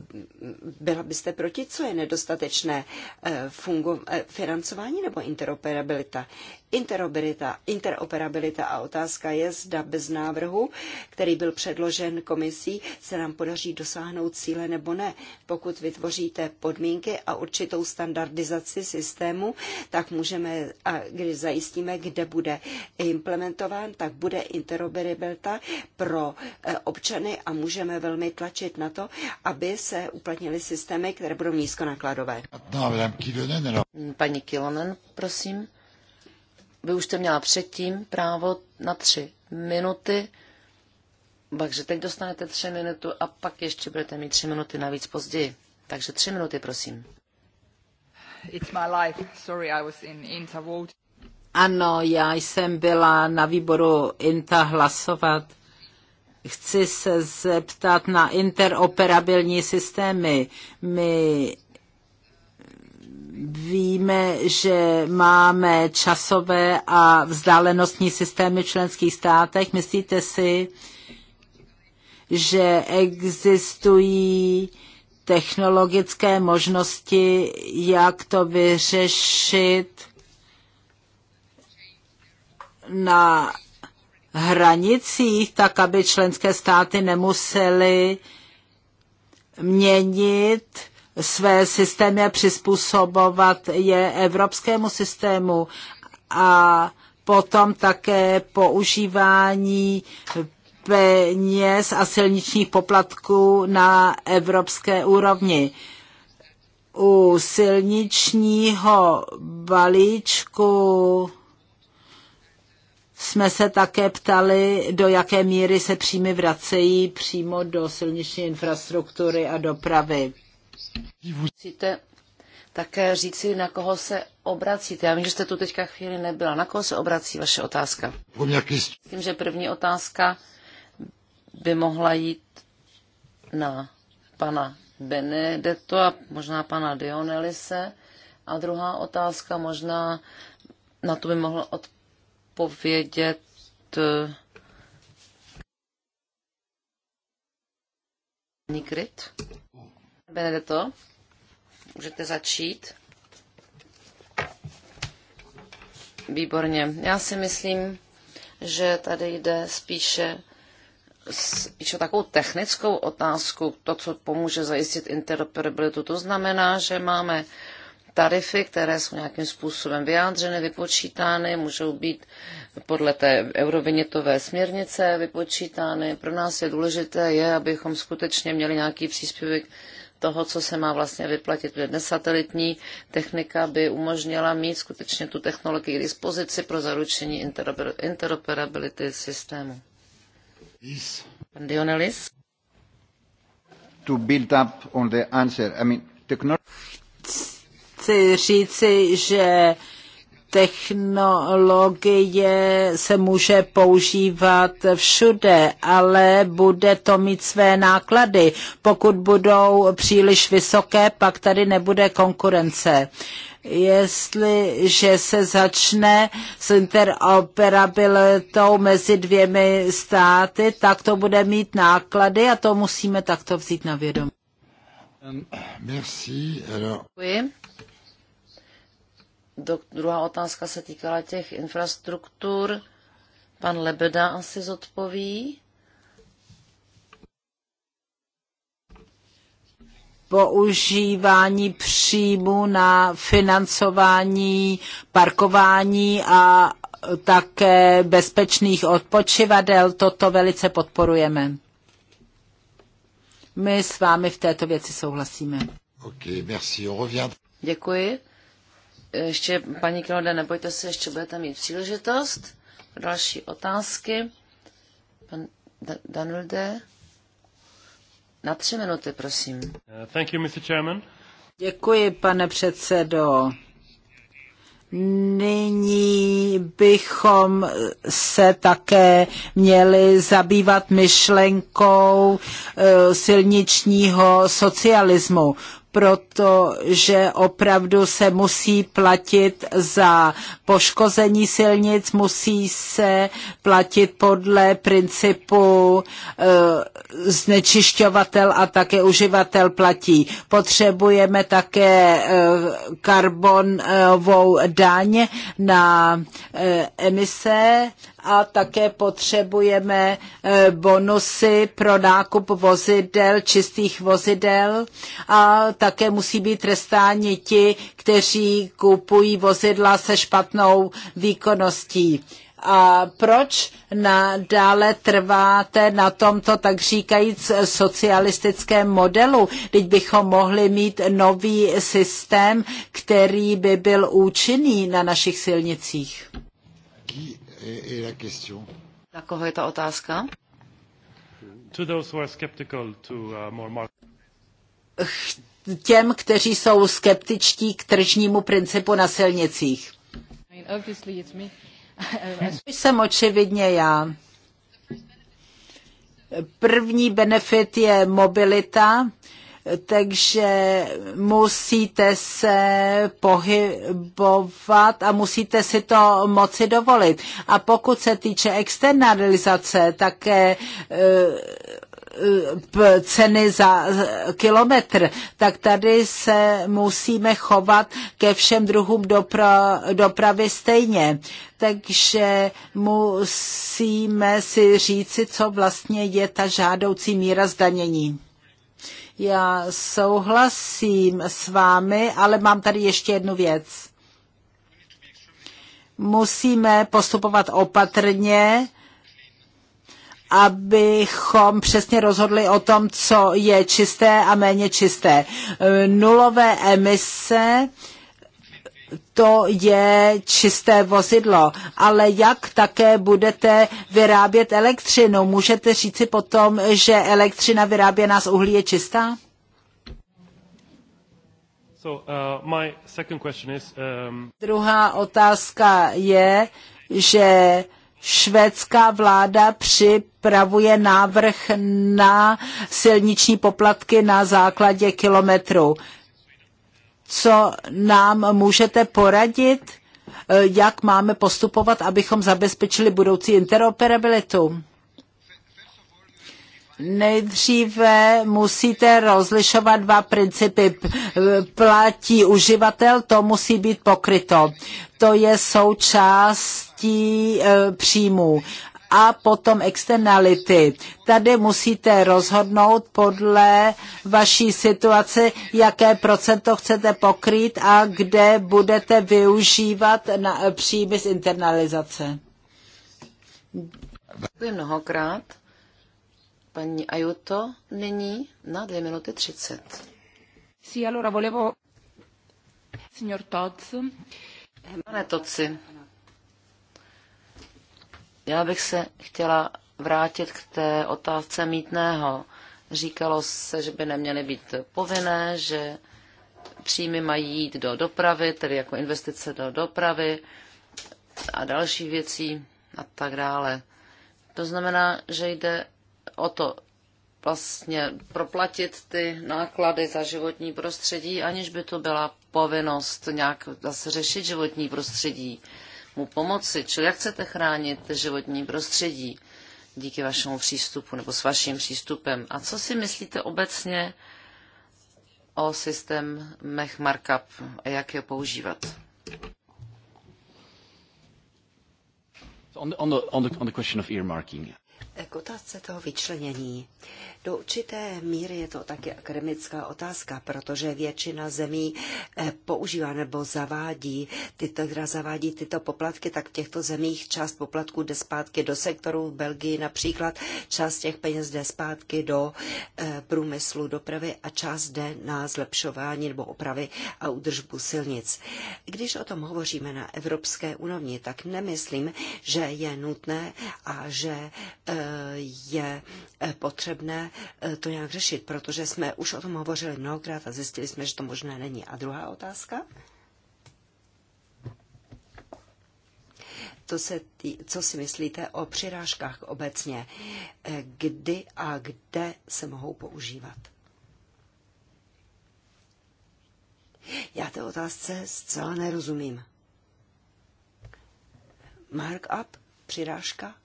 byla byste proti, co je nedostatečné e, fungo- e, financování nebo interoperabilita? interoperabilita, interoperabilita a otázka je, zda bez návrhu, který byl předložen komisí, se nám podaří dosáhnout cíle nebo ne. Pokud vytvoříte podmínky a určitou standardizaci systému, tak můžeme, a když zajistíme, kde bude implementován, tak bude interoperabilita pro eh, občany a můžeme velmi tlačit na to, aby se uplatnily systémy, které budou nízkonákladové. Paní Kilonen, prosím. Vy už jste měla předtím právo na tři minuty, takže teď dostanete tři minuty a pak ještě budete mít tři minuty navíc později. Takže tři minuty, prosím. It's my life. Sorry, I was in Ano, já jsem byla na výboru INTA hlasovat. Chci se zeptat na interoperabilní systémy. My Víme, že máme časové a vzdálenostní systémy v členských státech. Myslíte si, že existují technologické možnosti, jak to vyřešit na hranicích, tak aby členské státy nemusely měnit své systémy a přizpůsobovat je evropskému systému a potom také používání peněz a silničních poplatků na evropské úrovni. U silničního balíčku jsme se také ptali, do jaké míry se příjmy vracejí přímo do silniční infrastruktury a dopravy. Musíte také říci, na koho se obracíte. Já vím, že jste tu teďka chvíli nebyla. Na koho se obrací vaše otázka? Myslím, že první otázka by mohla jít na pana Benedetto a možná pana Dionelise. A druhá otázka možná na to by mohl odpovědět eh, Nikrit. Benedetto, můžete začít. Výborně. Já si myslím, že tady jde spíše spíš o takovou technickou otázku, to, co pomůže zajistit interoperabilitu. To znamená, že máme tarify, které jsou nějakým způsobem vyjádřeny, vypočítány, můžou být podle té eurovinětové směrnice vypočítány. Pro nás je důležité, je, abychom skutečně měli nějaký příspěvek toho, co se má vlastně vyplatit. Dnes satelitní technika by umožnila mít skutečně tu technologii k dispozici pro zaručení interoperability systému. Pan Dionelis? To build up on the answer. I mean, technology chci říci, že technologie se může používat všude, ale bude to mít své náklady. Pokud budou příliš vysoké, pak tady nebude konkurence jestliže se začne s interoperabilitou mezi dvěmi státy, tak to bude mít náklady a to musíme takto vzít na vědomí. Um, merci. Alors do, druhá otázka se týkala těch infrastruktur. Pan Lebeda asi zodpoví. používání příjmu na financování parkování a také bezpečných odpočivadel. Toto velice podporujeme. My s vámi v této věci souhlasíme. Okay, merci. On Děkuji. Ještě, paní Klode, nebojte se, ještě budete mít příležitost pro další otázky. Pan Danulde, na tři minuty, prosím. Uh, thank you, Mr. Chairman. Děkuji, pane předsedo. Nyní bychom se také měli zabývat myšlenkou eh, silničního socialismu protože opravdu se musí platit za poškození silnic, musí se platit podle principu eh, znečišťovatel a také uživatel platí. Potřebujeme také eh, karbonovou daň na eh, emise a také potřebujeme eh, bonusy pro nákup vozidel, čistých vozidel a také musí být trestáni ti, kteří kupují vozidla se špatnou výkonností a proč nadále trváte na tomto, tak říkajíc, socialistickém modelu? Teď bychom mohli mít nový systém, který by byl účinný na našich silnicích est, la question. Na koho je ta otázka? To those who are skeptical to uh, more market těm, kteří jsou skeptičtí k tržnímu principu na silnicích. Jsem očividně já. První benefit je mobilita takže musíte se pohybovat a musíte si to moci dovolit. A pokud se týče externalizace, také eh, eh, ceny za kilometr, tak tady se musíme chovat ke všem druhům dopra- dopravy stejně. Takže musíme si říci, co vlastně je ta žádoucí míra zdanění. Já souhlasím s vámi, ale mám tady ještě jednu věc. Musíme postupovat opatrně, abychom přesně rozhodli o tom, co je čisté a méně čisté. Nulové emise to je čisté vozidlo, ale jak také budete vyrábět elektřinu? Můžete říci potom, že elektřina vyráběná z uhlí je čistá? So, uh, my second question is, um... Druhá otázka je, že švédská vláda připravuje návrh na silniční poplatky na základě kilometru co nám můžete poradit, eh, jak máme postupovat, abychom zabezpečili budoucí interoperabilitu? Nejdříve musíte rozlišovat dva principy. Platí uživatel, to musí být pokryto. To je součástí e, příjmů a potom externality. Tady musíte rozhodnout podle vaší situace, jaké procento chcete pokrýt a kde budete využívat na eh, příjmy z internalizace. Děkuji mnohokrát. Paní Ajuto, nyní na 2 minuty 30. Sì, allora volevo... Signor Toz. Pane Toci, já bych se chtěla vrátit k té otázce mítného. Říkalo se, že by neměly být povinné, že příjmy mají jít do dopravy, tedy jako investice do dopravy a další věcí a tak dále. To znamená, že jde o to vlastně proplatit ty náklady za životní prostředí, aniž by to byla povinnost nějak zase řešit životní prostředí mu pomoci, čili jak chcete chránit životní prostředí díky vašemu přístupu nebo s vaším přístupem. A co si myslíte obecně o systém Mech Markup a jak je používat? On the, on the, on the question of earmarking. K otázce toho vyčlenění. Do určité míry je to také akademická otázka, protože většina zemí eh, používá nebo zavádí tyto, která zavádí tyto poplatky, tak v těchto zemích část poplatků jde zpátky do sektoru. V Belgii například část těch peněz jde zpátky do eh, průmyslu dopravy a část jde na zlepšování nebo opravy a udržbu silnic. Když o tom hovoříme na evropské úrovni, tak nemyslím, že je nutné a že je eh, potřebné eh, to nějak řešit, protože jsme už o tom hovořili mnohokrát a zjistili jsme, že to možné není. A druhá otázka? To se tý, co si myslíte o přirážkách obecně? Eh, kdy a kde se mohou používat? Já té otázce zcela nerozumím. Markup? Přirážka?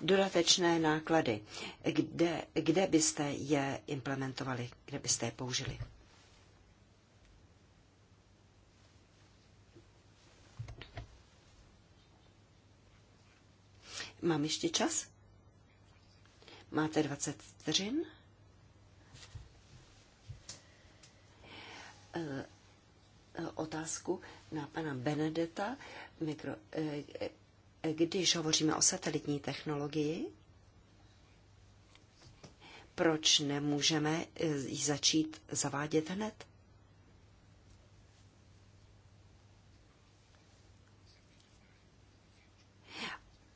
dodatečné náklady. Kde, kde byste je implementovali, kde byste je použili? Mám ještě čas? Máte 20 vteřin? Eh, eh, otázku na pana Benedeta. Mikro, eh, když hovoříme o satelitní technologii, proč nemůžeme eh, ji začít zavádět hned?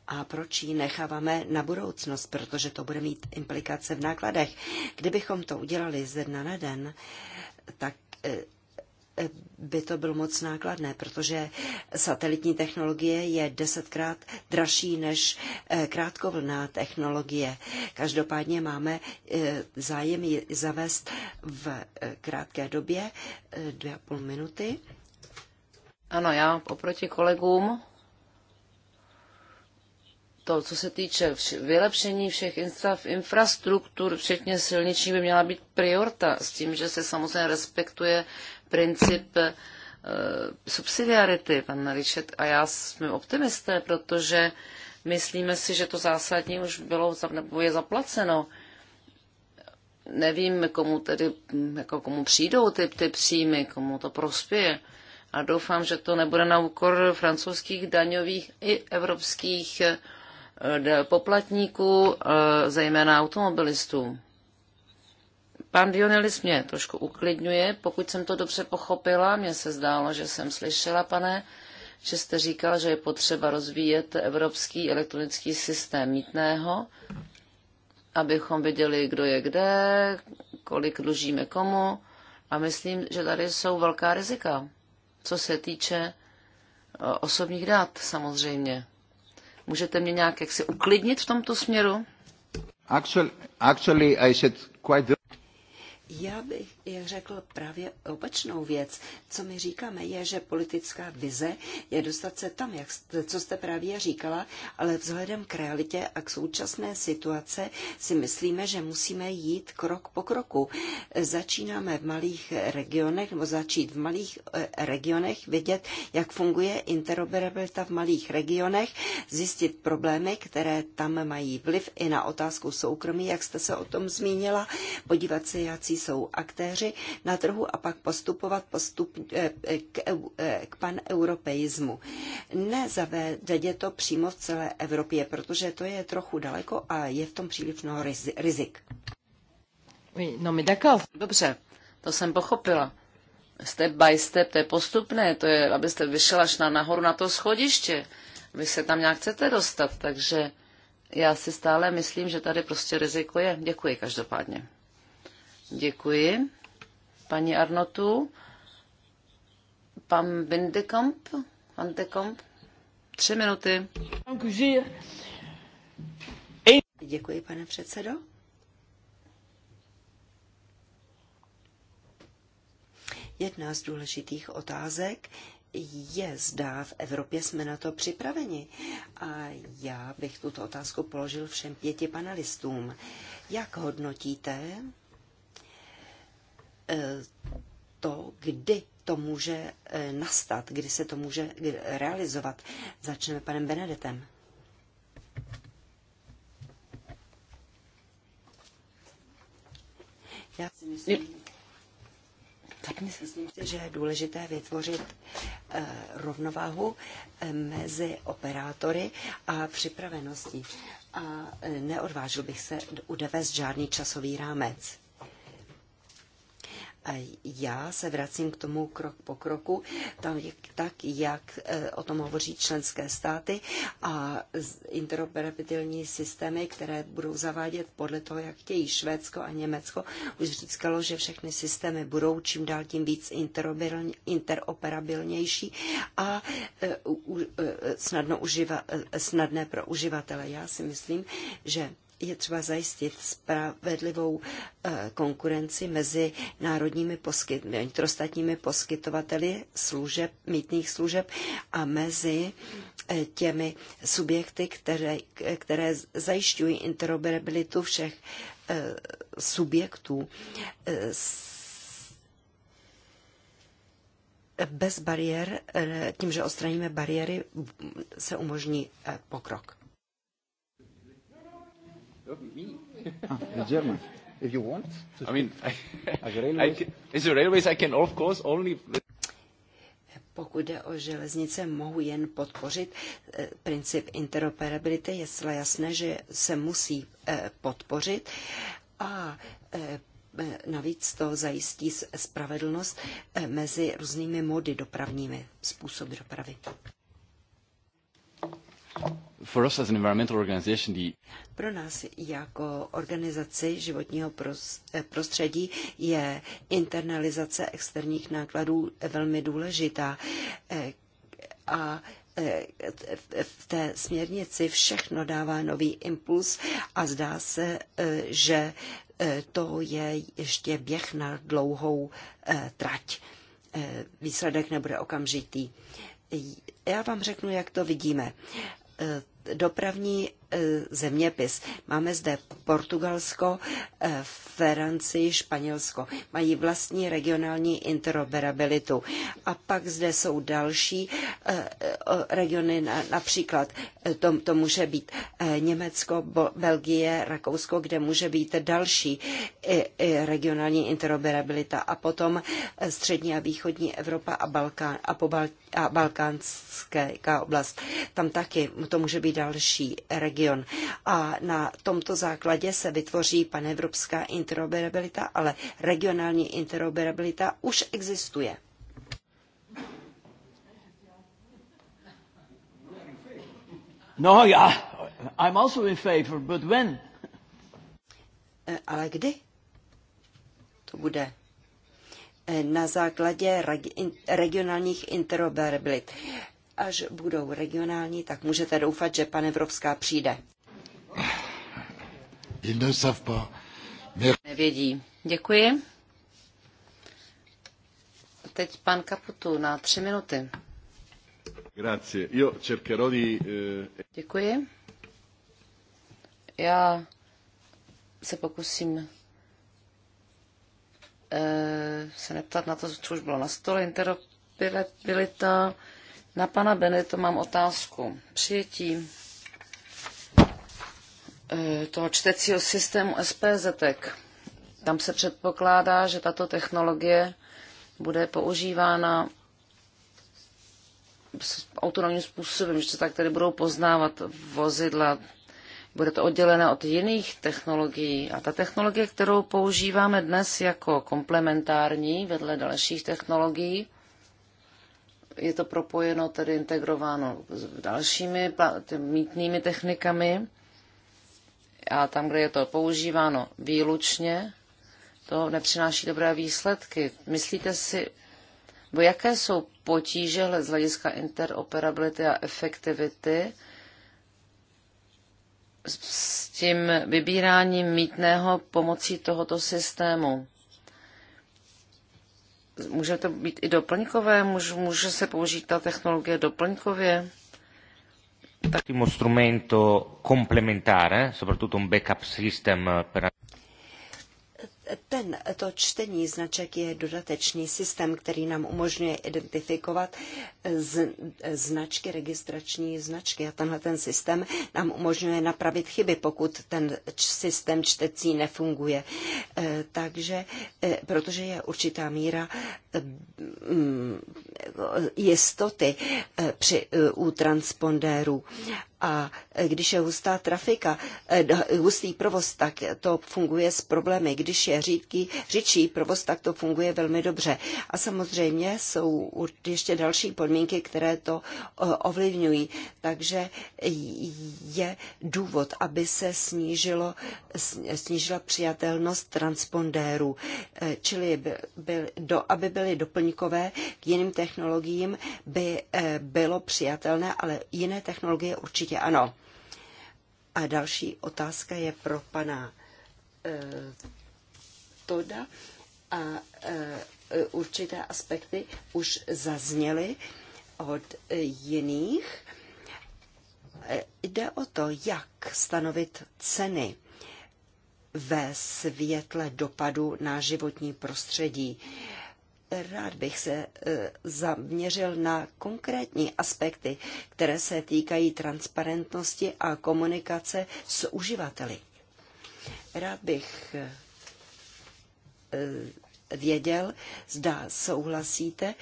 A proč ji necháváme na budoucnost? Protože to bude mít implikace v nákladech. Kdybychom to udělali ze dne na den, tak eh, by to bylo moc nákladné, protože satelitní technologie je desetkrát dražší než eh, krátkovlná technologie. Každopádně máme eh, zájem ji zavést v eh, krátké době, dvě a půl minuty. Ano, já oproti kolegům to, co se týče vylepšení všech infrastruktur, včetně silniční, by měla být priorita s tím, že se samozřejmě respektuje princip eh, subsidiarity. Pan Richard a já jsme optimisté, protože myslíme si, že to zásadní už bylo nebo je zaplaceno. Nevím, komu tedy, hm, jako komu přijdou ty, ty příjmy, komu to prospěje. A doufám, že to nebude na úkor francouzských daňových i evropských eh, poplatníků, eh, zejména automobilistů. Pan Dionelis mě trošku uklidňuje, pokud jsem to dobře pochopila. Mně se zdálo, že jsem slyšela, pane, že jste říkal, že je potřeba rozvíjet evropský elektronický systém mítného, abychom viděli, kdo je kde, kolik dlužíme komu. A myslím, že tady jsou velká rizika, co se týče e, osobních dat samozřejmě. Můžete mě nějak jaksi uklidnit v tomto směru? Actually, actually I said quite já bych řekl právě opačnou věc. Co my říkáme, je, že politická vize je dostat se tam, jak jste, co jste právě říkala, ale vzhledem k realitě a k současné situace si myslíme, že musíme jít krok po kroku. Začínáme v malých regionech, nebo začít v malých eh, regionech, vidět, jak funguje interoperabilita v malých regionech, zjistit problémy, které tam mají vliv i na otázku soukromí, jak jste se o tom zmínila, podívat se, jaký jsou aktéři na trhu a pak postupovat postup eh, eh, k, eh, k paneuropeismu. Nezavedě to přímo v celé Evropě, protože to je trochu daleko a je v tom příliš mnoho rizik. No mi Dobře, to jsem pochopila. Step by step, to je postupné, to je, abyste vyšel až na nahoru na to schodiště. Vy se tam nějak chcete dostat, takže já si stále myslím, že tady prostě riziko je. Děkuji každopádně. Děkuji. Paní Arnotu, pan Vindekamp, Vandekamp, tři minuty. Děkuji, pane předsedo. Jedna z důležitých otázek je, zda v Evropě jsme na to připraveni. A já bych tuto otázku položil všem pěti panelistům. Jak hodnotíte Eh, to, kdy to může eh, nastat, kdy se to může realizovat. Začneme panem Benedetem. Já si myslím, tak myslím si, že je důležité vytvořit eh, rovnováhu mezi operátory a připraveností. A neodvážil bych se udevést žádný časový rámec já se vracím k tomu krok po kroku, tam je, tak jak e, o tom hovoří členské státy a interoperabilní systémy, které budou zavádět podle toho, jak chtějí Švédsko a Německo, už říkalo, že všechny systémy budou čím dál tím víc interoperabilnější a e, e, snadno uživa, snadné pro uživatele. Já si myslím, že je třeba zajistit spravedlivou eh, konkurenci mezi národními poskyt, poskytovateli služeb, mítných služeb a mezi eh, těmi subjekty, které, které zajišťují interoperabilitu všech eh, subjektů bez bariér, tím, že odstraníme bariéry, se umožní pokrok me. Ah, the German. If you want. I mean, I, as a railway, I can of course only. Pokud jde o železnice, mohu jen podpořit eh, princip interoperability. Je zcela jasné, že se musí eh, podpořit a eh, navíc to zajistí spravedlnost mezi různými mody dopravními, způsoby dopravy. For us as an environmental organization, the... Pro nás jako organizaci životního eh, prostředí je internalizace externích nákladů velmi důležitá. Eh, a eh, v té směrnici všechno dává nový impuls a zdá se, že to je ještě běh na dlouhou trať. Výsledek nebude okamžitý. Já vám řeknu, jak to vidíme dopravní E, zeměpis. Máme zde Portugalsko, e, Francii, Španělsko. Mají vlastní regionální interoperabilitu. A pak zde jsou další e, regiony, například to, to může být Německo, Belgie, Rakousko, kde může být další regionální interoperabilita. A potom střední a východní Evropa a, Balkán, a, po Balkánská oblast. Tam taky to může být další region region. A na tomto základě se vytvoří panevropská interoperabilita, ale regionální interoperabilita už existuje. No, já, I'm also in favor, but when? Eh, ale kdy to bude? Eh, na základě regionálních interoperabilit až budou regionální, tak můžete doufat, že panevropská přijde. Nevědí. Děkuji. Teď pan Kaputu na tři minuty. Eh, Děkuji. Já se pokusím eh, se neptat na to, co už bylo na stole, interoperabilita, na pana Beneto mám otázku. Přijetí e, toho čtecího systému SPZ. Tam se předpokládá, že tato technologie bude používána autonomním způsobem, že se tak tedy budou poznávat vozidla. Bude to oddělené od jiných technologií. A ta technologie, kterou používáme dnes jako komplementární vedle dalších technologií, je to propojeno, tedy integrováno s dalšími mítnými technikami a tam, kde je to používáno výlučně, to nepřináší dobré výsledky. Myslíte si, bo jaké jsou potíže z hlediska interoperability a efektivity s tím vybíráním mítného pomocí tohoto systému? Může to být i doplňkové? Může, může se použít ta technologie doplňkově? Tak... Uno strumento complementare, soprattutto un backup system per ten, to čtení značek je dodatečný systém, který nám umožňuje identifikovat eh, z, eh, značky, registrační značky. A tenhle ten systém nám umožňuje napravit chyby, pokud ten systém čtecí nefunguje. Eh, takže, protože je určitá míra mm, jistoty při, u transpondérů. A když je hustá trafika, eh, hustý provoz, tak to funguje s problémy. Když je řídký, řidší provoz, tak to funguje velmi dobře. A samozřejmě jsou ještě další podmínky, které to eh, ovlivňují. Takže je důvod, aby se snížilo, snížila přijatelnost transpondérů, eh, čili by, by, do, aby byly doplňkové k jiným technologiím, by bylo přijatelné, ale jiné technologie určitě určitě ano. A další otázka je pro pana e, Toda a e, určité aspekty už zazněly od jiných. Eh, jde o to, jak stanovit ceny ve světle dopadu na životní prostředí. E, Rád bych se e, zaměřil na konkrétní aspekty, které se týkají transparentnosti a komunikace s uživateli. Rád bych e, věděl, zda souhlasíte,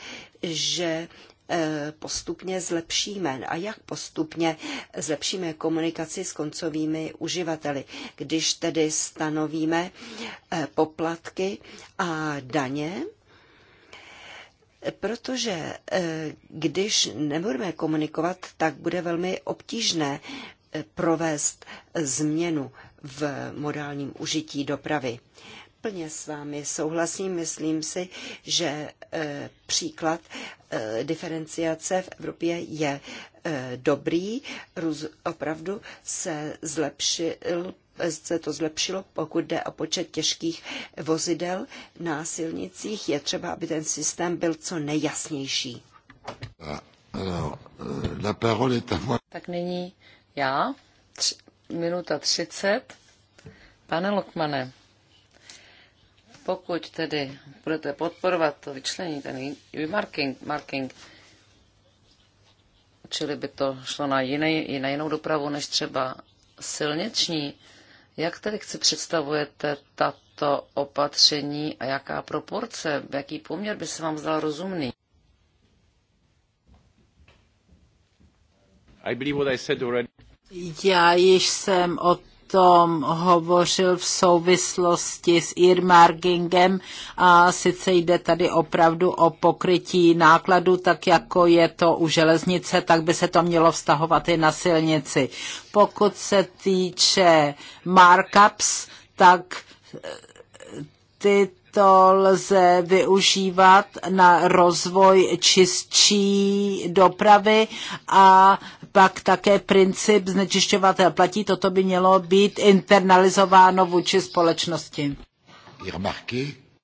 že e, postupně zlepšíme a jak postupně zlepšíme komunikaci s koncovými uživateli, když tedy stanovíme poplatky a daně protože eh, když nebudeme komunikovat, tak bude velmi obtížné eh, provést změnu v modálním užití dopravy. Plně s vámi souhlasím, myslím si, že eh, příklad diferenciace v Evropě je dobrý. Opravdu se zlepšil se to zlepšilo, pokud jde o počet těžkých vozidel na silnicích. Je třeba, aby ten systém byl co nejjasnější. Tak nyní já, tři, minuta třicet. Pane Lokmane, pokud tedy budete podporovat to vyčlení, ten remarking, marking, čili by to šlo na, jiný, jinou dopravu než třeba silniční, jak tedy si představujete tato opatření a jaká proporce, jaký poměr by se vám zdal rozumný? Já již jsem o tom hovořil v souvislosti s earmarkingem a sice jde tady opravdu o pokrytí nákladu, tak jako je to u železnice, tak by se to mělo vztahovat i na silnici. Pokud se týče markups, tak ty to lze využívat na rozvoj čistší dopravy a pak také princip znečišťovatel platí. Toto by mělo být internalizováno vůči společnosti.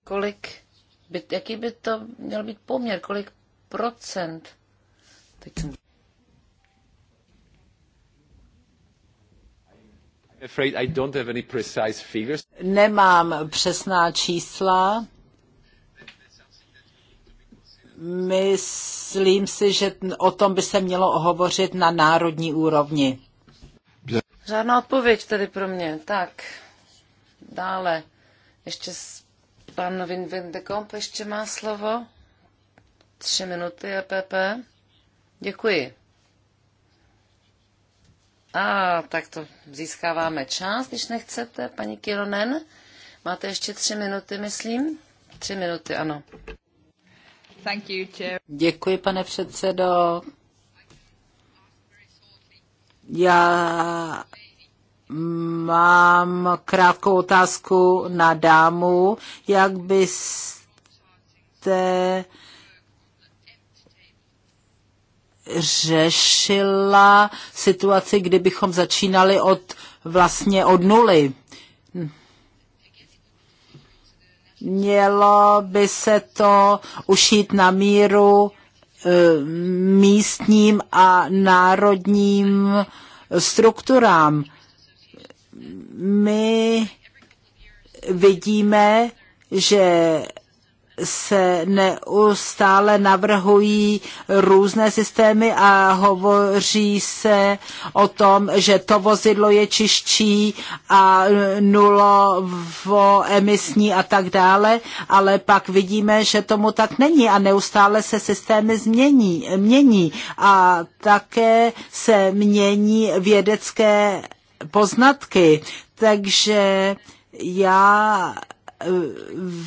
Kolik by, jaký by to měl být poměr? Kolik procent? Teď jsem... Nemám přesná čísla. Myslím si, že o tom by se mělo hovořit na národní úrovni. Žádná odpověď tedy pro mě. Tak, dále. Ještě pan Vin ještě má slovo. Tři minuty, EPP. Děkuji. A tak to získáváme čas, když nechcete. Paní Kilonen, máte ještě tři minuty, myslím. Tři minuty, ano. Thank you, chair. Děkuji, pane předsedo. Já mám krátkou otázku na dámu. Jak byste řešila situaci, kdybychom začínali od vlastně od nuly. Mělo by se to ušít na míru eh, místním a národním strukturám. My vidíme, že se neustále navrhují různé systémy a hovoří se o tom, že to vozidlo je čistší a nulovo emisní a tak dále, ale pak vidíme, že tomu tak není a neustále se systémy změní, mění a také se mění vědecké poznatky. Takže já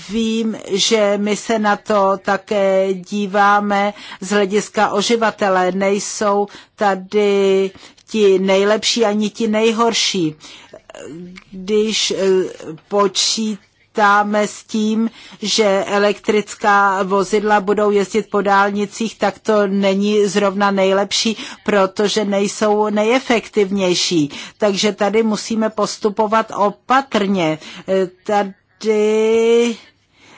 vím, že my se na to také díváme z hlediska oživatele. Nejsou tady ti nejlepší ani ti nejhorší. Když eh, počítáme s tím, že elektrická vozidla budou jezdit po dálnicích, tak to není zrovna nejlepší, protože nejsou nejefektivnější. Takže tady musíme postupovat opatrně. Eh, tady tady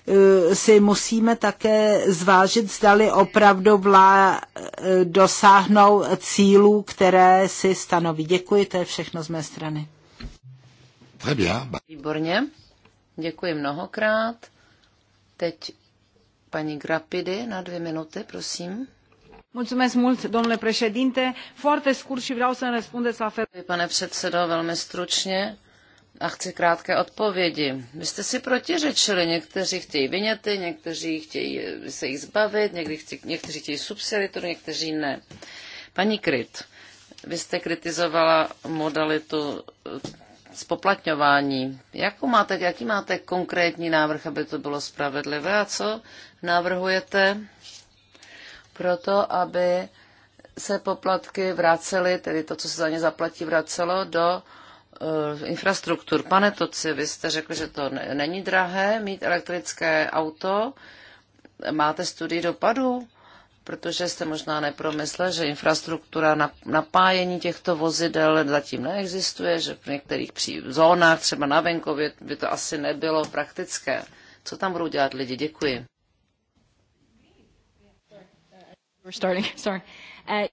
eh, si musíme také zvážit, zdali opravdu vlá, eh, dosáhnou cílů, které si stanoví. Děkuji, to je všechno z mé strany. Výborně, děkuji mnohokrát. Teď paní Grapidy na dvě minuty, prosím. Mulțumesc mult, domnule președinte. Foarte scurt și vreau să-mi răspundeți la fel. Pane předsedo, velmi stručně a chci krátké odpovědi. Vy jste si protiřečili, někteří chtějí vyněty, někteří chtějí eh, se jich zbavit, někteří chtějí, někteří chtějí subsiditu, někteří ne. Paní Kryt, vy jste kritizovala modalitu eh, spoplatňování. Jakou máte, jaký máte konkrétní návrh, aby to bylo spravedlivé a co navrhujete pro to, aby se poplatky vracely, tedy to, co se za ně zaplatí, vracelo do Eh, infrastruktur. Pane Toci, vy jste řekl, že to není drahé mít elektrické auto. Máte studii dopadu? Protože jste možná nepromyslel, že infrastruktura napájení těchto vozidel zatím neexistuje, že v některých zónách, třeba na venkově, by to asi nebylo praktické. Co tam budou dělat lidi? Děkuji. Eh,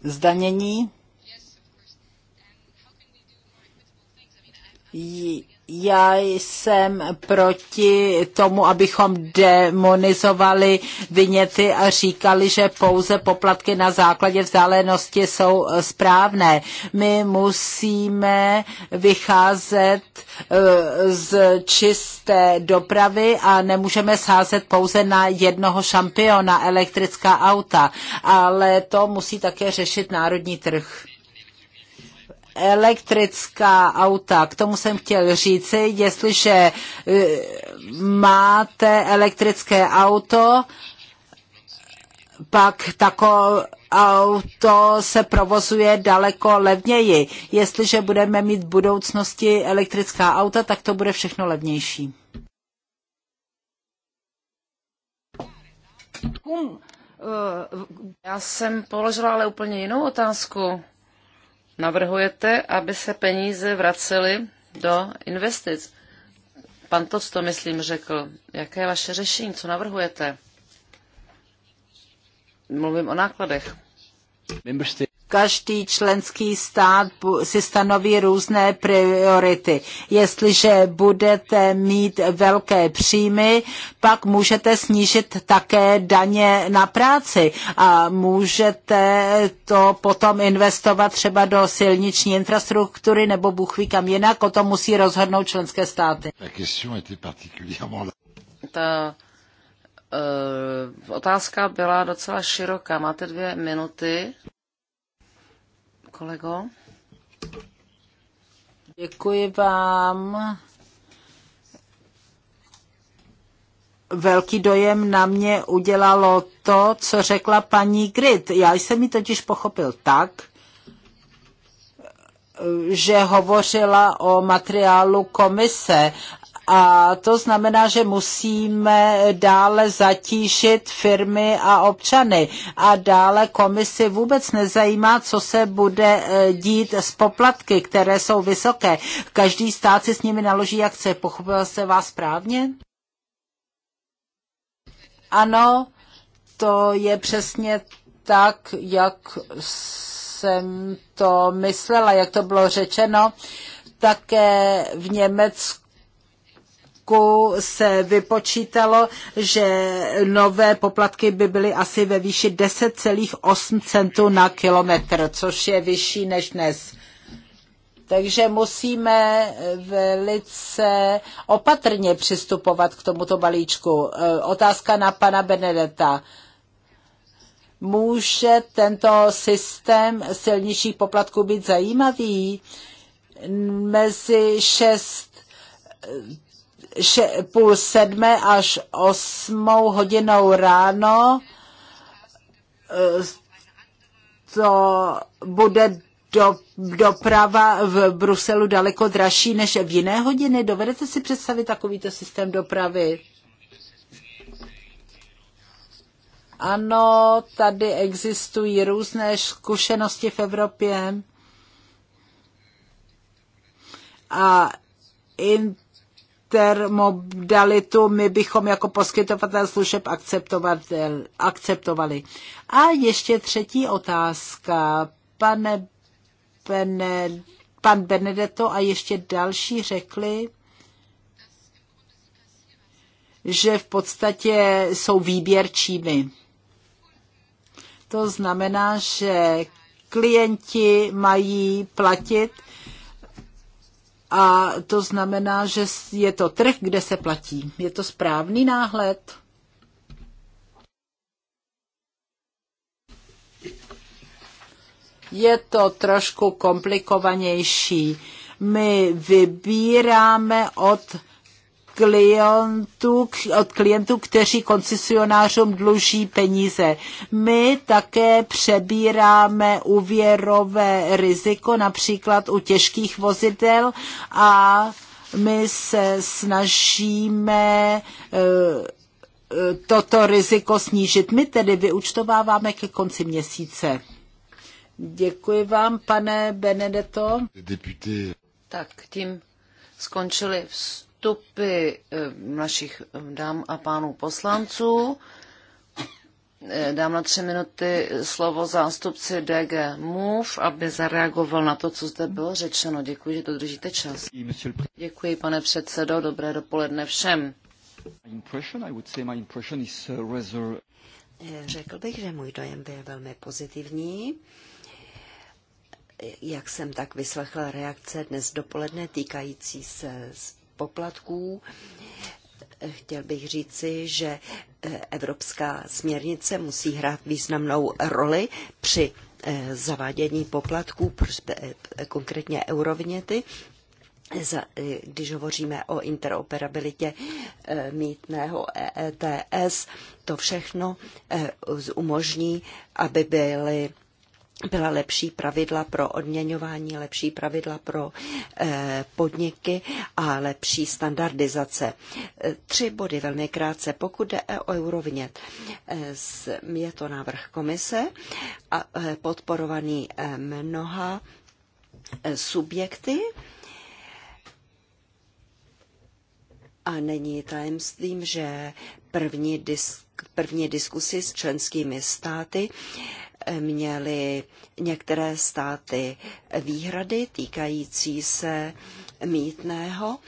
Zdanění Já jsem proti tomu, abychom demonizovali vyněty a říkali, že pouze poplatky na základě vzdálenosti jsou eh, správné. My musíme vycházet eh, z čisté dopravy a nemůžeme sázet pouze na jednoho šampiona elektrická auta, ale to musí také řešit národní trh elektrická auta. K tomu jsem chtěl říci, jestliže e, máte elektrické auto, pak takové auto se provozuje daleko levněji. Jestliže budeme mít v budoucnosti elektrická auta, tak to bude všechno levnější. Hm, e, já jsem položila ale úplně jinou otázku navrhujete, aby se peníze vracely do investic. Pan Toc to, myslím, řekl. Jaké je vaše řešení? Co navrhujete? Mluvím o nákladech každý členský stát si stanoví různé priority. Jestliže budete mít velké příjmy, pak můžete snížit také daně na práci a můžete to potom investovat třeba do silniční infrastruktury nebo buchví kam jinak, o tom musí rozhodnout členské státy. Ta uh, otázka byla docela široká. Máte dvě minuty kolego. Děkuji vám. Velký dojem na mě udělalo to, co řekla paní Grit. Já jsem ji totiž pochopil tak, že hovořila o materiálu komise a to znamená, že musíme dále zatížit firmy a občany. A dále komisi vůbec nezajímá, co se bude eh, dít s poplatky, které jsou vysoké. Každý stát si s nimi naloží, jak chce. Pochopil se vás správně? Ano, to je přesně tak, jak jsem to myslela, jak to bylo řečeno. Také v Německu roku se vypočítalo, že nové poplatky by byly asi ve výši 10,8 centů na kilometr, což je vyšší než dnes. Takže musíme velice opatrně přistupovat k tomuto balíčku. E, otázka na pana Benedeta může tento systém silnějších poplatků být zajímavý? Mezi 6 še, půl sedmé až osmou hodinou ráno. Eh, to bude do, doprava v Bruselu daleko dražší než v jiné hodiny. Dovedete si představit takovýto systém dopravy? Ano, tady existují různé zkušenosti v Evropě. A in, intermodalitu my bychom jako poskytovatel služeb akceptovali. A ještě třetí otázka. Pane Bene, pan Benedetto a ještě další řekli, že v podstatě jsou výběrčími. To znamená, že klienti mají platit a to znamená, že je to trh, kde se platí. Je to správný náhled? Je to trošku komplikovanější. My vybíráme od klientů, od klientů, kteří koncesionářům dluží peníze. My také přebíráme úvěrové riziko, například u těžkých vozidel a my se snažíme eh, toto riziko snížit. My tedy vyučtováváme ke konci měsíce. Děkuji vám, pane Benedetto. Tak tím skončili výstupy eh, našich eh, dám a pánů poslanců. Eh, dám na tři minuty slovo zástupci DG Move, aby zareagoval na to, co zde bylo řečeno. Děkuji, že dodržíte čas. Děkuji, pane předsedo. Dobré dopoledne všem. Uh, řekl bych, že můj dojem byl velmi pozitivní. Jak jsem tak vyslechla reakce dnes dopoledne týkající se poplatků. Chtěl bych říci, že eh, evropská směrnice musí hrát významnou roli při eh, zavádění poplatků, eh, konkrétně eurovinety, když hovoříme o interoperabilitě mítného EETS, to všechno umožní, aby byly byla lepší pravidla pro odměňování, lepší pravidla pro eh, podniky a lepší standardizace. Eh, tři body velmi krátce. Pokud jde o eurovně, eh, je to návrh komise a podporovaný mnoha subjekty a není tajemstvím, že první, disk, první diskusy s členskými státy měly některé státy výhrady týkající se mítného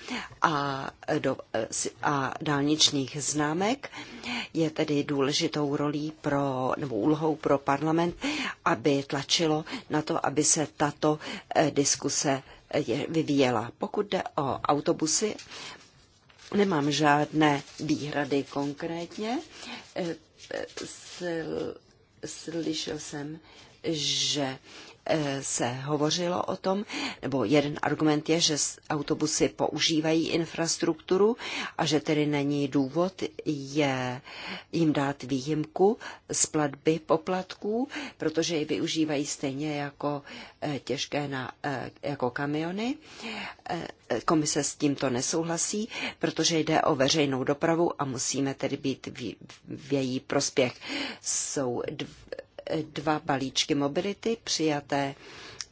a, do, a dálničních známek. Je tedy důležitou rolí pro, nebo úlohou pro parlament, aby tlačilo na to, aby se tato eh, diskuse eh, vyvíjela. Pokud jde o autobusy, nemám žádné výhrady konkrétně. Eh, slyšel jsem, že Eh, se hovořilo o tom, nebo jeden argument je, že autobusy používají infrastrukturu a že tedy není důvod je jim dát výjimku z platby poplatků, protože ji využívají stejně jako eh, těžké na, eh, jako kamiony. Komise s tímto nesouhlasí, protože jde o veřejnou dopravu a musíme tedy být v, její prospěch. Jsou dv, dva balíčky mobility přijaté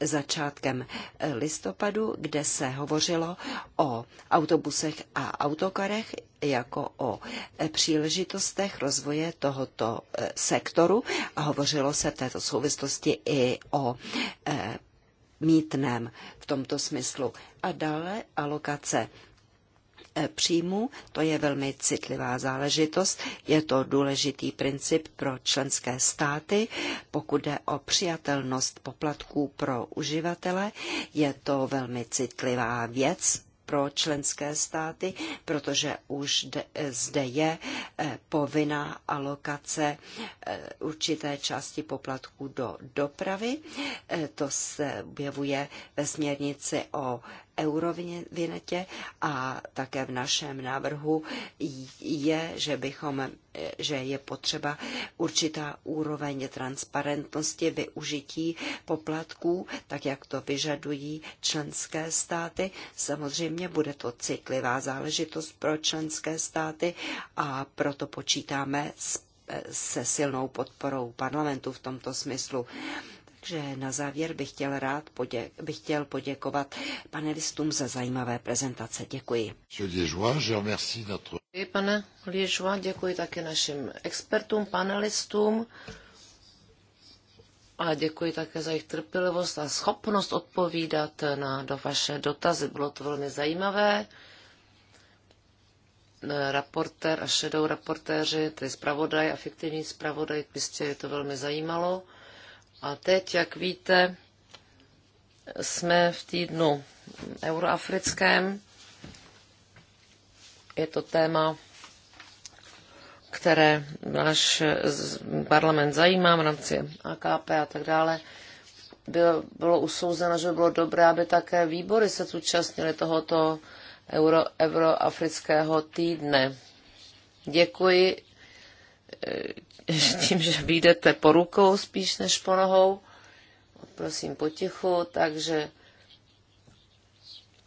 začátkem eh, listopadu, kde se hovořilo o autobusech a autokarech jako o eh, příležitostech rozvoje tohoto eh, sektoru a hovořilo se v této souvislosti i o mítném v tomto smyslu. A dále alokace Eh, příjmů. To je velmi citlivá záležitost. Je to důležitý princip pro členské státy. Pokud jde o přijatelnost poplatků pro uživatele, je to velmi citlivá věc pro členské státy, protože už eh, zde je eh, povinná alokace určité části poplatků do dopravy. To se objevuje ve směrnici o eurovinetě a také v našem návrhu je, že bychom že je potřeba určitá úroveň transparentnosti využití poplatků, tak jak to vyžadují členské státy. Samozřejmě bude to citlivá záležitost pro členské státy a proto počítáme se silnou podporou parlamentu v tomto smyslu. Takže na závěr bych chtěl rád podě- bych chtěl poděkovat panelistům za zajímavé prezentace. Děkuji. Děkuji, pane Liežva, děkuji také našim expertům, panelistům a děkuji také za jejich trpělivost a schopnost odpovídat na do vaše dotazy. Bylo to velmi zajímavé raportér a shadow raportéři, tedy zpravodaj a fiktivní zpravodaj, jistě je to velmi zajímalo. A teď, jak víte, jsme v týdnu euroafrickém. Je to téma, které náš parlament zajímá v rámci AKP a tak dále. Bylo, bylo usouzeno, že by bylo dobré, aby také výbory se zúčastnily tohoto euro, euroafrického týdne. Děkuji Eh, tím, že vyjdete po rukou spíš než po nohou. Prosím potichu, takže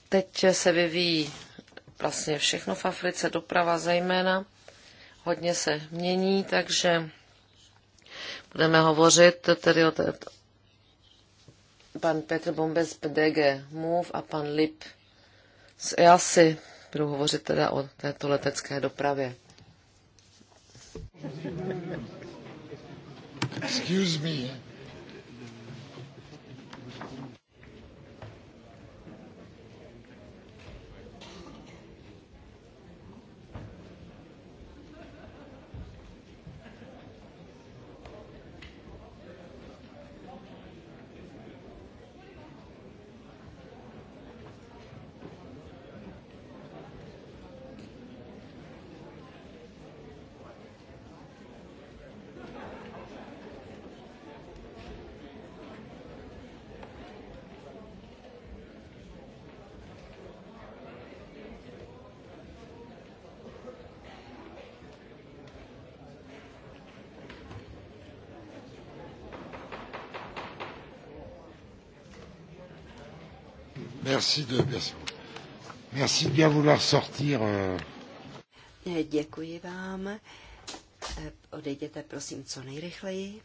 teď se vyvíjí vlastně všechno v Africe, doprava zejména. Hodně se mění, takže budeme hovořit tedy o této. pan Petr Bombes PDG Move a pan Lip z EASY. Budu hovořit teda o této letecké dopravě. Excuse me. Merci de, merci, merci de bien vouloir sortir. Euh. Eh, děkuji vám. Eh, odejděte prosím co nejrychleji.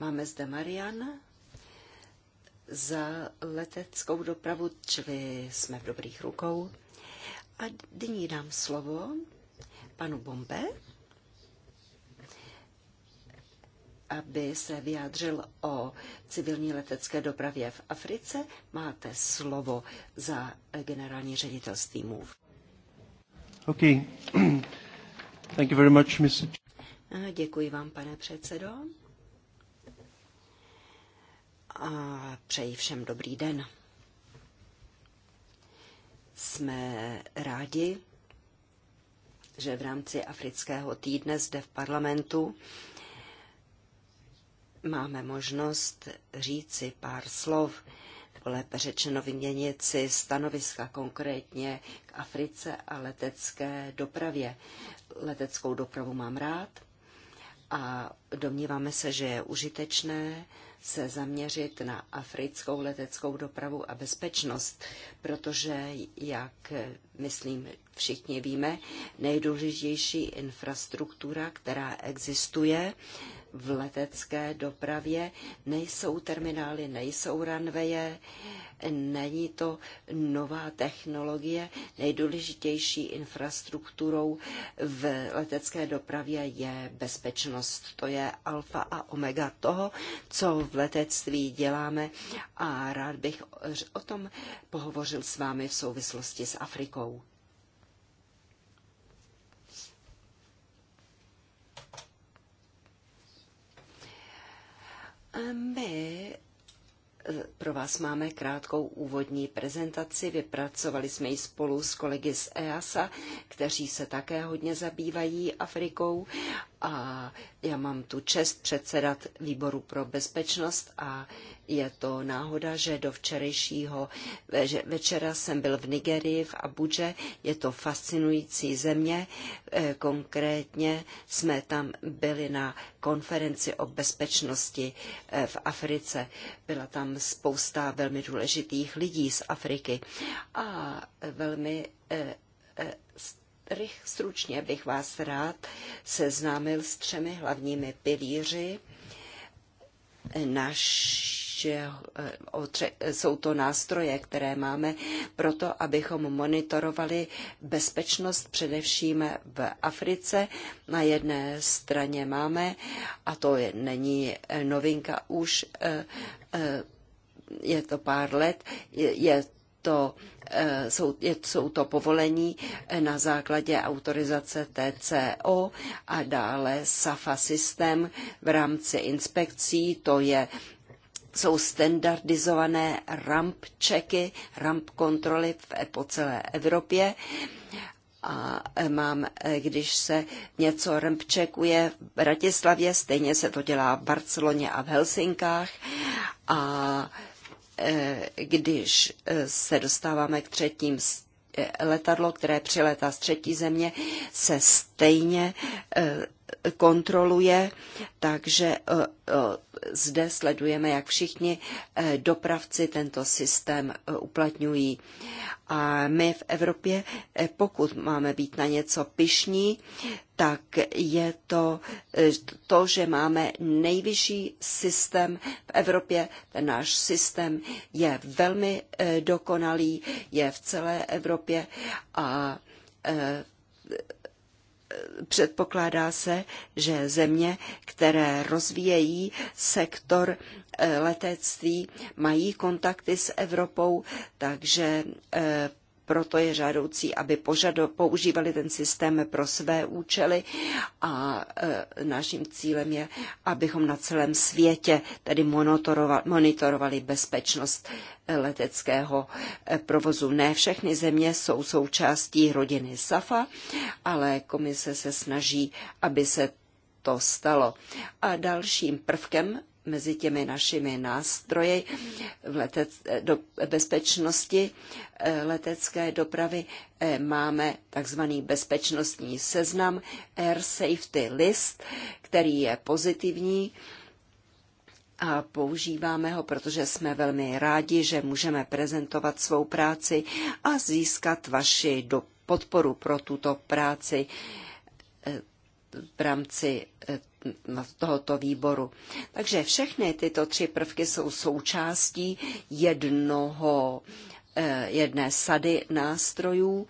Máme zde Mariana za leteckou dopravu, čili jsme v dobrých rukou. A nyní dám slovo panu Bombe, aby se vyjádřil o civilní letecké dopravě v Africe. Máte slovo za generální ředitelství MOVE. Okay. Thank you very much, Mr. Děkuji vám, pane předsedo. A přeji všem dobrý den. Jsme rádi, že v rámci afrického týdne zde v parlamentu máme možnost říci pár slov, nebo lépe řečeno vyměnit si stanoviska konkrétně k Africe a letecké dopravě. Leteckou dopravu mám rád a domníváme se, že je užitečné se zaměřit na africkou leteckou dopravu a bezpečnost, protože, jak myslím, všichni víme, nejdůležitější infrastruktura, která existuje, v letecké dopravě. Nejsou terminály, nejsou ranveje, není to nová technologie. Nejdůležitější infrastrukturou v letecké dopravě je bezpečnost. To je alfa a omega toho, co v letectví děláme a rád bych o tom pohovořil s vámi v souvislosti s Afrikou. My e, pro vás máme krátkou úvodní prezentaci. Vypracovali jsme ji spolu s kolegy z EASA, kteří se také hodně zabývají Afrikou a já mám tu čest předsedat výboru pro bezpečnost a je to náhoda, že do včerejšího večera jsem byl v Nigerii, v Abuže. Je to fascinující země. E, konkrétně jsme tam byli na konferenci o bezpečnosti e, v Africe. Byla tam spousta velmi důležitých lidí z Afriky a velmi e, rych, stručně bych vás rád seznámil s třemi hlavními pilíři naše, eh, jsou to nástroje, které máme pro to, abychom monitorovali bezpečnost především v Africe. Na jedné straně máme, a to je, není eh, novinka už, eh, je to pár let, je to, eh, jsou, jsou to povolení eh, na základě autorizace TCO a dále SAFA systém v rámci inspekcí, to je jsou standardizované ramp checky, ramp kontroly v, e, po celé Evropě a eh, mám, když se něco checkuje v Bratislavě, stejně se to dělá v Barceloně a v Helsinkách a když eh, se dostáváme k třetím eh, letadlo, které přiletá z třetí země, se stejně eh, kontroluje, takže zde sledujeme, jak všichni eh, dopravci tento systém eh, uplatňují. A my v Evropě, eh, pokud máme být na něco pyšní, tak je to to, že máme nejvyšší systém v Evropě. Ten náš systém je velmi dokonalý, je v celé Evropě a předpokládá se, že země, které rozvíjejí sektor eh, letectví, mají kontakty s Evropou, takže eh, proto je žádoucí, aby požado, používali ten systém pro své účely a e, naším cílem je, abychom na celém světě tedy monitorovali bezpečnost leteckého e, provozu. Ne všechny země jsou součástí rodiny SAFA, ale komise se snaží, aby se to stalo. A dalším prvkem mezi těmi našimi nástroji v letec, do bezpečnosti eh, letecké dopravy. Eh, máme takzvaný bezpečnostní seznam Air Safety List, který je pozitivní a používáme ho, protože jsme velmi rádi, že můžeme prezentovat svou práci a získat vaši do podporu pro tuto práci eh, v rámci eh, tohoto výboru. Takže všechny tyto tři prvky jsou součástí jednoho, eh, jedné sady nástrojů.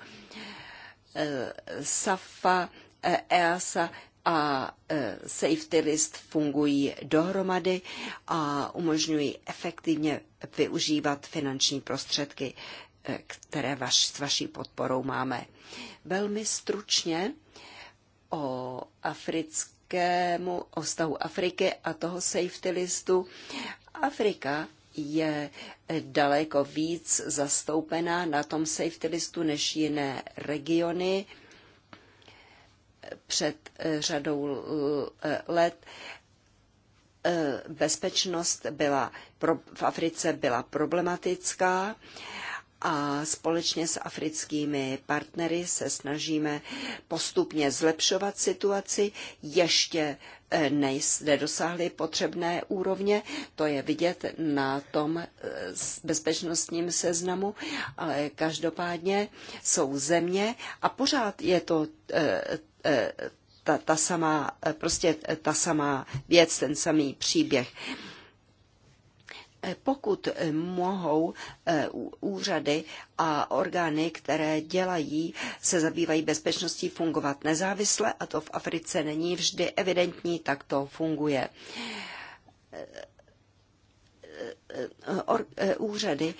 Eh, SAFA, EASA e a Safety List fungují dohromady a umožňují efektivně využívat finanční prostředky, které vaš, s vaší podporou máme. Velmi stručně o africkému, o stavu Afriky a toho safety listu. Afrika je daleko víc zastoupená na tom safety listu než jiné regiony. Před eh, řadou eh, let eh, bezpečnost byla, v Africe byla problematická a společně s africkými partnery se snažíme postupně zlepšovat situaci. Ještě eh, nedosáhly potřebné úrovně, to je vidět na tom eh, bezpečnostním seznamu, ale každopádně jsou země a pořád je to eh, ta, ta samá, prostě ta samá věc, ten samý příběh. Eh, pokud eh, mohou eh, úřady a orgány, které dělají, se zabývají bezpečností, fungovat nezávisle, a to v Africe není vždy evidentní, tak to funguje úřady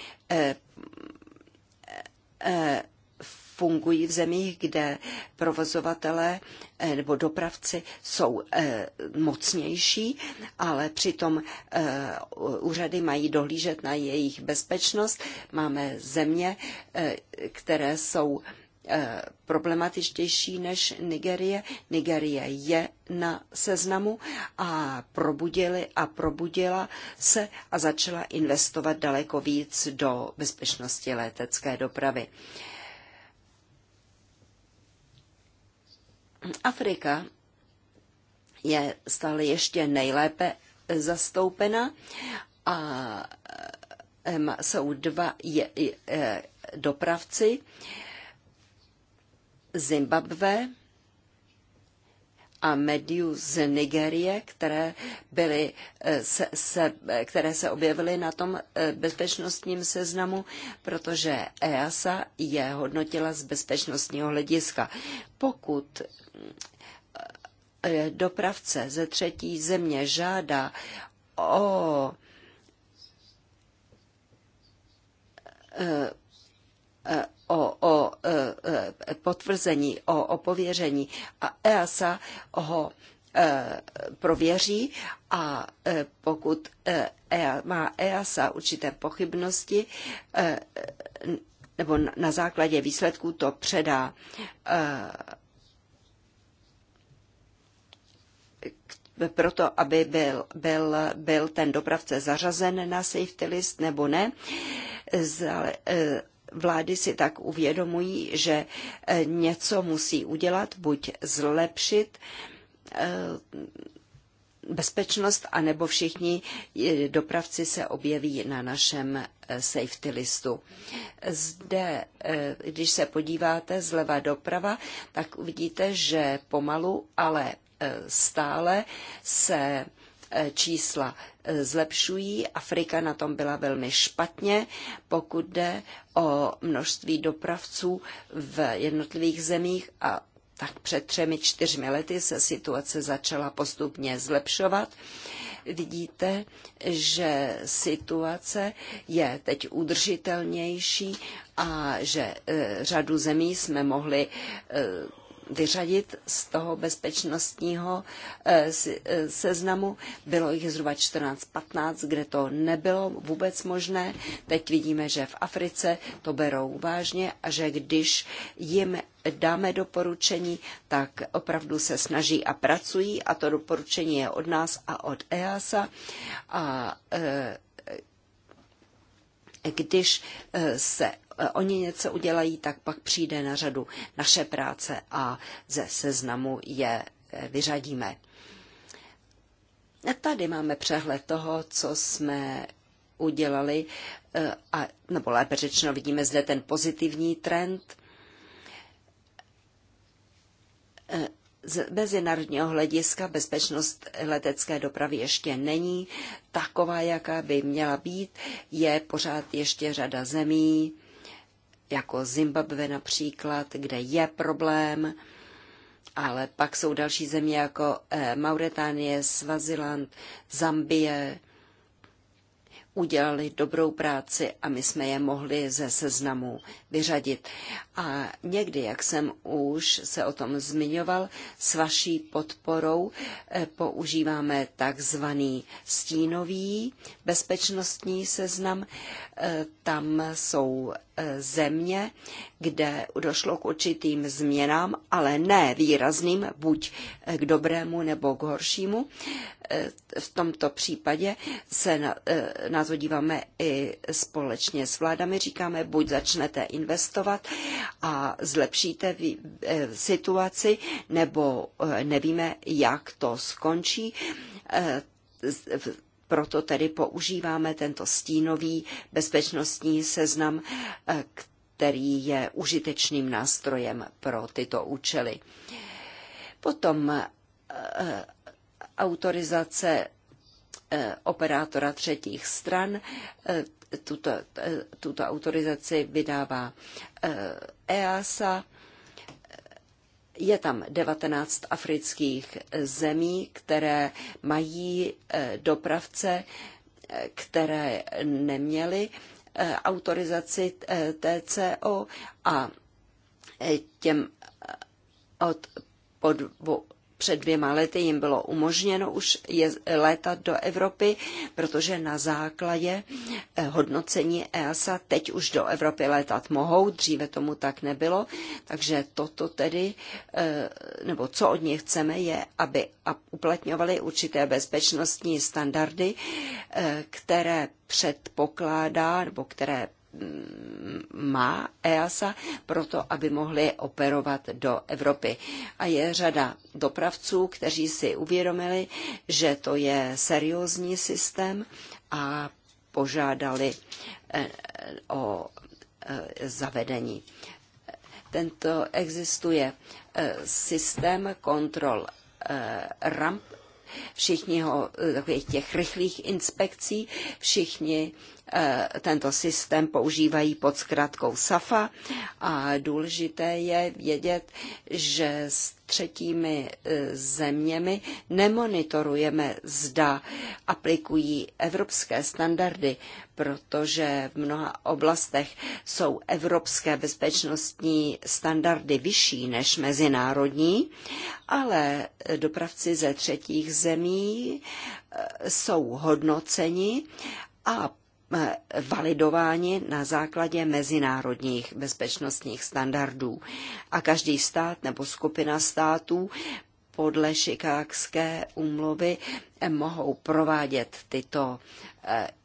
fungují v zemích, kde provozovatelé eh, nebo dopravci jsou eh, mocnější, ale přitom eh, úřady mají dohlížet na jejich bezpečnost. Máme země, které jsou problematičtější než Nigerie. Nigerie je na seznamu a probudili a probudila se a začala investovat daleko víc do bezpečnosti letecké dopravy. Afrika je stále ještě nejlépe zastoupena a jsou dva je, je, e, dopravci Zimbabwe a mediů z Nigerie, které, byly, eh, se, se, které se objevily na tom eh, bezpečnostním seznamu, protože EASA je hodnotila z bezpečnostního hlediska. Pokud eh, dopravce ze třetí země žádá o potvrzení, o opověření a EASA ho e, prověří a e, pokud e, má EASA určité pochybnosti nebo na základě výsledků to předá proto, aby byl, byl, byl ten dopravce zařazen na safety list nebo ne vlády si tak uvědomují, že e, něco musí udělat, buď zlepšit e, bezpečnost, anebo všichni e, dopravci se objeví na našem safety listu. Zde, když se podíváte zleva doprava, tak uvidíte, že pomalu, ale stále se Eh, čísla eh, zlepšují. Afrika na tom byla velmi špatně, pokud jde o množství dopravců v jednotlivých zemích a tak před třemi, čtyřmi lety se situace začala postupně zlepšovat. Vidíte, že situace je teď udržitelnější a že eh, řadu zemí jsme mohli vyřadit z toho bezpečnostního eh, eh, seznamu. Bylo jich zhruba 14-15, kde to nebylo vůbec možné. Teď vidíme, že v Africe to berou vážně a že když jim dáme doporučení, tak opravdu se snaží a pracují a to doporučení je od nás a od EASA. A eh, když se Eh, oni něco udělají, tak pak přijde na řadu naše práce a ze seznamu je eh, vyřadíme. Tady máme přehled toho, co jsme udělali, eh, a, nebo lépe řečeno, vidíme zde ten pozitivní trend. Z mezinárodního hlediska bezpečnost letecké dopravy ještě není taková, jaká by měla být. Je pořád ještě řada zemí, jako Zimbabwe například, kde je problém, ale pak jsou další země jako eh, Mauretánie, Svaziland, Zambie. Udělali dobrou práci a my jsme je mohli ze seznamu vyřadit. A někdy, jak jsem už se o tom zmiňoval, s vaší podporou eh, používáme takzvaný stínový bezpečnostní seznam. Eh, tam jsou E, země, kde došlo k určitým změnám, ale ne výrazným, buď k dobrému nebo k horšímu. E, v tomto případě se na, e, na to díváme i společně s vládami. Říkáme, buď začnete investovat a zlepšíte situaci, nebo nevíme, jak to skončí proto tedy používáme tento stínový bezpečnostní seznam, eh, který je užitečným nástrojem pro tyto účely. Potom eh, autorizace eh, operátora třetích stran. Tuto, tuto autorizaci vydává EASA e je tam 19 afrických zemí, které mají eh, dopravce, eh, které neměly eh, autorizaci TCO a těm od po před dvěma lety jim bylo umožněno už je, létat do Evropy, protože na základě eh, hodnocení EASA teď už do Evropy létat mohou, dříve tomu tak nebylo, takže toto tedy, eh, nebo co od nich chceme, je, aby uplatňovali určité bezpečnostní standardy, eh, které předpokládá nebo které má EASA proto, aby mohli operovat do Evropy. A je řada dopravců, kteří si uvědomili, že to je seriózní systém a požádali eh, o eh, zavedení. Tento existuje eh, systém kontrol ramp, všichni ho, takových těch rychlých inspekcí, všichni Eh, tento systém používají pod zkratkou SAFA a důležité je vědět, že s třetími eh, zeměmi nemonitorujeme, zda aplikují evropské standardy, protože v mnoha oblastech jsou evropské bezpečnostní standardy vyšší než mezinárodní, ale eh, dopravci ze třetích zemí jsou hodnoceni a Eh, validováni na základě mezinárodních bezpečnostních standardů. A každý stát nebo skupina států podle Chicagské úmluvy eh, mohou provádět tyto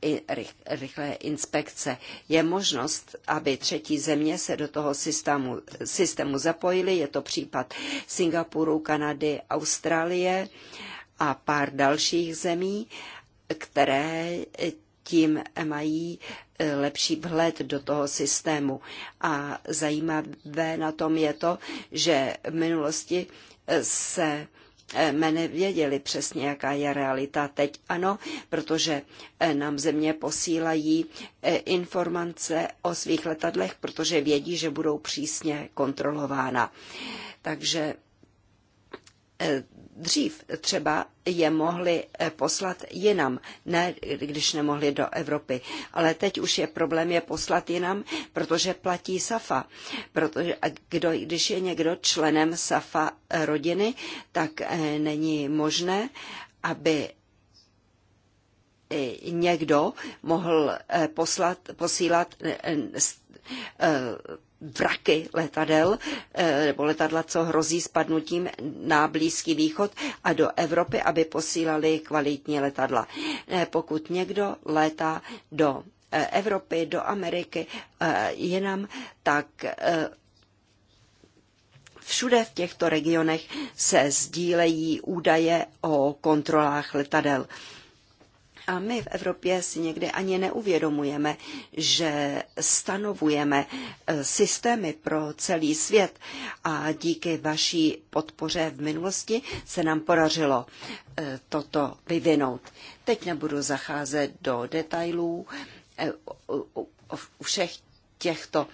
eh, rychlé inspekce. Je možnost, aby třetí země se do toho systému, systému zapojily. Je to případ Singapuru, Kanady, Austrálie a pár dalších zemí, které tím mají eh, lepší vhled do toho systému. A zajímavé na tom je to, že v minulosti eh, se eh, jsme nevěděli přesně, jaká je realita teď. Ano, protože nám země posílají informace o svých letadlech, protože vědí, že budou přísně kontrolována. Takže dřív třeba je mohli eh, poslat jinam, ne když nemohli do Evropy. Ale teď už je problém je poslat jinam, protože platí SAFA. Protože kdo, když je někdo členem SAFA eh, rodiny, tak eh, není možné, aby někdo mohl poslat, posílat vraky letadel eh, nebo letadla, co hrozí spadnutím na Blízký východ a do Evropy, aby posílali kvalitní letadla. Eh, pokud někdo létá do eh, Evropy, do Ameriky, jinam, tak Všude v těchto regionech se sdílejí údaje o kontrolách letadel. A my v Evropě si někdy ani neuvědomujeme, že stanovujeme eh, systémy pro celý svět a díky vaší podpoře v minulosti se nám podařilo eh, toto vyvinout. Teď nebudu zacházet do detailů eh, u všech těchto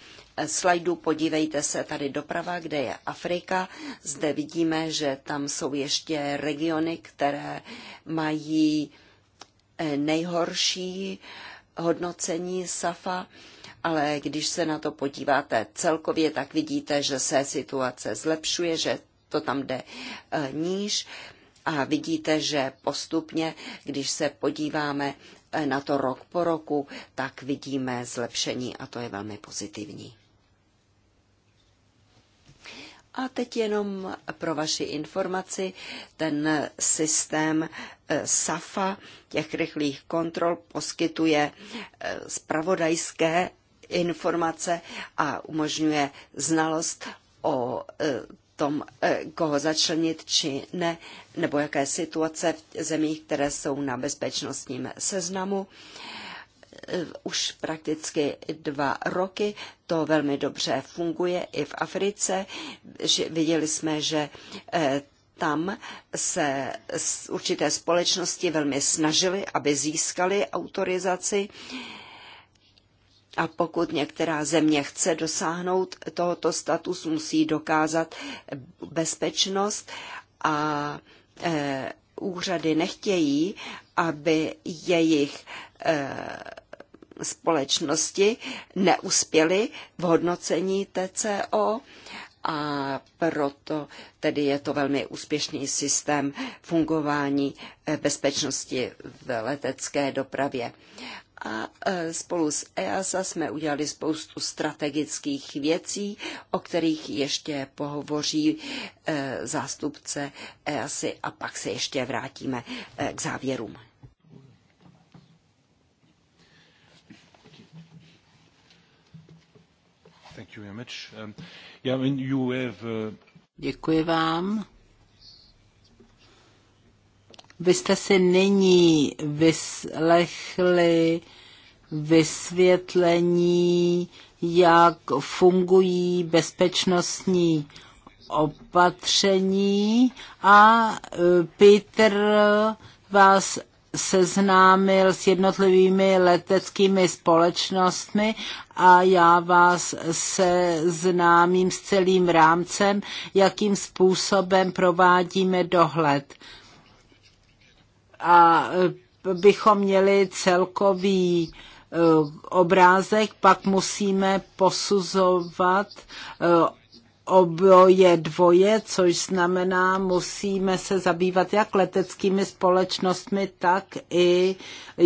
slajdů podívejte se tady doprava, kde je Afrika. Zde vidíme, že tam jsou ještě regiony, které mají Eh, nejhorší hodnocení SAFA, ale když se na to podíváte celkově, tak vidíte, že se situace zlepšuje, že to tam jde eh, níž a vidíte, že postupně, když se podíváme eh, na to rok po roku, tak vidíme zlepšení a to je velmi pozitivní. A teď jenom pro vaši informaci, ten systém eh, SAFA, těch rychlých kontrol, poskytuje spravodajské eh, informace a umožňuje znalost o eh, tom, koho začlenit či ne, nebo jaké situace v zemích, které jsou na bezpečnostním seznamu. Eh, už prakticky dva roky. To velmi dobře funguje i v Africe. Viděli jsme, že eh, tam se určité společnosti velmi snažily, aby získali autorizaci. A pokud některá země chce dosáhnout tohoto statusu, musí dokázat bezpečnost a eh, úřady nechtějí, aby jejich společnosti neuspěly v hodnocení TCO a proto tedy je to velmi úspěšný systém fungování eh, bezpečnosti v letecké dopravě. A eh, spolu s EASA jsme udělali spoustu strategických věcí, o kterých ještě pohovoří eh, zástupce EASA a pak se ještě vrátíme k závěrům. Um, uh, Děkuji vám. Vy jste si nyní vyslechli vysvětlení, jak fungují bezpečnostní opatření a e, Peter vás seznámil s jednotlivými leteckými společnostmi a já vás seznámím s celým rámcem, jakým způsobem provádíme dohled. A e, bychom měli celkový e, obrázek, pak musíme posuzovat e, oboje dvoje, což znamená, musíme se zabývat jak leteckými společnostmi, tak i e,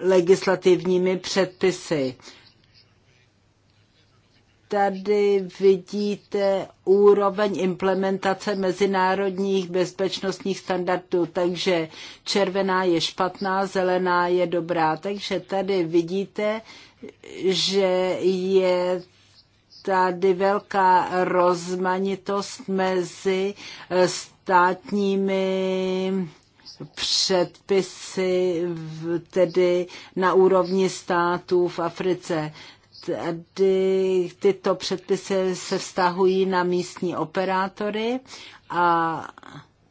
legislativními předpisy. Tady vidíte úroveň implementace mezinárodních bezpečnostních standardů, takže červená je špatná, zelená je dobrá. Takže tady vidíte, že je tady velká rozmanitost mezi eh, státními předpisy v, tedy na úrovni států v Africe. Tady tyto předpisy se vztahují na místní operátory a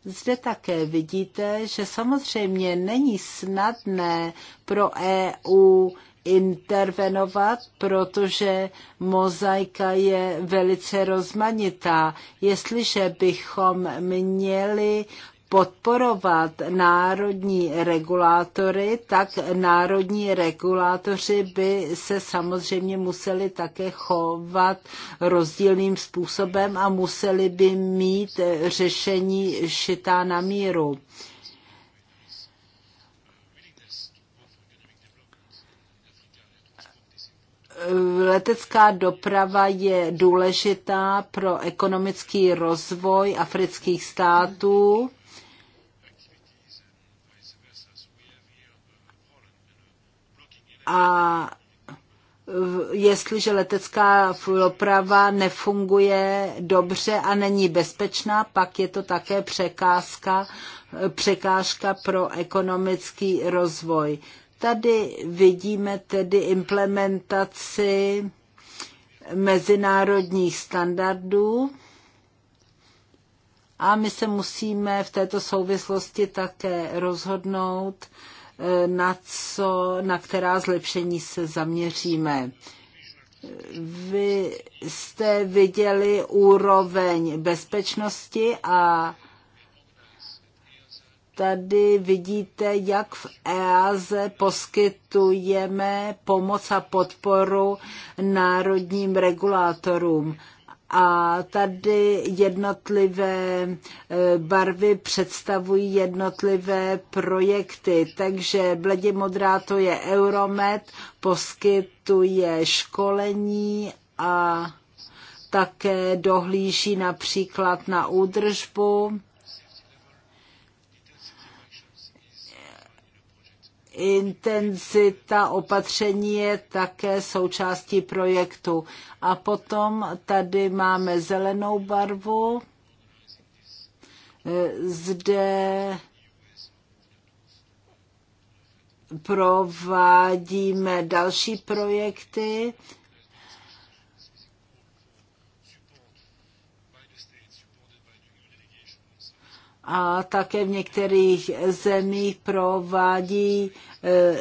zde také vidíte, že samozřejmě není snadné pro EU intervenovat, protože mozaika je velice rozmanitá. Jestliže bychom měli podporovat národní regulátory, tak národní regulátoři by se samozřejmě museli také chovat rozdílným způsobem a museli by mít řešení šitá na míru. letecká doprava je důležitá pro ekonomický rozvoj afrických států. A jestliže letecká doprava nefunguje dobře a není bezpečná, pak je to také překázka, překážka pro ekonomický rozvoj. Tady vidíme tedy implementaci mezinárodních standardů a my se musíme v této souvislosti také rozhodnout, eh, na, co, na která zlepšení se zaměříme. Vy jste viděli úroveň bezpečnosti a tady vidíte, jak v EASE poskytujeme pomoc a podporu národním regulátorům. A tady jednotlivé e, barvy představují jednotlivé projekty. Takže bledě modrá to je Euromed, poskytuje školení a také dohlíží například na údržbu intenzita opatření je také součástí projektu. A potom tady máme zelenou barvu. Zde provádíme další projekty a také v některých zemích provádí eh,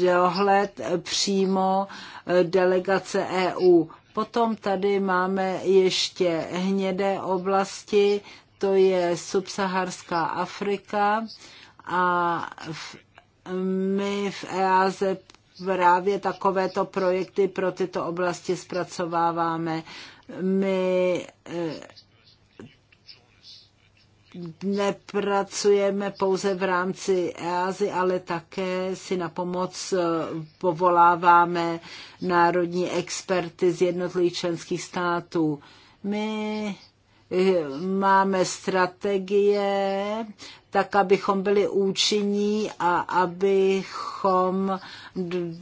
dohled přímo eh, delegace EU. Potom tady máme ještě hnědé oblasti, to je subsaharská Afrika a my v EASE právě takovéto projekty pro tyto oblasti zpracováváme. My eh, nepracujeme pouze v rámci EASY, ale také si na pomoc eh, povoláváme národní experty z jednotlivých členských států. My eh, máme strategie, tak abychom byli účinní a abychom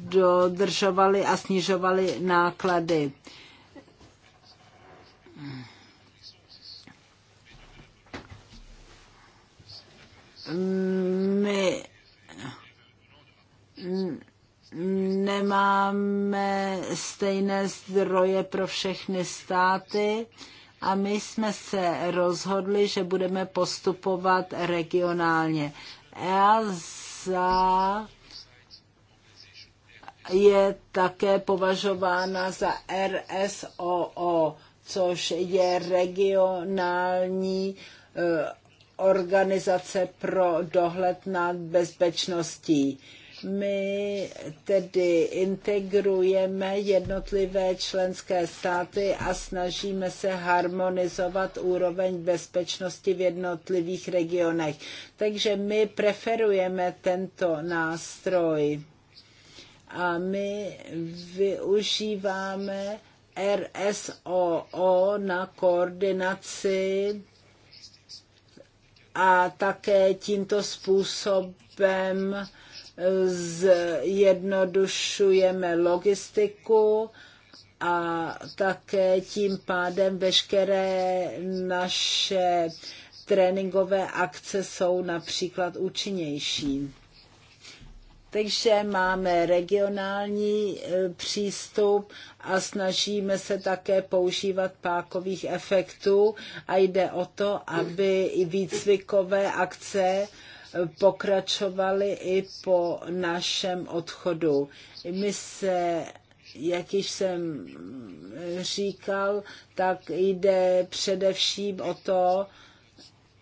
dodržovali a snižovali náklady. Hmm. my nemáme stejné zdroje pro všechny státy a my jsme se rozhodli, že budeme postupovat regionálně. EASA je také považována za RSOO, což je regionální e, organizace pro dohled nad bezpečností. My tedy integrujeme jednotlivé členské státy a snažíme se harmonizovat úroveň bezpečnosti v jednotlivých regionech. Takže my preferujeme tento nástroj a my využíváme RSOO na koordinaci a také tímto způsobem eh, zjednodušujeme logistiku a také tím pádem veškeré naše tréninkové akce jsou například účinnější. Takže máme regionální e, přístup a snažíme se také používat pákových efektů a jde o to, aby i výcvikové akce e, pokračovaly i po našem odchodu. My se jak již jsem e, říkal, tak jde především o to,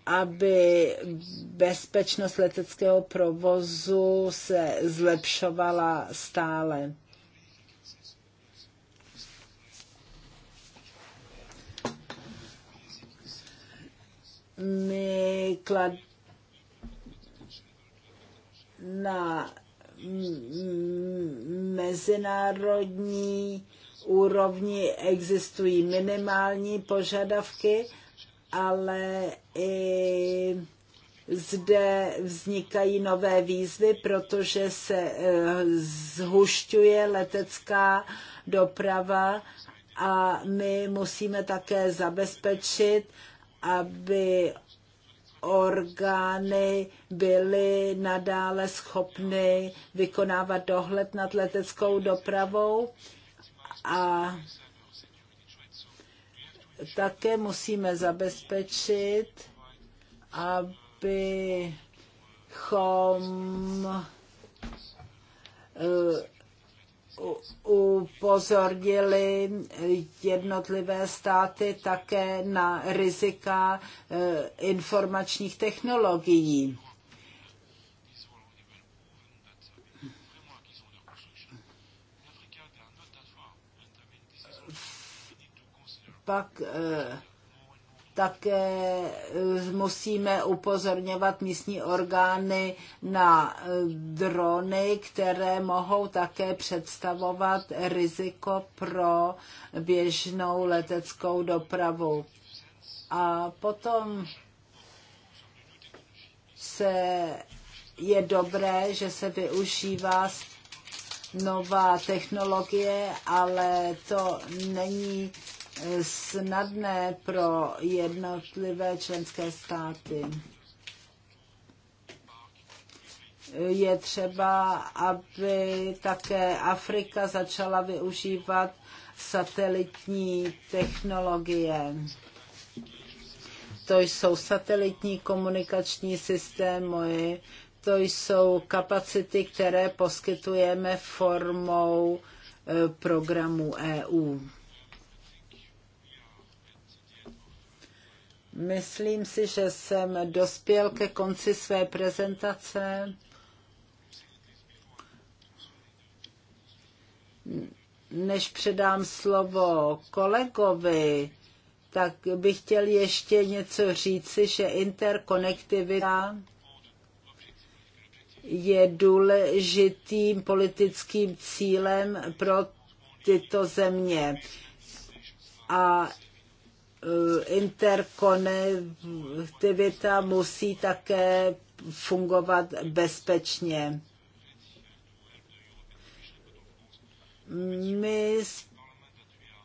aby bezpečnost leteckého provozu se zlepšovala stále. My klad na mezinárodní úrovni existují minimální požadavky, ale i zde vznikají nové výzvy, protože se eh, zhušťuje letecká doprava a my musíme také zabezpečit, aby orgány byly nadále schopny vykonávat dohled nad leteckou dopravou a také musíme zabezpečit, abychom eh, upozornili jednotlivé státy také na rizika eh, informačních technologií. pak eh, také eh, musíme upozorňovat místní orgány na eh, drony, které mohou také představovat riziko pro běžnou leteckou dopravu. A potom se je dobré, že se využívá nová technologie, ale to není snadné pro jednotlivé členské státy. Je třeba, aby také Afrika začala využívat satelitní technologie. To jsou satelitní komunikační systémy, to jsou kapacity, které poskytujeme formou eh, programu EU. Myslím si, že jsem dospěl ke konci své prezentace. Než předám slovo kolegovi, tak bych chtěl ještě něco říci, že interkonektivita je důležitým politickým cílem pro tyto země. A Eh, interkonektivita musí také fungovat bezpečně. My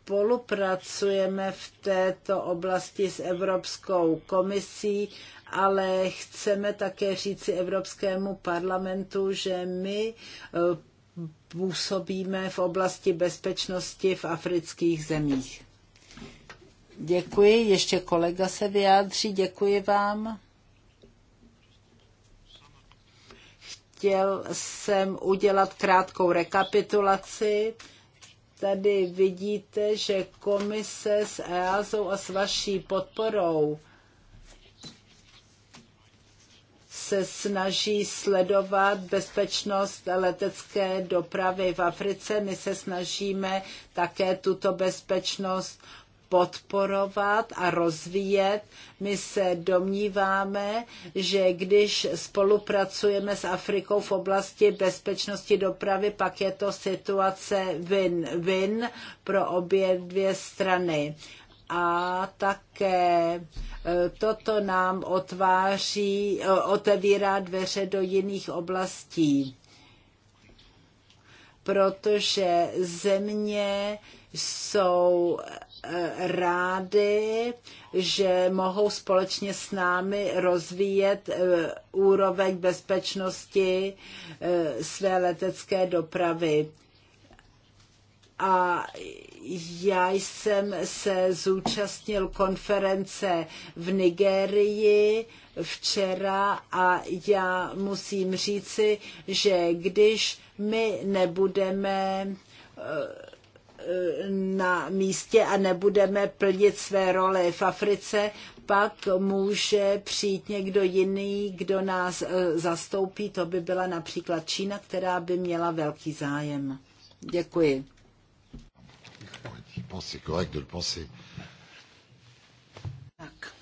spolupracujeme v této oblasti s Evropskou komisí, ale chceme také říci Evropskému parlamentu, že my eh, působíme v oblasti bezpečnosti v afrických zemích. Děkuji, ještě kolega se vyjádří, děkuji vám. Chtěl jsem udělat krátkou rekapitulaci. Tady vidíte, že komise s EASou a s vaší podporou se snaží sledovat bezpečnost letecké dopravy v Africe. My se snažíme také tuto bezpečnost podporovat a rozvíjet. My se domníváme, že když spolupracujeme s Afrikou v oblasti bezpečnosti dopravy, pak je to situace win-win pro obě dvě strany. A také e, toto nám otváří, e, otevírá dveře do jiných oblastí, protože země jsou rády, že mohou společně s námi rozvíjet eh, úroveň bezpečnosti eh, své letecké dopravy. A já jsem se zúčastnil konference v Nigérii včera a já musím říci, že když my nebudeme eh, na místě a nebudeme plnit své role v Africe, pak může přijít někdo jiný, kdo nás eh, zastoupí. To by byla například Čína, která by měla velký zájem. Děkuji. Tak.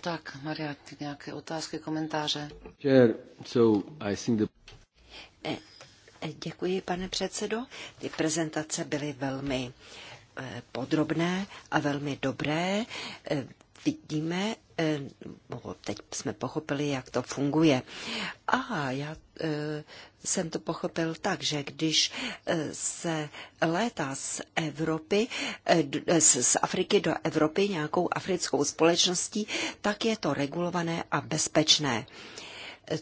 Tak, Maria, nějaké otázky, komentáře? Chair, so I think the... Eh, Děkuji, pane předsedo. Ty prezentace byly velmi eh, podrobné a velmi dobré. Eh, vidíme, eh, teď jsme pochopili, jak to funguje. A já jsem to pochopil tak, že když se létá z Evropy, z Afriky do Evropy nějakou africkou společností, tak je to regulované a bezpečné.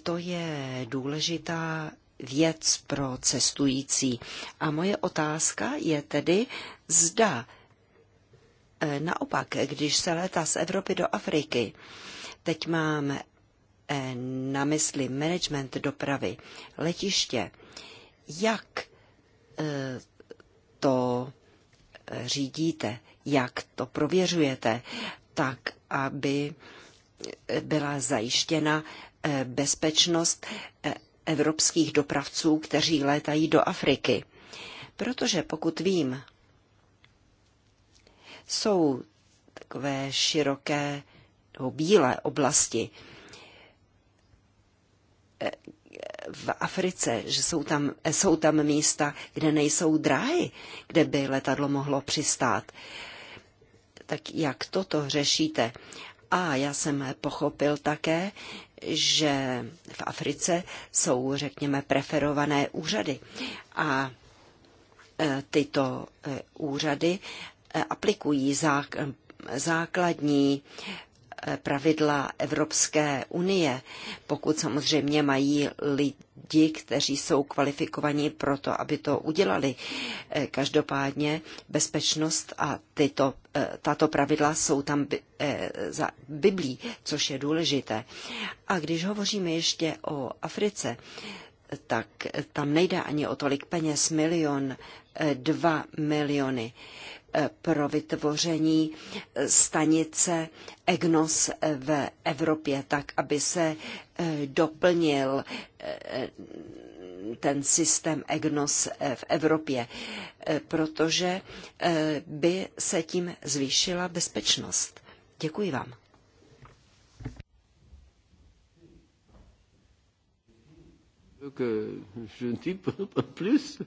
To je důležitá věc pro cestující. A moje otázka je tedy, zda e, naopak, když se létá z Evropy do Afriky, teď mám e, na mysli management dopravy, letiště, jak e, to řídíte, jak to prověřujete, tak, aby byla zajištěna bezpečnost evropských dopravců, kteří létají do Afriky. Protože pokud vím, jsou takové široké nebo bílé oblasti eh, v Africe, že jsou tam, eh, jsou tam místa, kde nejsou dráhy, kde by letadlo mohlo přistát. Tak jak toto řešíte? A já jsem pochopil také, že v Africe jsou, řekněme, preferované úřady a e, tyto e, úřady e, aplikují základní pravidla Evropské unie, pokud samozřejmě mají lidi, kteří jsou kvalifikovaní pro to, aby to udělali. Eh, každopádně bezpečnost a tyto, eh, tato pravidla jsou tam eh, za Biblí, což je důležité. A když hovoříme ještě o Africe, tak tam nejde ani o tolik peněz, milion, dva miliony pro vytvoření stanice EGNOS v Evropě, tak aby se eh, doplnil eh, ten systém EGNOS eh, v Evropě, protože by se tím zvýšila bezpečnost. Děkuji vám. que euh, je ne dis pas plus.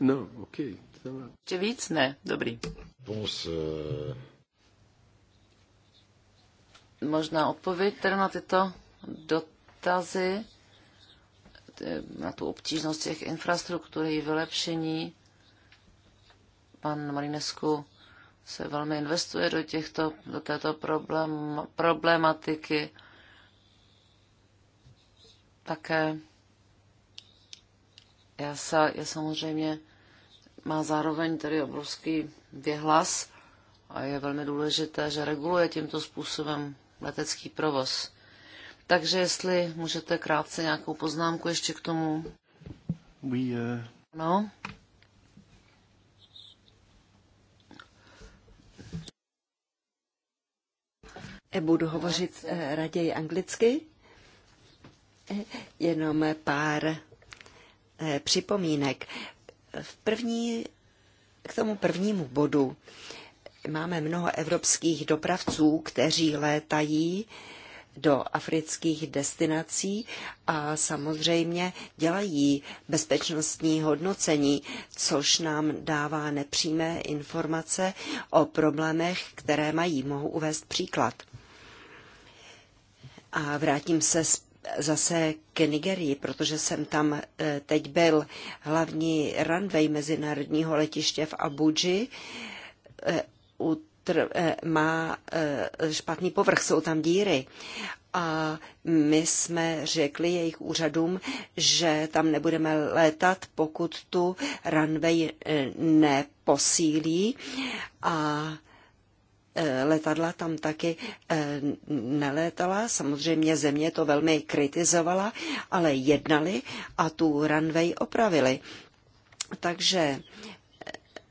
Non, ok. Ještě víc? Ne, dobrý. Eh, Možná odpověď teda na tyto dotazy, eh, na tu obtížnost těch infrastruktur, její vylepšení. Pan Marinesku se velmi investuje do, těchto, do této problém, problematiky. Také já, sa, já samozřejmě má zároveň tedy obrovský věhlas a je velmi důležité, že reguluje tímto způsobem letecký provoz. Takže jestli můžete krátce nějakou poznámku ještě k tomu. We, uh... No. Budu hovořit eh, raději anglicky. Jenom pár připomínek. V první, k tomu prvnímu bodu máme mnoho evropských dopravců, kteří létají do afrických destinací a samozřejmě dělají bezpečnostní hodnocení, což nám dává nepřímé informace o problémech, které mají. Mohu uvést příklad. A vrátím se zase k Nigerii, protože jsem tam e, teď byl hlavní runway mezinárodního letiště v Abuji. E, e, má špatný povrch, jsou tam díry. A my jsme řekli jejich úřadům, že tam nebudeme létat, pokud tu runway neposílí. A Eh, letadla tam taky eh, nelétala. Samozřejmě země to velmi kritizovala, ale jednali a tu runway opravili. Takže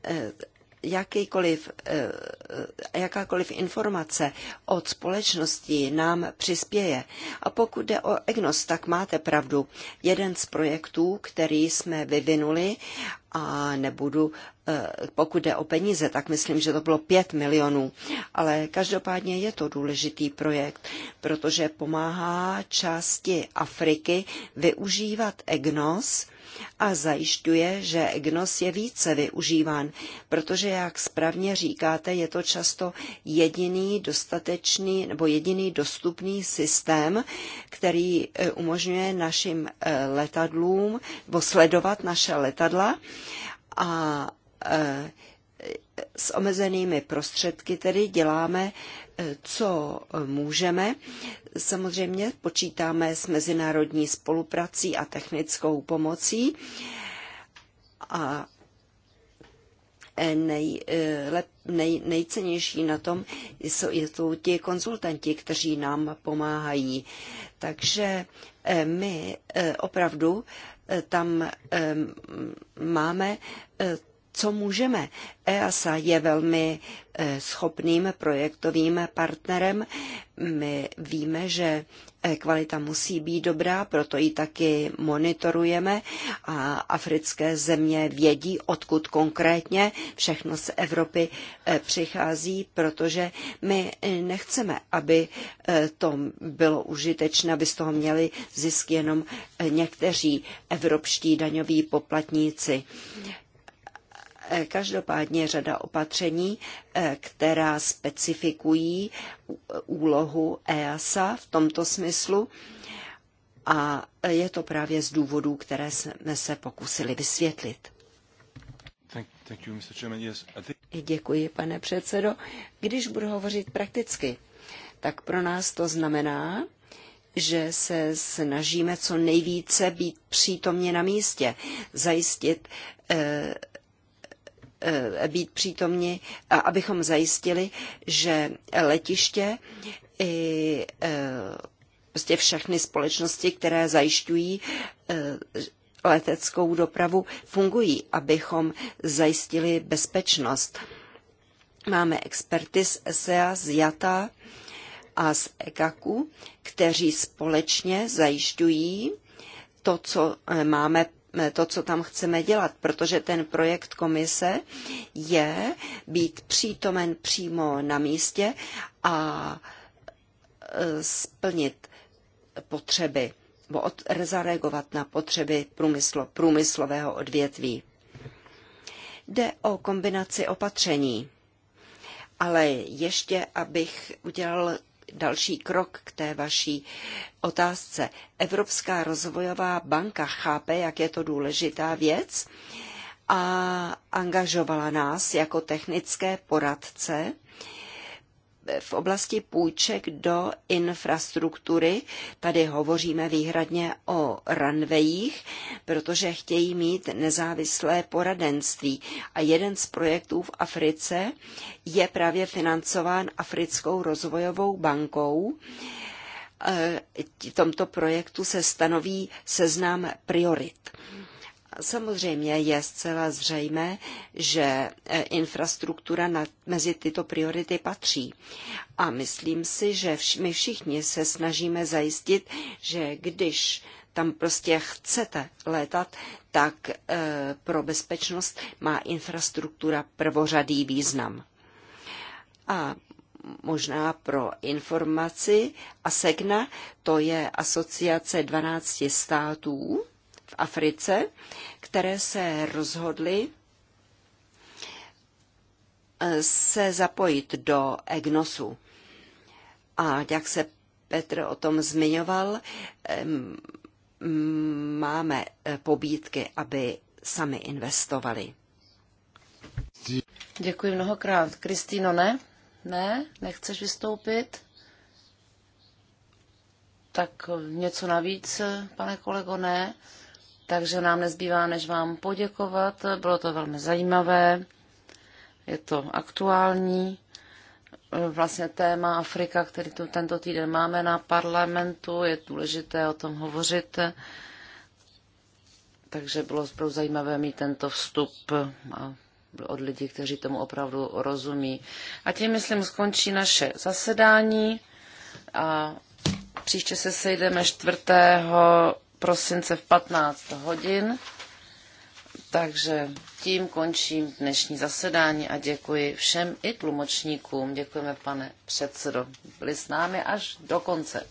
eh, jakýkoliv, eh, eh, jakákoliv informace od společnosti nám přispěje. A pokud jde o EGNOS, tak máte pravdu. Jeden z projektů, který jsme vyvinuli, a nebudu, eh, pokud jde o peníze, tak myslím, že to bylo 5 milionů. Ale každopádně je to důležitý projekt, protože pomáhá části Afriky využívat EGNOS a zajišťuje, že EGNOS je více využíván, protože, jak správně říkáte, je to často jediný dostatečný nebo jediný dostupný systém, který eh, umožňuje našim eh, letadlům nebo sledovat naše letadla a eh, s omezenými prostředky tedy děláme, e, co můžeme. Samozřejmě počítáme s mezinárodní spoluprací a technickou pomocí. A nej, e, nej, nejcennější na tom jsou, jsou ti konzultanti, kteří nám pomáhají. Takže e, my opravdu tam máme co můžeme. EASA je velmi e, schopným projektovým partnerem. My víme, že e, kvalita musí být dobrá, proto ji taky monitorujeme a africké země vědí, odkud konkrétně všechno z Evropy e, přichází, protože my nechceme, aby to bylo užitečné, aby z toho měli zisk jenom někteří evropští daňoví poplatníci. E, každopádně řada opatření, e, která specifikují úlohu EASA v tomto smyslu a je to právě z důvodů, které jsme se pokusili vysvětlit. Děkuji, pane předsedo. Když budu hovořit prakticky, tak pro nás to znamená, že se snažíme co nejvíce být přítomně na místě, zajistit e, Eh, být přítomni, abychom zajistili, že letiště i eh, prostě všechny společnosti, které zajišťují eh, leteckou dopravu, fungují, abychom zajistili bezpečnost. Máme experty z ESEA, z JATA a z EKAKu, kteří společně zajišťují to, co máme Eh, to, co tam chceme dělat, protože ten projekt komise je být přítomen přímo na místě a eh, splnit potřeby nebo zareagovat na potřeby průmyslo, průmyslového odvětví. Jde o kombinaci opatření, ale ještě, abych udělal další krok k té vaší otázce. Evropská rozvojová banka chápe, jak je to důležitá věc a angažovala nás jako technické poradce v oblasti půjček do infrastruktury, tady hovoříme výhradně o ranvejích, protože chtějí mít nezávislé poradenství. A jeden z projektů v Africe je právě financován Africkou rozvojovou bankou. E, v tomto projektu se stanoví seznam priorit Samozřejmě je zcela zřejmé, že e, infrastruktura na, mezi tyto priority patří. A myslím si, že vš, my všichni se snažíme zajistit, že když tam prostě chcete létat, tak e, pro bezpečnost má infrastruktura prvořadý význam. A možná pro informaci, ASEGNA, to je asociace 12 států, v Africe, které se rozhodly eh, se zapojit do EGNOSu. A jak se Petr o tom zmiňoval, máme eh, pobídky, aby sami investovali. Děkuji mnohokrát. Kristýno, ne? Ne? Nechceš vystoupit? Tak něco navíc, eh, pane kolego, ne? Takže nám nezbývá, než vám poděkovat. Bylo to velmi zajímavé, je to aktuální. Eh, vlastně téma Afrika, který tu tento týden máme na parlamentu, je důležité o tom hovořit. Takže bylo opravdu zajímavé mít tento vstup a eh, od lidí, kteří tomu opravdu rozumí. A tím, myslím, skončí naše zasedání a příště se sejdeme 4 prosince v 15 hodin. Takže tím končím dnešní zasedání a děkuji všem i tlumočníkům. Děkujeme, pane předsedo. Byli s námi až do konce.